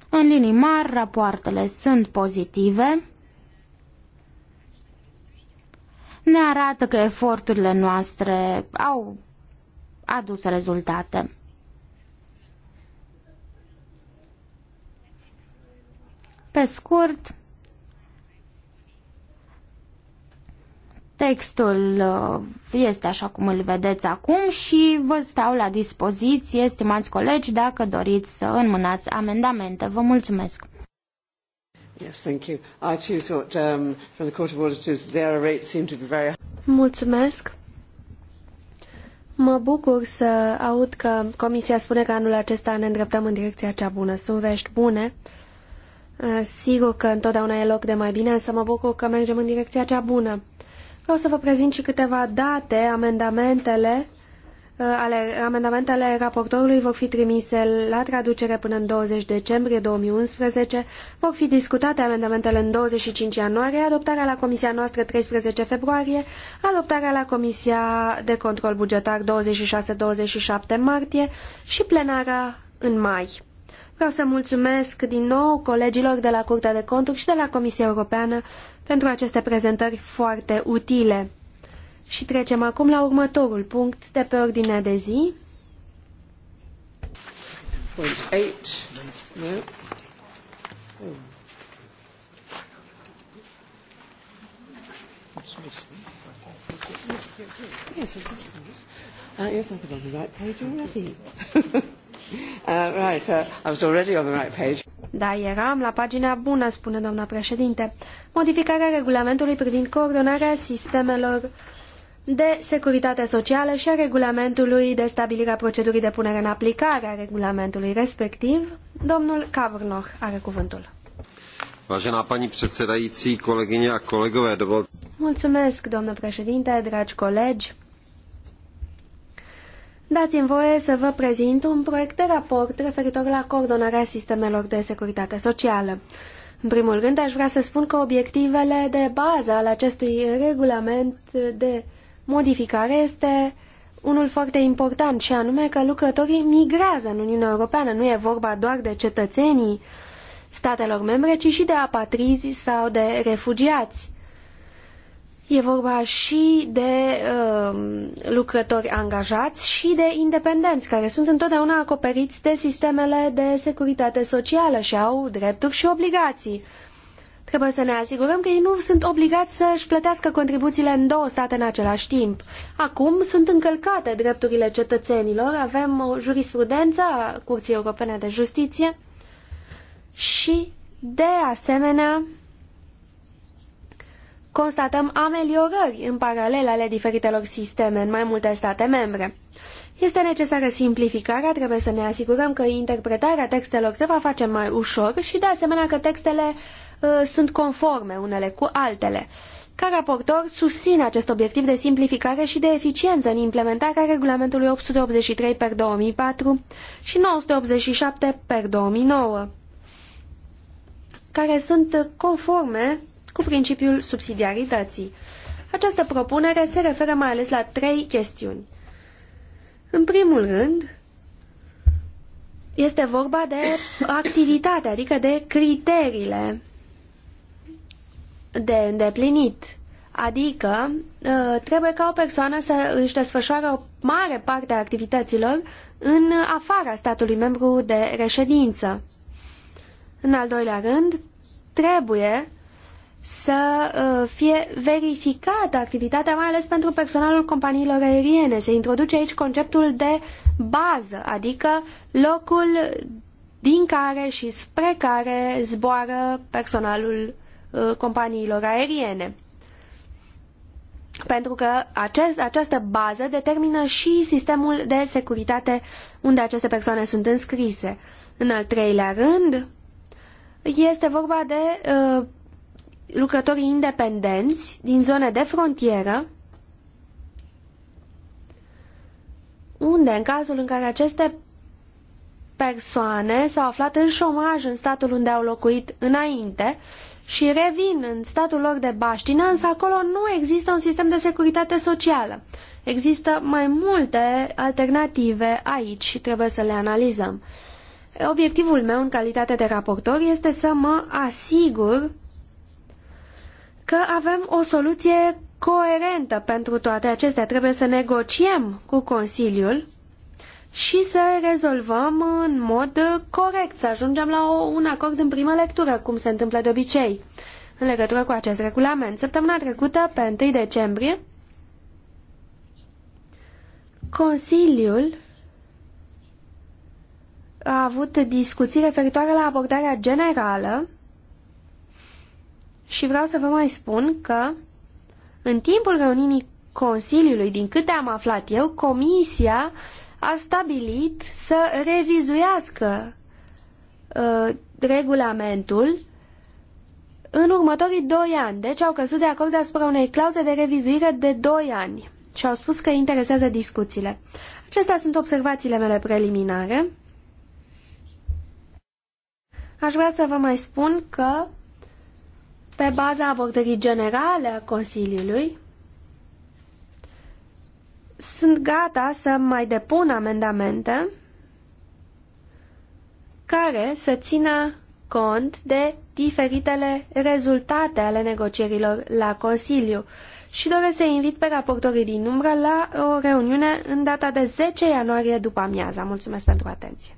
În linii mari, rapoartele sunt pozitive. Ne arată că eforturile noastre au adus rezultate. Pe scurt, Textul uh, este așa cum îl vedeți acum și vă stau la dispoziție, stimați colegi, dacă doriți să înmânați amendamente. Vă mulțumesc! Mulțumesc! Mă bucur să aud că Comisia spune că anul acesta ne îndreptăm în direcția cea bună. Sunt vești bune. Eh, sigur că întotdeauna e loc de mai bine, însă mă bucur că mergem în direcția cea bună. Vreau să vă prezint și câteva date, amendamentele Uh, ale amendamentele raportorului vor fi trimise la traducere până în 20 decembrie 2011, vor fi discutate amendamentele în 25 ianuarie, adoptarea la comisia noastră 13 februarie, adoptarea la comisia de control bugetar 26-27 martie și plenara în mai. Vreau să mulțumesc din nou colegilor de la Curtea de Conturi și de la Comisia Europeană pentru aceste prezentări foarte utile. Și trecem acum la următorul punct de pe ordinea de zi. Point No. Oh. Yes, Uh, yes, I was on the right page already. uh, right, uh, I was already on the right page. Da, eram la pagina bună, spune doamna președinte. Modificarea regulamentului privind coordonarea sistemelor de securitate socială și a regulamentului de stabilire a procedurii de punere în aplicare a regulamentului respectiv. Domnul Cavrnoch are cuvântul. Vážená paní předsedající, kolegyně a kolegové, dovolte. Mulțumesc, domnul președinte, dragi colegi. Dați-mi voie să vă prezint un proiect de raport referitor la coordonarea sistemelor de securitate socială. În primul rând, aș vrea să spun că obiectivele de bază ale acestui regulament de modificare este unul foarte important și anume că lucrătorii migrează în Uniunea Europeană. Nu e vorba doar de cetățenii statelor membre, ci și de apatrizi sau de refugiați. E vorba și de uh, lucrători angajați și de independenți, care sunt întotdeauna acoperiți de sistemele de securitate socială și au drepturi și obligații. Uh, Trebuie să ne asigurăm că ei nu sunt obligați să-și plătească contribuțiile în două state în același timp. Acum sunt încălcate drepturile cetățenilor, avem a Curții Europene de Justiție și, de asemenea, constatăm ameliorări în paralel ale diferitelor sisteme în mai multe state membre. Este necesară simplificarea, trebuie să ne asigurăm că interpretarea textelor se va face mai ușor și, de asemenea, că textele Uh, sunt conforme unele cu altele. Ca raportor, susține acest obiectiv de simplificare și de eficiență în implementarea regulamentului 883 per 2004 și 987 per 2009, care sunt conforme cu principiul subsidiarității. Această propunere se referă mai ales la trei chestiuni. În primul rând, este vorba de activitate, adică de criteriile de îndeplinit. Adică ă, trebuie ca o persoană să își desfășoare o mare parte a activităților în afara statului membru de reședință. În al doilea rând, trebuie să ă, fie verificată activitatea, mai ales pentru personalul companiilor aeriene. Se introduce aici conceptul de bază, adică locul din care și spre care zboară personalul Uh, companiilor aeriene. Pentru că acest, această bază determină și sistemul de securitate unde aceste persoane sunt înscrise. În al treilea rând, este vorba de uh, lucrătorii independenți din zone de frontieră, unde, în cazul în care aceste persoane s-au aflat în șomaj în statul unde au locuit înainte, și revin în statul lor de baștină, însă acolo nu există un sistem de securitate socială. Există mai multe alternative aici și trebuie să le analizăm. Obiectivul meu în calitate de raportor este să mă asigur că avem o soluție coerentă pentru toate acestea. Trebuie să negociem cu Consiliul și să rezolvăm în mod corect, să ajungem la o, un acord în primă lectură, cum se întâmplă de obicei, în legătură cu acest regulament. Săptămâna trecută, pe 1 decembrie, Consiliul a avut discuții referitoare la abordarea generală și vreau să vă mai spun că în timpul reuniunii Consiliului, din câte am aflat eu, Comisia uh, a stabilit să revizuiască uh, regulamentul în următorii doi ani. Deci au căzut de acord asupra unei clauze de revizuire de doi ani și au spus că interesează discuțiile. Acestea sunt observațiile mele preliminare. Aș vrea să vă mai spun că, pe baza abordării generale a Consiliului, sunt gata să mai depun amendamente care să țină cont de diferitele rezultate ale negocierilor la Consiliu și doresc să invit pe raportorii din umbră la o reuniune în data de 10 ianuarie după amiaza. Mulțumesc pentru atenție!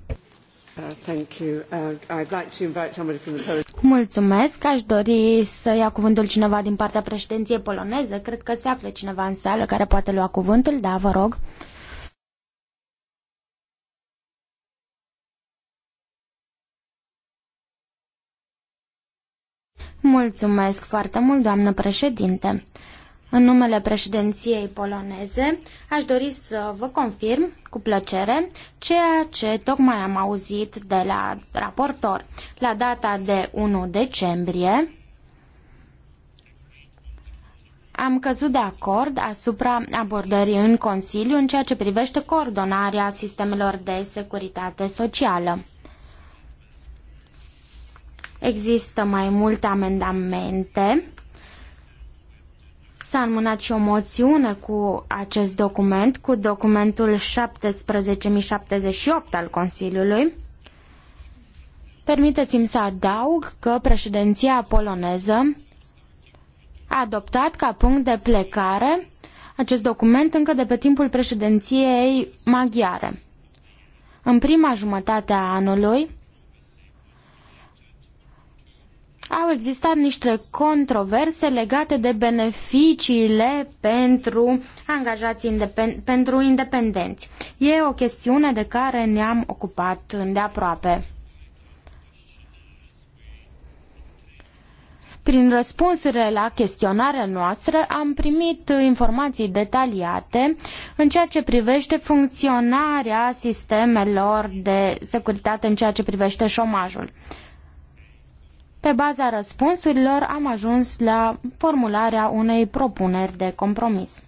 Mulțumesc. Aș dori să ia cuvântul cineva din partea președinției poloneze. Cred că se află cineva în sală care poate lua cuvântul. Da, vă rog. Mulțumesc foarte mult, doamnă președinte. În numele președinției poloneze, aș dori să vă confirm cu plăcere ceea ce tocmai am auzit de la raportor. La data de 1 decembrie am căzut de acord asupra abordării în Consiliu în ceea ce privește coordonarea sistemelor de securitate socială. Există mai multe amendamente S-a înmânat și o moțiune cu acest document, cu documentul 17078 al Consiliului. Permiteți-mi să adaug că președinția poloneză a adoptat ca punct de plecare acest document încă de pe timpul președinției maghiare. În prima jumătate a anului, au existat niște controverse legate de beneficiile pentru angajații independ- pentru independenți. E o chestiune de care ne-am ocupat îndeaproape. Prin răspunsurile la chestionarea noastră am primit informații detaliate în ceea ce privește funcționarea sistemelor de securitate în ceea ce privește șomajul. Pe baza răspunsurilor am ajuns la formularea unei propuneri de compromis.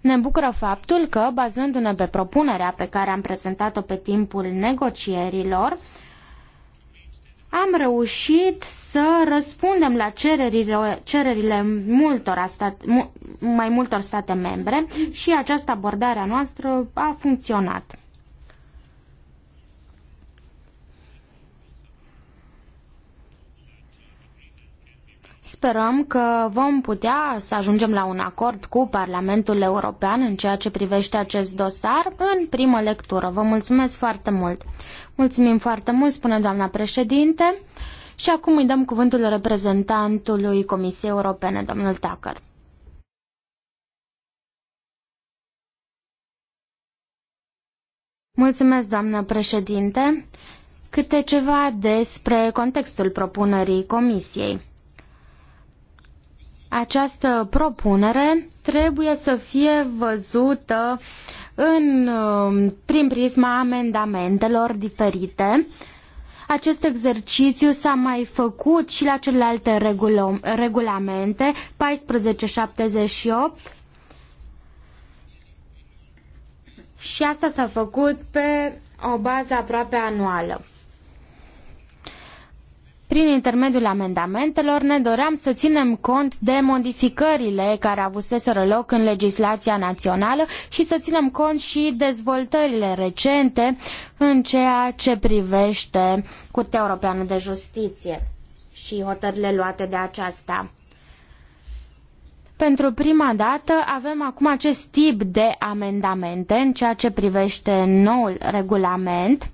Ne bucură faptul că, bazându-ne pe propunerea pe care am prezentat-o pe timpul negocierilor, am reușit să răspundem la cererile, cererile multor stat, mai multor state membre și această abordare a noastră a funcționat. Sperăm că vom putea să ajungem la un acord cu Parlamentul European în ceea ce privește acest dosar în primă lectură. Vă mulțumesc foarte mult. Mulțumim foarte mult, spune doamna președinte. Și acum îi dăm cuvântul reprezentantului Comisiei Europene, domnul Tucker. Mulțumesc, doamnă președinte. Câte ceva despre contextul propunerii Comisiei. Această propunere trebuie să fie văzută în, um, prin prisma amendamentelor diferite. Acest exercițiu s-a mai făcut și la celelalte regulo- regulamente 1478 și asta s-a făcut pe o bază aproape anuală. Prin intermediul amendamentelor ne doream să ținem cont de modificările care avuseseră loc în legislația națională și să ținem cont și dezvoltările recente în ceea ce privește Curtea Europeană de Justiție și hotările luate de aceasta. Pentru prima dată avem acum acest tip de amendamente în ceea ce privește noul regulament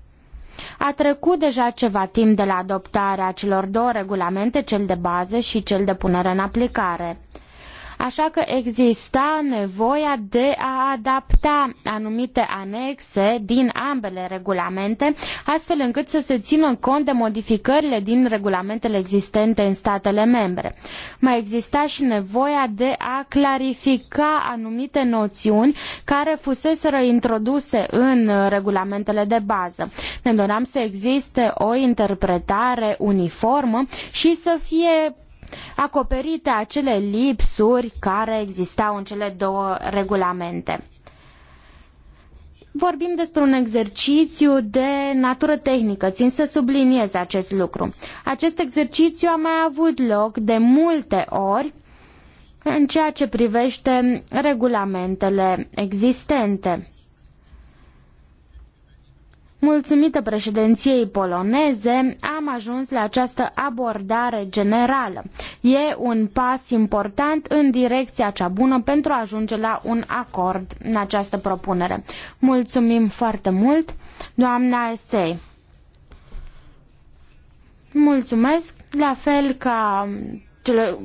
a trecut deja ceva timp de la adoptarea celor două regulamente, cel de bază și cel de punere în aplicare. Așa că exista nevoia de a adapta anumite anexe din ambele regulamente, astfel încât să se țină cont de modificările din regulamentele existente în statele membre. Mai exista și nevoia de a clarifica anumite noțiuni care fuseseră introduse în regulamentele de bază. Ne doream să existe o interpretare uniformă și să fie acoperite acele lipsuri care existau în cele două regulamente. Vorbim despre un exercițiu de natură tehnică, țin să subliniez acest lucru. Acest exercițiu a mai avut loc de multe ori în ceea ce privește regulamentele existente. Mulțumită președinției poloneze, am ajuns la această abordare generală. E un pas important în direcția cea bună pentru a ajunge la un acord în această propunere. Mulțumim foarte mult, doamna Esei. Mulțumesc, la fel ca cele,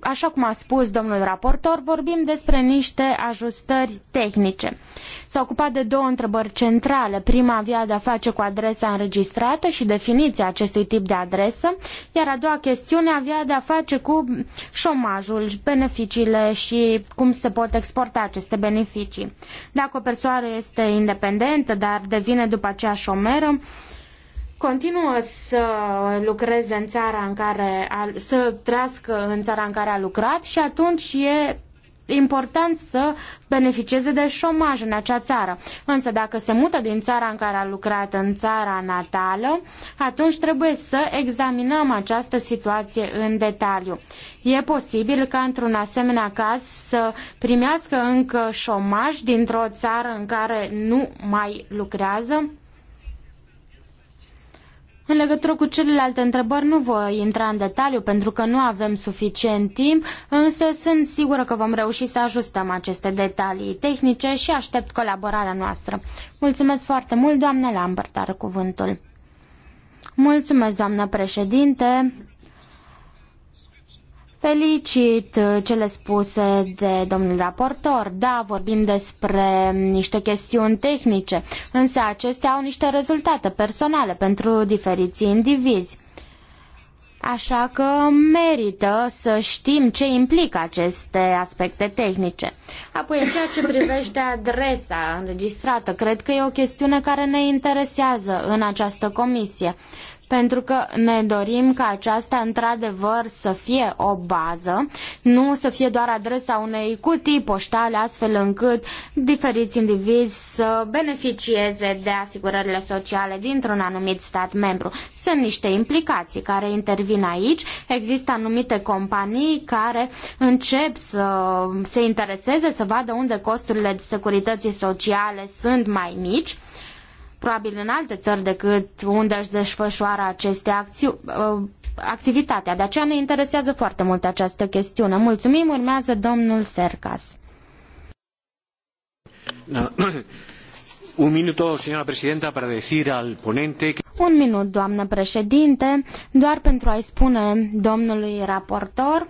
așa cum a spus domnul raportor, vorbim despre niște ajustări tehnice. S-a ocupat de două întrebări centrale. Prima avea de-a face cu adresa înregistrată și definiția acestui tip de adresă, iar a doua chestiune avea de-a face cu șomajul, beneficiile și cum se pot exporta aceste beneficii. Dacă o persoană este independentă, dar devine după aceea șomeră, continuă să lucreze în țara în care a, să trăiască în țara în care a lucrat și atunci e important să beneficieze de șomaj în acea țară. Însă dacă se mută din țara în care a lucrat în țara natală, atunci trebuie să examinăm această situație în detaliu. E posibil ca într-un asemenea caz să primească încă șomaj dintr-o țară în care nu mai lucrează? În legătură cu celelalte întrebări nu voi intra în detaliu pentru că nu avem suficient timp, însă sunt sigură că vom reuși să ajustăm aceste detalii tehnice și aștept colaborarea noastră. Mulțumesc foarte mult, doamna Lambert, are cuvântul. Mulțumesc, doamnă președinte. Felicit uh, cele spuse de domnul raportor. Da, vorbim despre niște chestiuni tehnice, însă acestea au niște rezultate personale pentru diferiții indivizi. Așa că merită să știm ce implică aceste aspecte tehnice. Apoi, în ceea ce privește adresa înregistrată, cred că e o chestiune care ne interesează în această comisie. Uh, pentru că ne dorim ca aceasta într-adevăr să fie o bază, nu să fie doar adresa unei cutii poștale, astfel încât diferiți indivizi să beneficieze de asigurările sociale dintr-un anumit stat membru. Sunt niște implicații care intervin aici, există anumite companii care încep să se intereseze, să vadă unde costurile de securității sociale sunt mai mici, probabil în alte țări decât unde își desfășoară aceste acțiuni, uh, activitatea. De aceea ne interesează foarte mult această chestiune. Mulțumim, urmează domnul Sercas. No. Un minut, señora presidenta, para decir al ponente que... Un minut, doamnă președinte, doar pentru a-i spune domnului raportor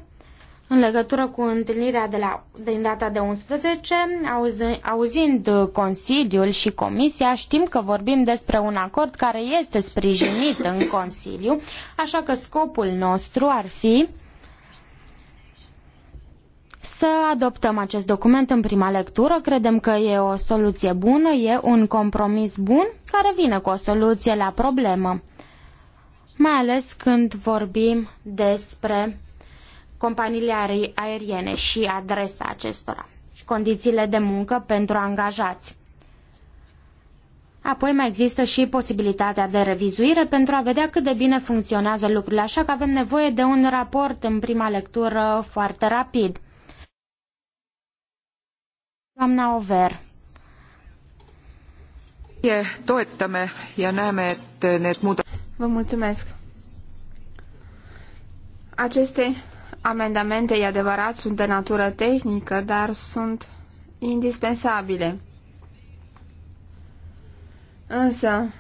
în legătură cu întâlnirea de la, din data de 11, auzi, auzind Consiliul și Comisia, știm că vorbim despre un acord care este sprijinit în Consiliu, așa că scopul nostru ar fi să adoptăm acest document în prima lectură. Credem că e o soluție bună, e un compromis bun care vine cu o soluție la problemă, mai ales când vorbim despre companiile aeriene și adresa acestora condițiile de muncă pentru angajați. Apoi mai există și posibilitatea de revizuire pentru a vedea cât de bine funcționează lucrurile, așa că avem nevoie de un raport în prima lectură foarte rapid. Doamna Over. Vă mulțumesc. Aceste amendamente, e adevărat, sunt de natură tehnică, dar sunt indispensabile. Însă,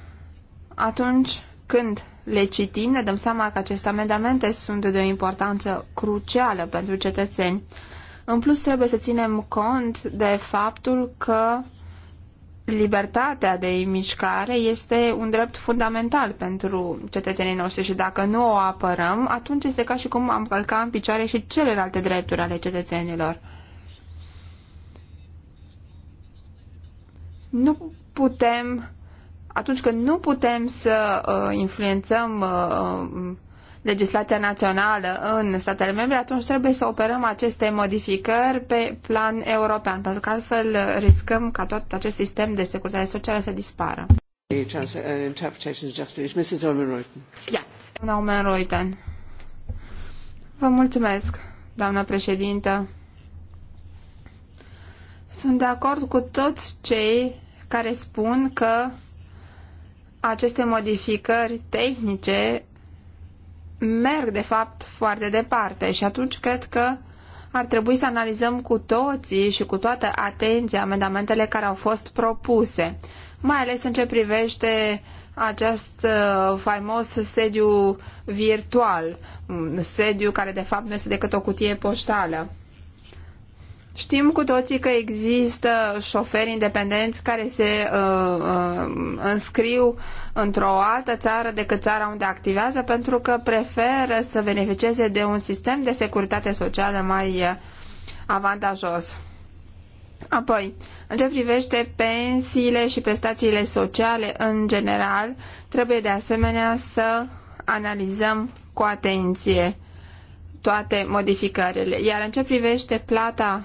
atunci când le citim, ne dăm seama că aceste amendamente sunt de o importanță crucială pentru cetățeni. În plus, trebuie să ținem cont de faptul că libertatea de mișcare este un drept fundamental pentru cetățenii noștri și dacă nu o apărăm, atunci este ca și cum am călca în picioare și celelalte drepturi ale cetățenilor. Nu putem, atunci când nu putem să uh, influențăm uh, legislația națională în statele membre, atunci trebuie să operăm aceste modificări pe plan european, pentru că altfel riscăm ca tot acest sistem de securitate socială să dispară. Uh, Doamna Omen Reuten. Vă mulțumesc, doamnă președintă. Sunt de acord cu toți cei care spun că aceste modificări tehnice merg, de fapt, foarte departe și atunci cred că ar trebui să analizăm cu toții și cu toată atenția amendamentele care au fost propuse, mai ales în ce privește acest uh, faimos sediu virtual, mm, sediu care de fapt nu este decât o cutie poștală. Știm cu toții că există șoferi independenți care se uh, uh, înscriu într-o altă țară decât țara unde activează pentru că preferă să beneficieze de un sistem de securitate socială mai uh, avantajos. Apoi, în ce privește pensiile și prestațiile sociale în general, trebuie de asemenea să analizăm cu atenție toate modificările. Iar în ce privește plata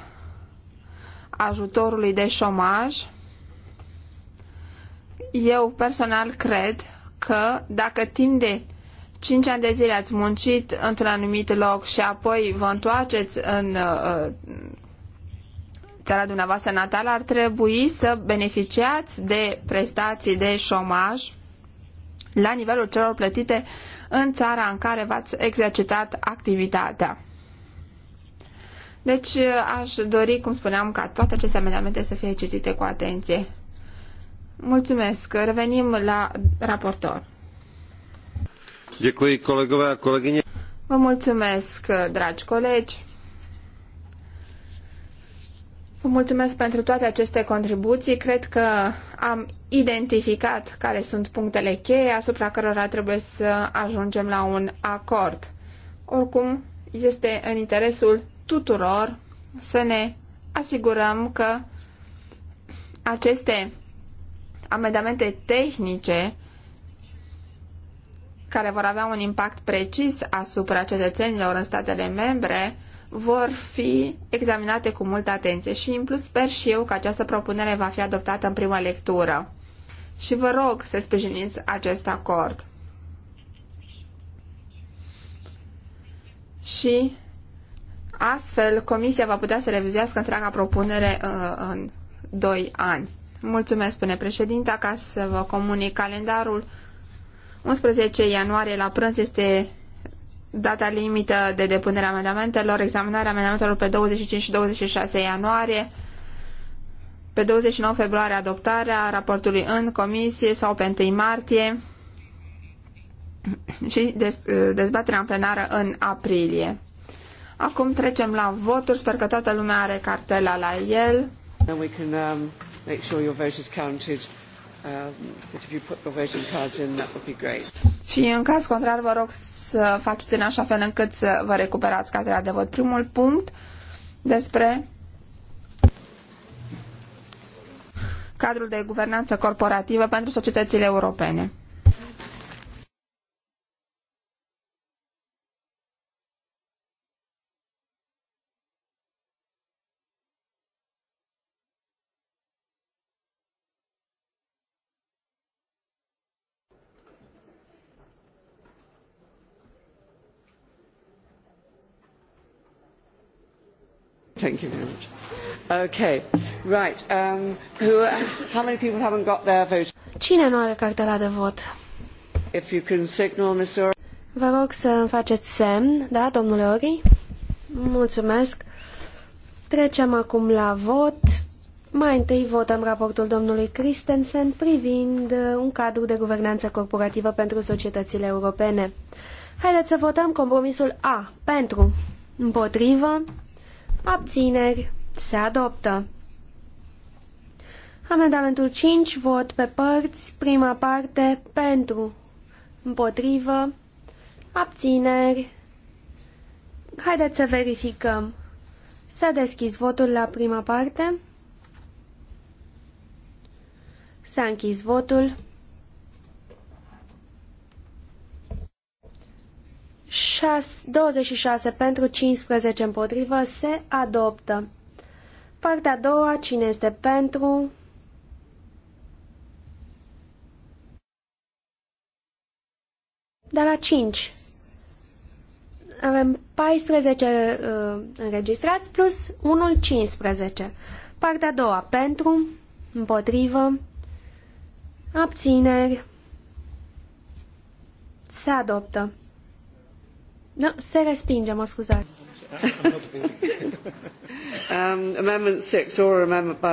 ajutorului de șomaj, eu personal cred că dacă timp de 5 ani de zile ați muncit într-un anumit loc și apoi vă întoarceți în uh, uh, țara dumneavoastră natală, ar trebui să beneficiați de prestații de șomaj la nivelul celor plătite în țara în care v-ați exercitat activitatea. Deci aș dori, cum spuneam, ca toate aceste amendamente să fie citite cu atenție. Mulțumesc. Revenim la raportor. Děkuji, kolegové a kolegyně. Vă mulțumesc, dragi colegi. Vă mulțumesc pentru toate aceste contribuții. Cred că am identificat care sunt punctele cheie asupra cărora trebuie să ajungem la un acord. Oricum, este în interesul tuturor să ne asigurăm că aceste amendamente tehnice care vor avea un impact precis asupra cetățenilor în statele membre vor fi examinate cu multă atenție și în plus sper și eu că această propunere va fi adoptată în prima lectură. Și vă rog să sprijiniți acest acord. Și Astfel, Comisia va putea să revizuiască întreaga propunere uh, în 2 ani. Mulțumesc, spune președinta, ca să vă comunic calendarul. 11 ianuarie la prânz este data limită de depunere a amendamentelor, examinarea amendamentelor pe 25 și 26 ianuarie, pe 29 februarie adoptarea raportului în comisie sau pe 1 martie și uh, dezbaterea în plenară în aprilie. Acum trecem la voturi. Sper că toată lumea are cartela la el. And we can um, make sure your vote is counted. Um, if you put your voting cards in, that would be great. Și în caz contrar, vă rog să faceți în așa fel încât să vă recuperați cartela de vot. Primul punct despre cadrul de guvernanță corporativă pentru societățile europene. Thank you very much. Okay, right. Um, who, are, how many people haven't got their vote? Cine nu are cartela de vot? If you can signal, Mr. Vă rog să îmi faceți semn, da, domnule Ori? Mulțumesc. Trecem acum la vot. Mai întâi votăm raportul domnului Christensen privind uh, un cadru de guvernanță corporativă pentru societățile europene. Haideți să votăm compromisul A. Pentru. Împotrivă. Abțineri. Se adoptă. Amendamentul 5, vot pe părți, prima parte, pentru, împotrivă, abțineri. Haideți să verificăm. S-a deschis votul la prima parte. S-a închis votul. 6, 26 pentru 15 împotrivă se adoptă. Partea a doua, cine este pentru? De la 5. Avem 14 uh, înregistrați plus 1 15. Partea a doua, pentru, împotrivă, abțineri, se adoptă. No, se respinge, mă scuzați. um, amendment 6 or amendment by...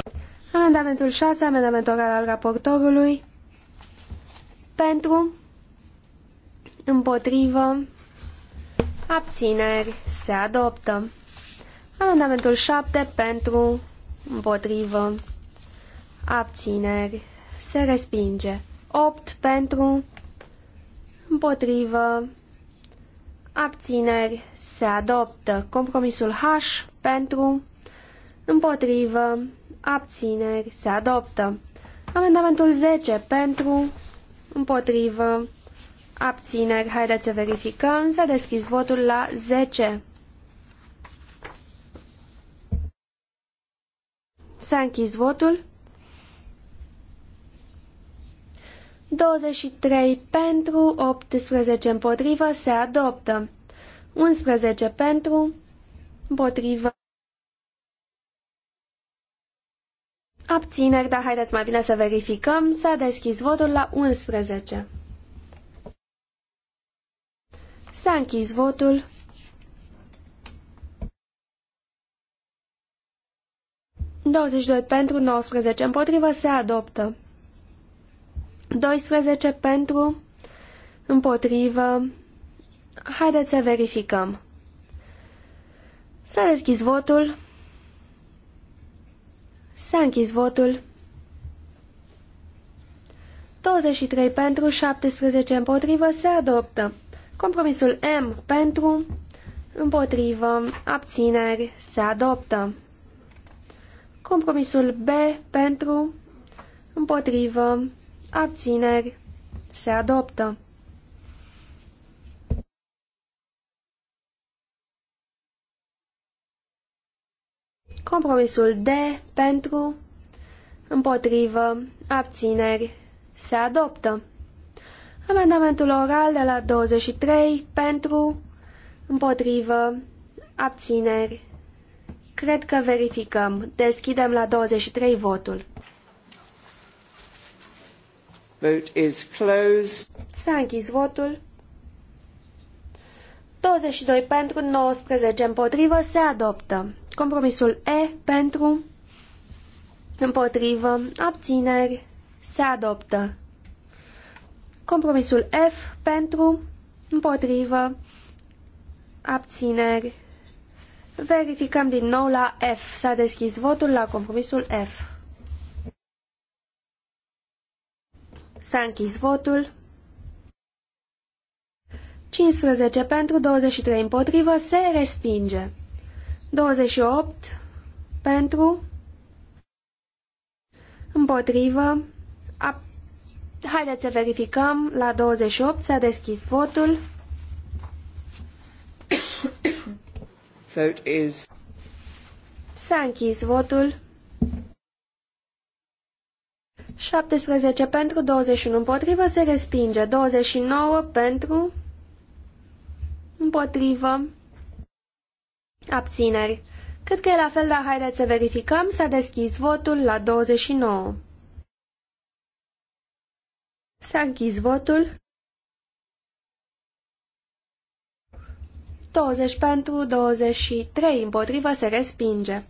Amendamentul 6, amendament oral al raportorului. Pentru, împotrivă, abțineri, se adoptă. Amendamentul 7, pentru, împotrivă, abțineri, se respinge. 8, pentru, împotrivă, abțineri, se adoptă. Compromisul H pentru, împotrivă, abțineri, se adoptă. Amendamentul 10 pentru, împotrivă, abțineri. Haideți să verificăm. S-a deschis votul la 10. S-a închis votul. 23 pentru, 18 împotrivă, se adoptă. 11 pentru, împotrivă. Abțineri, dar haideți mai bine să verificăm. S-a deschis votul la 11. S-a închis votul. Douăzeci doi pentru, nouăsprezece împotrivă, se adoptă. 12 pentru, împotrivă. Haideți să verificăm. S-a deschis votul. S-a închis votul. 23 pentru, 17 împotrivă, se adoptă. Compromisul M pentru, împotrivă, abțineri, se adoptă. Compromisul B pentru, împotrivă, abțineri, se adoptă. Compromisul D pentru, împotrivă, abțineri, se adoptă. Amendamentul oral de la 23 pentru, împotrivă, abțineri. Cred că verificăm. Deschidem la 23 votul. Vote is closed. S-a închis votul. 22 pentru, 19 împotrivă, se adoptă. Compromisul E pentru, împotrivă, abțineri, se adoptă. Compromisul F pentru, împotrivă, abțineri. Verificăm din nou la F. S-a deschis votul la compromisul F. S-a închis votul. 15 pentru, 23 împotrivă, se respinge. 28 pentru, împotrivă. A... Haideți să verificăm. La 28 s-a deschis votul. Vote is... S-a închis votul. 17 pentru, 21 împotrivă, se respinge. 29 pentru, împotrivă, abțineri. Cred că e la fel, dar haideți să verificăm. S-a deschis votul la 29. S-a închis votul. 20 pentru, 23 împotrivă, se respinge.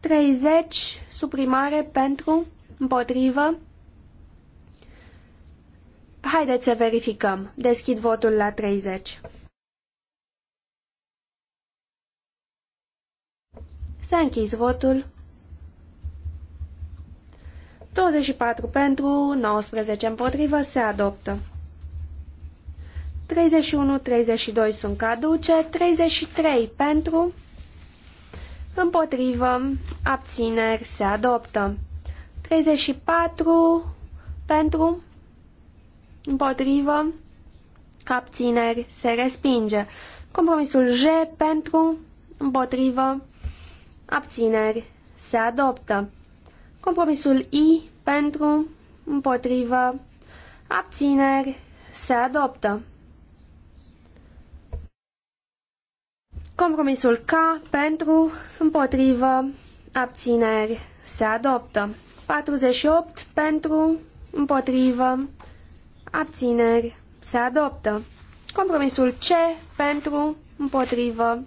30, suprimare pentru, împotrivă, Haideți să verificăm. Deschid votul la 30. S-a închis votul. 24 pentru, 19 împotrivă, se adoptă. 31, 32 sunt caduce, 33 pentru, împotrivă, abțineri, se adoptă. 34 pentru, împotrivă, abțineri, se respinge. Compromisul J pentru, împotrivă, abțineri, se adoptă. Compromisul I pentru, împotrivă, abțineri, se adoptă. Compromisul K pentru, împotrivă, abțineri, se adoptă. 48 pentru, împotrivă, abțineri, se adoptă. Compromisul C pentru, împotrivă,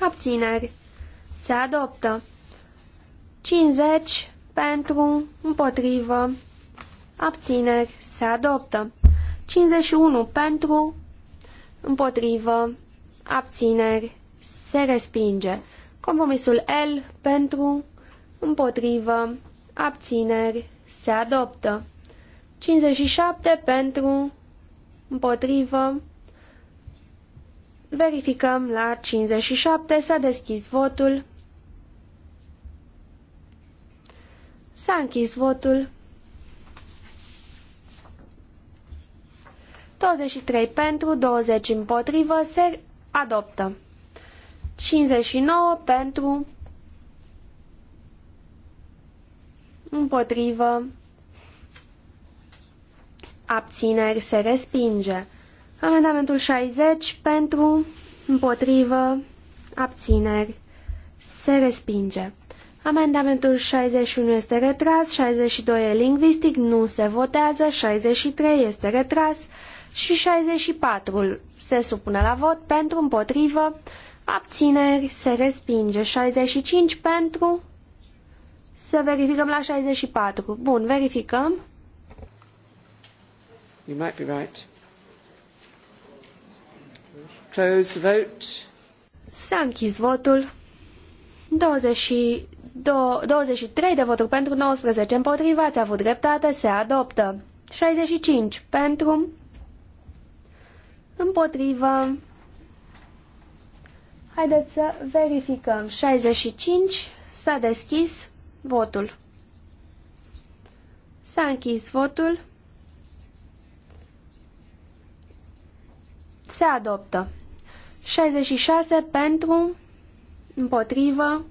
abțineri, se adoptă. 50 pentru, împotrivă, abțineri, se adoptă. 51 pentru, împotrivă, abțineri, se respinge. Compromisul L pentru, împotrivă, abțineri, se adoptă. 57 pentru, împotrivă. Verificăm la 57, s-a deschis votul. S-a închis votul. 23 pentru, 20 împotrivă, se adoptă. 59 pentru, împotrivă, abțineri se respinge. Amendamentul 60 pentru, împotrivă, abțineri se respinge. Amendamentul 61 este retras, 62 e lingvistic, nu se votează, 63 este retras și 64 se supune la vot pentru, împotrivă, abțineri se respinge, 65 pentru, să verificăm la 64. Bun, verificăm. You might be right. Close the vote. S-a închis votul. 23 de voturi pentru 19 împotriva, ați avut dreptate, se adoptă. 65 pentru, împotrivă. Haideți să verificăm. 65 s-a deschis votul. S-a închis votul. se adoptă. 66 pentru, împotrivă.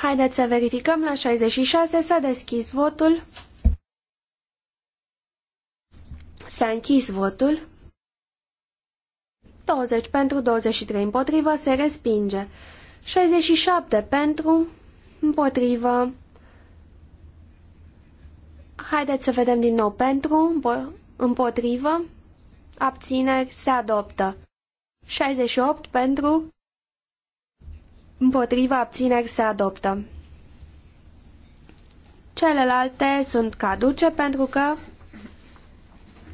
Haideți să verificăm la 66, s-a deschis votul. S-a închis votul. 20 pentru, 23 împotrivă, se respinge. 67 pentru, împotrivă. Haideți să vedem din nou pentru, împotrivă abțineri, se adoptă. 68 pentru, împotriva, abțineri, se adoptă. Celelalte sunt caduce pentru că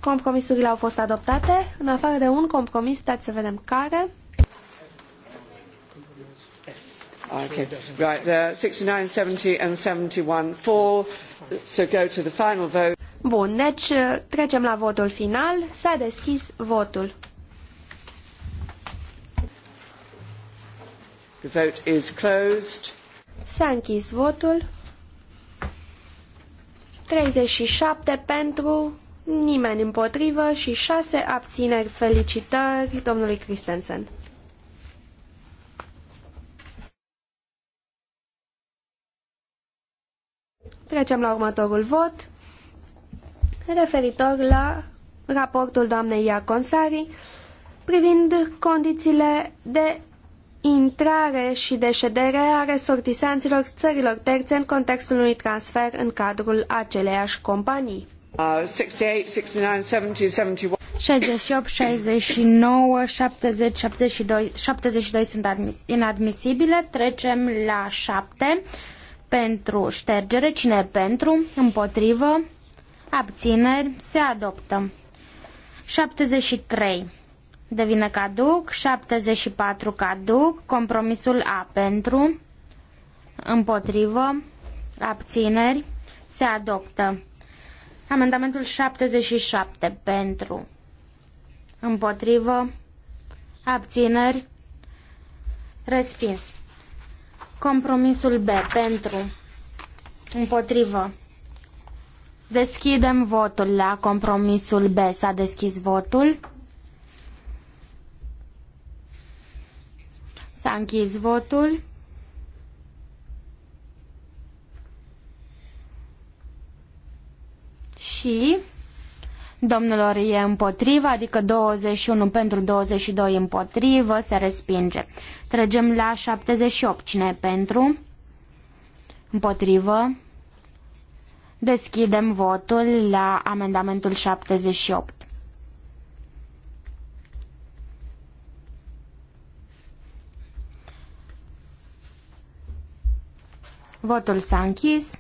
compromisurile au fost adoptate, în afară de un compromis, stați să vedem care. Ah, okay. Right, uh, 69, 70 and 71 fall, so go to the final vote. Bun, deci trecem la votul final. S-a deschis votul. The vote is closed. S-a închis votul. 37 pentru, nimeni împotrivă și 6 abțineri. Felicitări domnului Christensen. Trecem la următorul vot referitor la raportul doamnei Iaconsari privind condițiile de intrare și de ședere a resortisanților țărilor terțe în contextul unui transfer în cadrul aceleiași companii. 68, 69, 70, 71. 68, 69, 70, 72, 72 sunt inadmisibile. Trecem la 7 pentru ștergere. Cine e pentru? Împotrivă? abțineri, se adoptă. 73 devine caduc, 74 caduc, compromisul A pentru, împotrivă, abțineri, se adoptă. Amendamentul 77 pentru, împotrivă, abțineri, respins. Compromisul B pentru, împotrivă, Deschidem votul la compromisul B. S-a deschis votul. S-a închis votul. Și domnilor e împotrivă, adică 21 pentru 22 împotrivă, se respinge. Trecem la 78. Cine e pentru? Împotrivă. Deschidem votul la amendamentul 78. Votul s-a închis.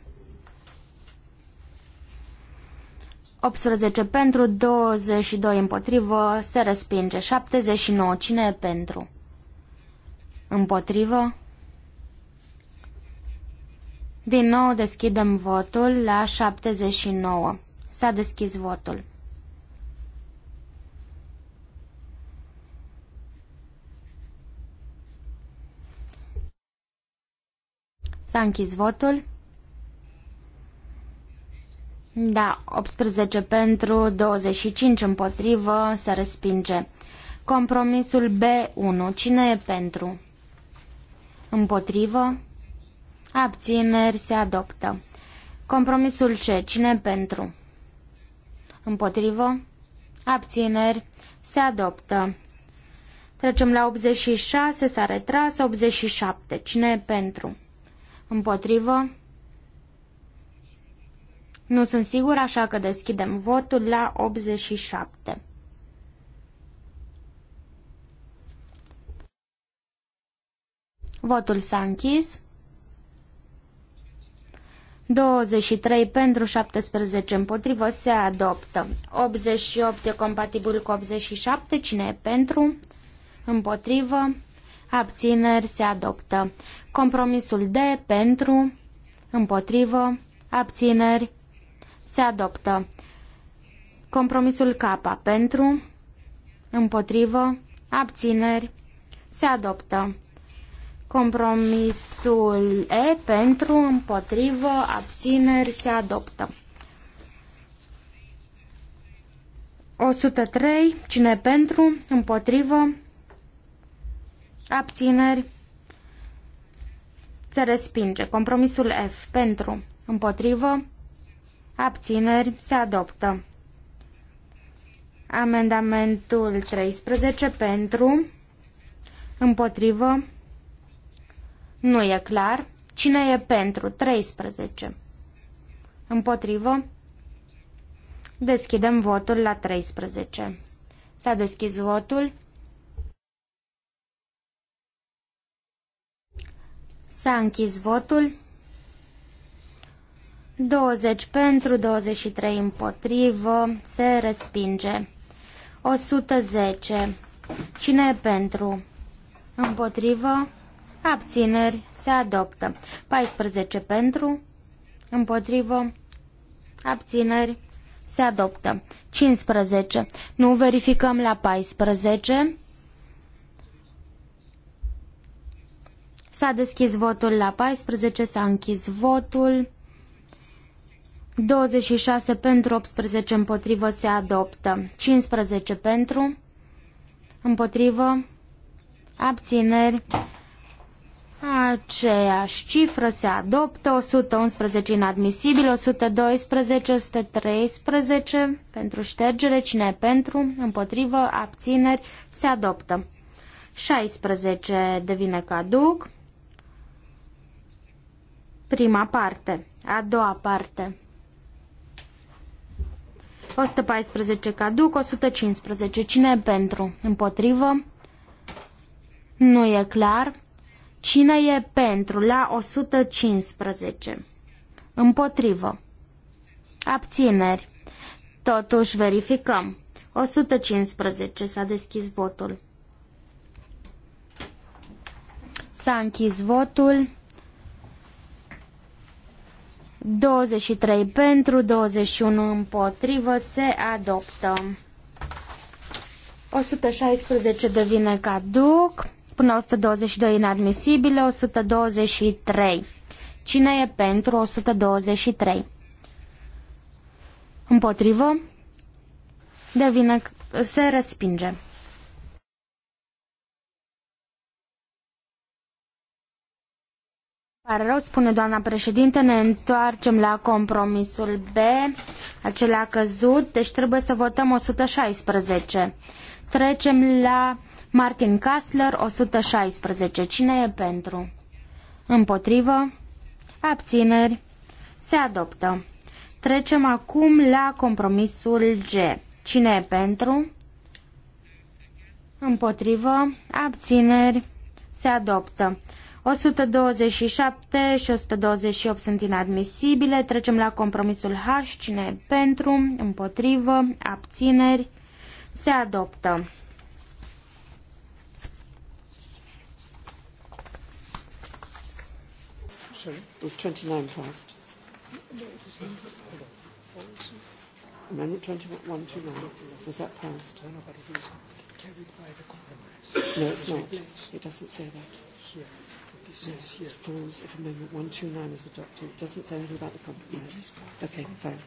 18 pentru, 22 împotrivă, se respinge. 79. Cine e pentru? Împotrivă? Din nou deschidem votul la 79. S-a deschis votul. S-a închis votul. Da, 18 pentru, 25 împotrivă, se respinge. Compromisul B1. Cine e pentru? Împotrivă? Abțineri se adoptă. Compromisul ce? Cine pentru? Împotrivă? Abțineri se adoptă. Trecem la 86, s-a retras, 87. Cine pentru? Împotrivă? Nu sunt sigur, așa că deschidem votul la 87. Votul s-a închis. 23 pentru 17 împotrivă se adoptă. 88 e compatibil cu 87. Cine e pentru? Împotrivă. Abțineri se adoptă. Compromisul D pentru. Împotrivă. Abțineri se adoptă. Compromisul K pentru. Împotrivă. Abțineri se adoptă. Compromisul E pentru, împotrivă, abțineri se adoptă. 103. Cine pentru, împotrivă, abțineri se respinge. Compromisul F pentru, împotrivă, abțineri se adoptă. Amendamentul 13 pentru, împotrivă, nu e clar. Cine e pentru? 13. Împotrivă? Deschidem votul la 13. S-a deschis votul. S-a închis votul. 20 pentru, 23 împotrivă, se respinge. 110. Cine e pentru? Împotrivă? Abțineri se adoptă. 14 pentru, împotrivă, abțineri se adoptă. 15. Nu verificăm la 14. S-a deschis votul la 14, s-a închis votul. 26 pentru, 18 împotrivă se adoptă. 15 pentru, împotrivă, abțineri Aceeași cifră se adoptă, 111 inadmisibil, 112, 113 pentru ștergere, cine e pentru, împotrivă, abțineri, se adoptă. 16 devine caduc. Prima parte, a doua parte. 114 caduc, 115. Cine e pentru? Împotrivă? Nu e clar. Cine e pentru la 115? Împotrivă. Abțineri. Totuși verificăm. 115 s-a deschis votul. S-a închis votul. 23 pentru, 21 împotrivă, se adoptă. 116 devine caduc până la 122 inadmisibile, 123. Cine e pentru 123? Împotrivă? Devine, se respinge. Pare rău, spune doamna președinte, ne întoarcem la compromisul B, acela căzut, deci trebuie să votăm 116. Trecem la Martin Kassler, 116. Cine e pentru? Împotrivă? Abțineri? Se adoptă. Trecem acum la compromisul G. Cine e pentru? Împotrivă? Abțineri? Se adoptă. 127 și 128 sunt inadmisibile. Trecem la compromisul H. Cine e pentru? Împotrivă? Abțineri? Se adoptă. was 29 passed. Amendment 2129, was that passed? No, but it is carried by the compromise. No, it's not. It doesn't say that. Here, it falls if Amendment 129 is adopted. It doesn't say anything about the compromise. Okay, fine.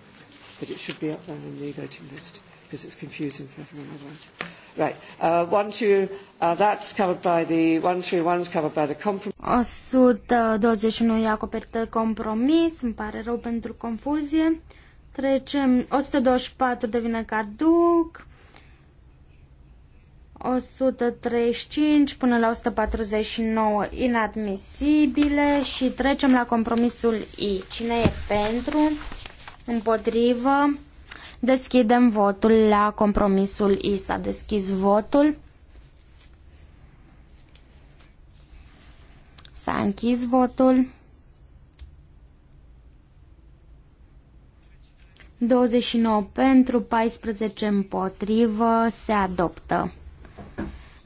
But it should be up there in the voting list because it's confusing for everyone otherwise. Right. Uh, one, two, uh, that's covered by the, one, one's covered by the compromise. 121 e acoperită de compromis, îmi pare rău pentru confuzie. Trecem, 124 devine caduc, 135 până la 149 inadmisibile și trecem la compromisul I. Cine e pentru? Împotrivă? Deschidem votul la compromisul I. S-a deschis votul. S-a închis votul. 29 pentru, 14 împotrivă, se adoptă.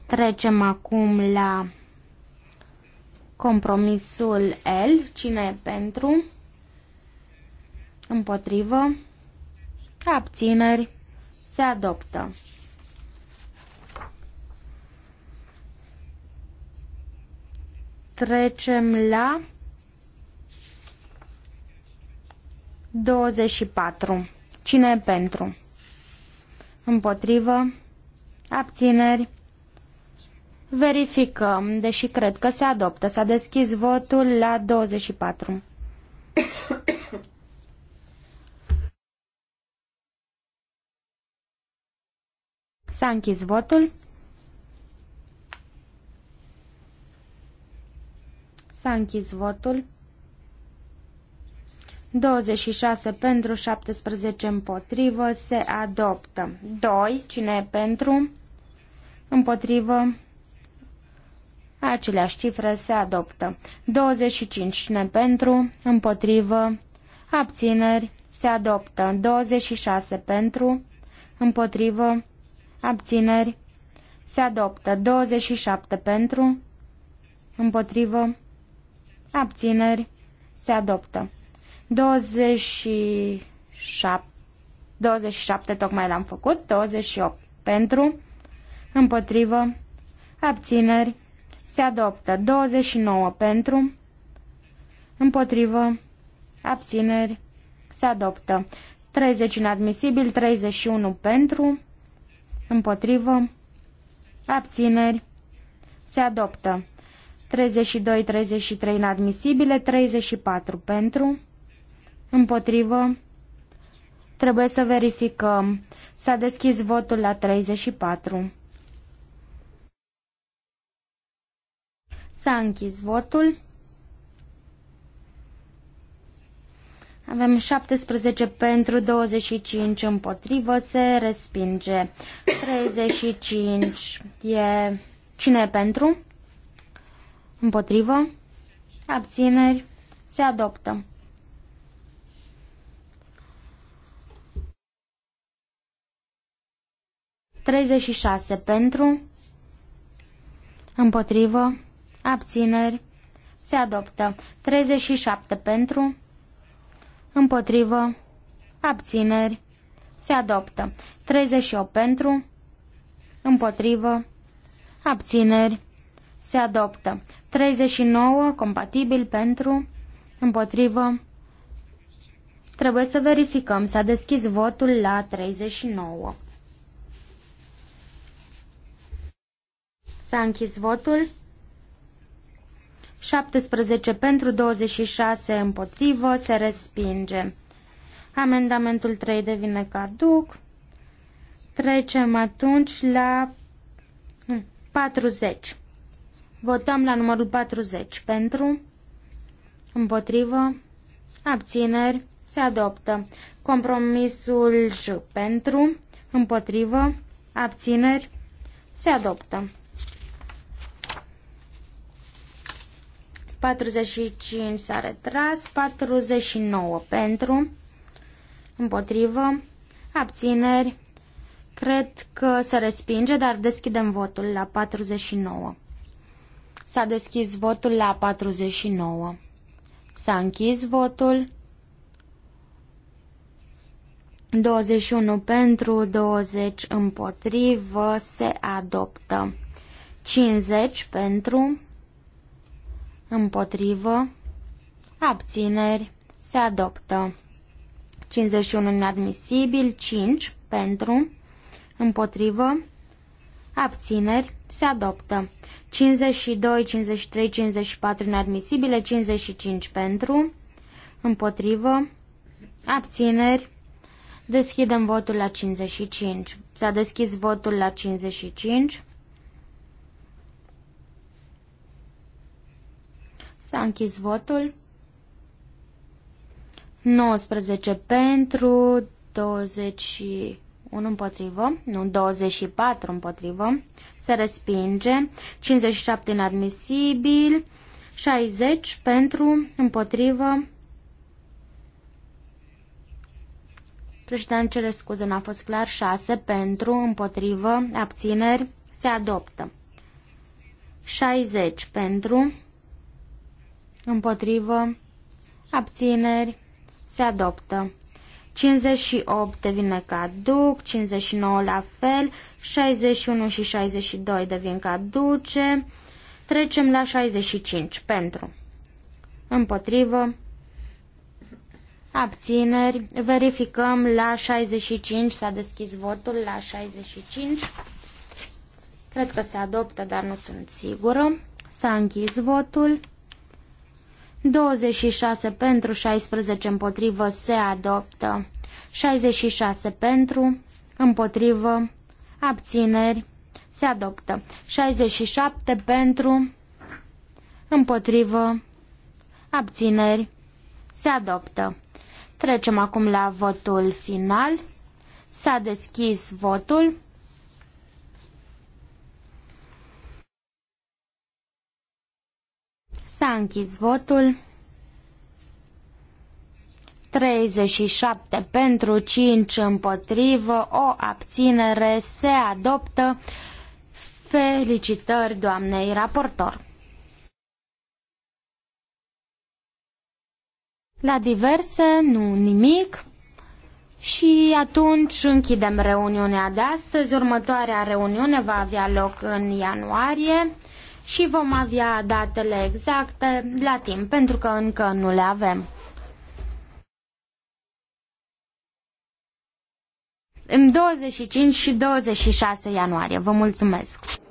Trecem acum la compromisul L. Cine e pentru? Împotrivă. Abțineri. Se adoptă. Trecem la 24. Cine e pentru? Împotrivă? Abțineri? Verificăm, deși cred că se adoptă. S-a deschis votul la 24. S-a închis votul. S-a închis votul. 26 pentru, 17 împotrivă, se adoptă. 2. Cine e pentru? Împotrivă. Aceleași cifre se adoptă. 25. Cine pentru? Împotrivă. Abțineri. Se adoptă. 26 pentru. Împotrivă abțineri, se adoptă 27 pentru, împotrivă, abțineri, se adoptă 27, 27 tocmai l-am făcut, 28 pentru, împotrivă, abțineri, se adoptă 29 pentru, împotrivă, abțineri, se adoptă 30 inadmisibil, 31 pentru, Împotrivă. Abțineri. Se adoptă. 32-33 inadmisibile, 34 pentru. Împotrivă. Trebuie să verificăm. S-a deschis votul la 34. S-a închis votul. Avem 17 pentru, 25 împotrivă, se respinge. 35 e... Cine e pentru? Împotrivă? Abțineri? Se adoptă. Treizeci șase pentru, împotrivă, abțineri, se adoptă. Treizeci șapte pentru, împotrivă, abțineri, se adoptă. 38 pentru, împotrivă, abțineri, se adoptă. 39 compatibil pentru, împotrivă, trebuie să verificăm, s-a deschis votul la 39. S-a închis votul. 17 pentru 26 împotrivă se respinge. Amendamentul 3 devine caduc. Trecem atunci la 40. Votăm la numărul 40 pentru, împotrivă, abțineri, se adoptă. Compromisul J pentru, împotrivă, abțineri, se adoptă. 45 s-a retras, 49 pentru, împotrivă, abțineri, cred că se respinge, dar deschidem votul la 49. S-a deschis votul la 49. S-a închis votul. 21 pentru, 20 împotrivă, se adoptă. 50 pentru, Împotrivă. Abțineri. Se adoptă. 51 inadmisibil. 5 pentru. Împotrivă. Abțineri. Se adoptă. 52, 53, 54 inadmisibile. 55 pentru. Împotrivă. Abțineri. Deschidem votul la 55. S-a deschis votul la 55. S-a închis votul. 19 pentru, 21 împotrivă, nu, 24 împotrivă, se respinge, 57 inadmisibil, 60 pentru, împotrivă. Președinte, cere scuze, n-a fost clar, 6 pentru, împotrivă, abțineri, se adoptă. 60 pentru, împotrivă, abțineri, se adoptă. 58 devine caduc, 59 la fel, 61 și 62 devin caduce. Trecem la 65 pentru, împotrivă, abțineri. Verificăm la 65, s-a deschis votul la 65. Cred că se adoptă, dar nu sunt sigură. S-a închis votul. 26 pentru, 16 împotrivă, se adoptă. 66 pentru, împotrivă, abțineri, se adoptă. 67 pentru, împotrivă, abțineri, se adoptă. Trecem acum la votul final. S-a deschis votul. S-a închis votul. 37 pentru 5 împotrivă, o abținere se adoptă. Felicitări doamnei raportor! La diverse, nu nimic. Și atunci închidem reuniunea de astăzi. Următoarea reuniune va avea loc în ianuarie și vom avea datele exacte la timp, pentru că încă nu le avem. În 25 și 26 ianuarie. Vă mulțumesc!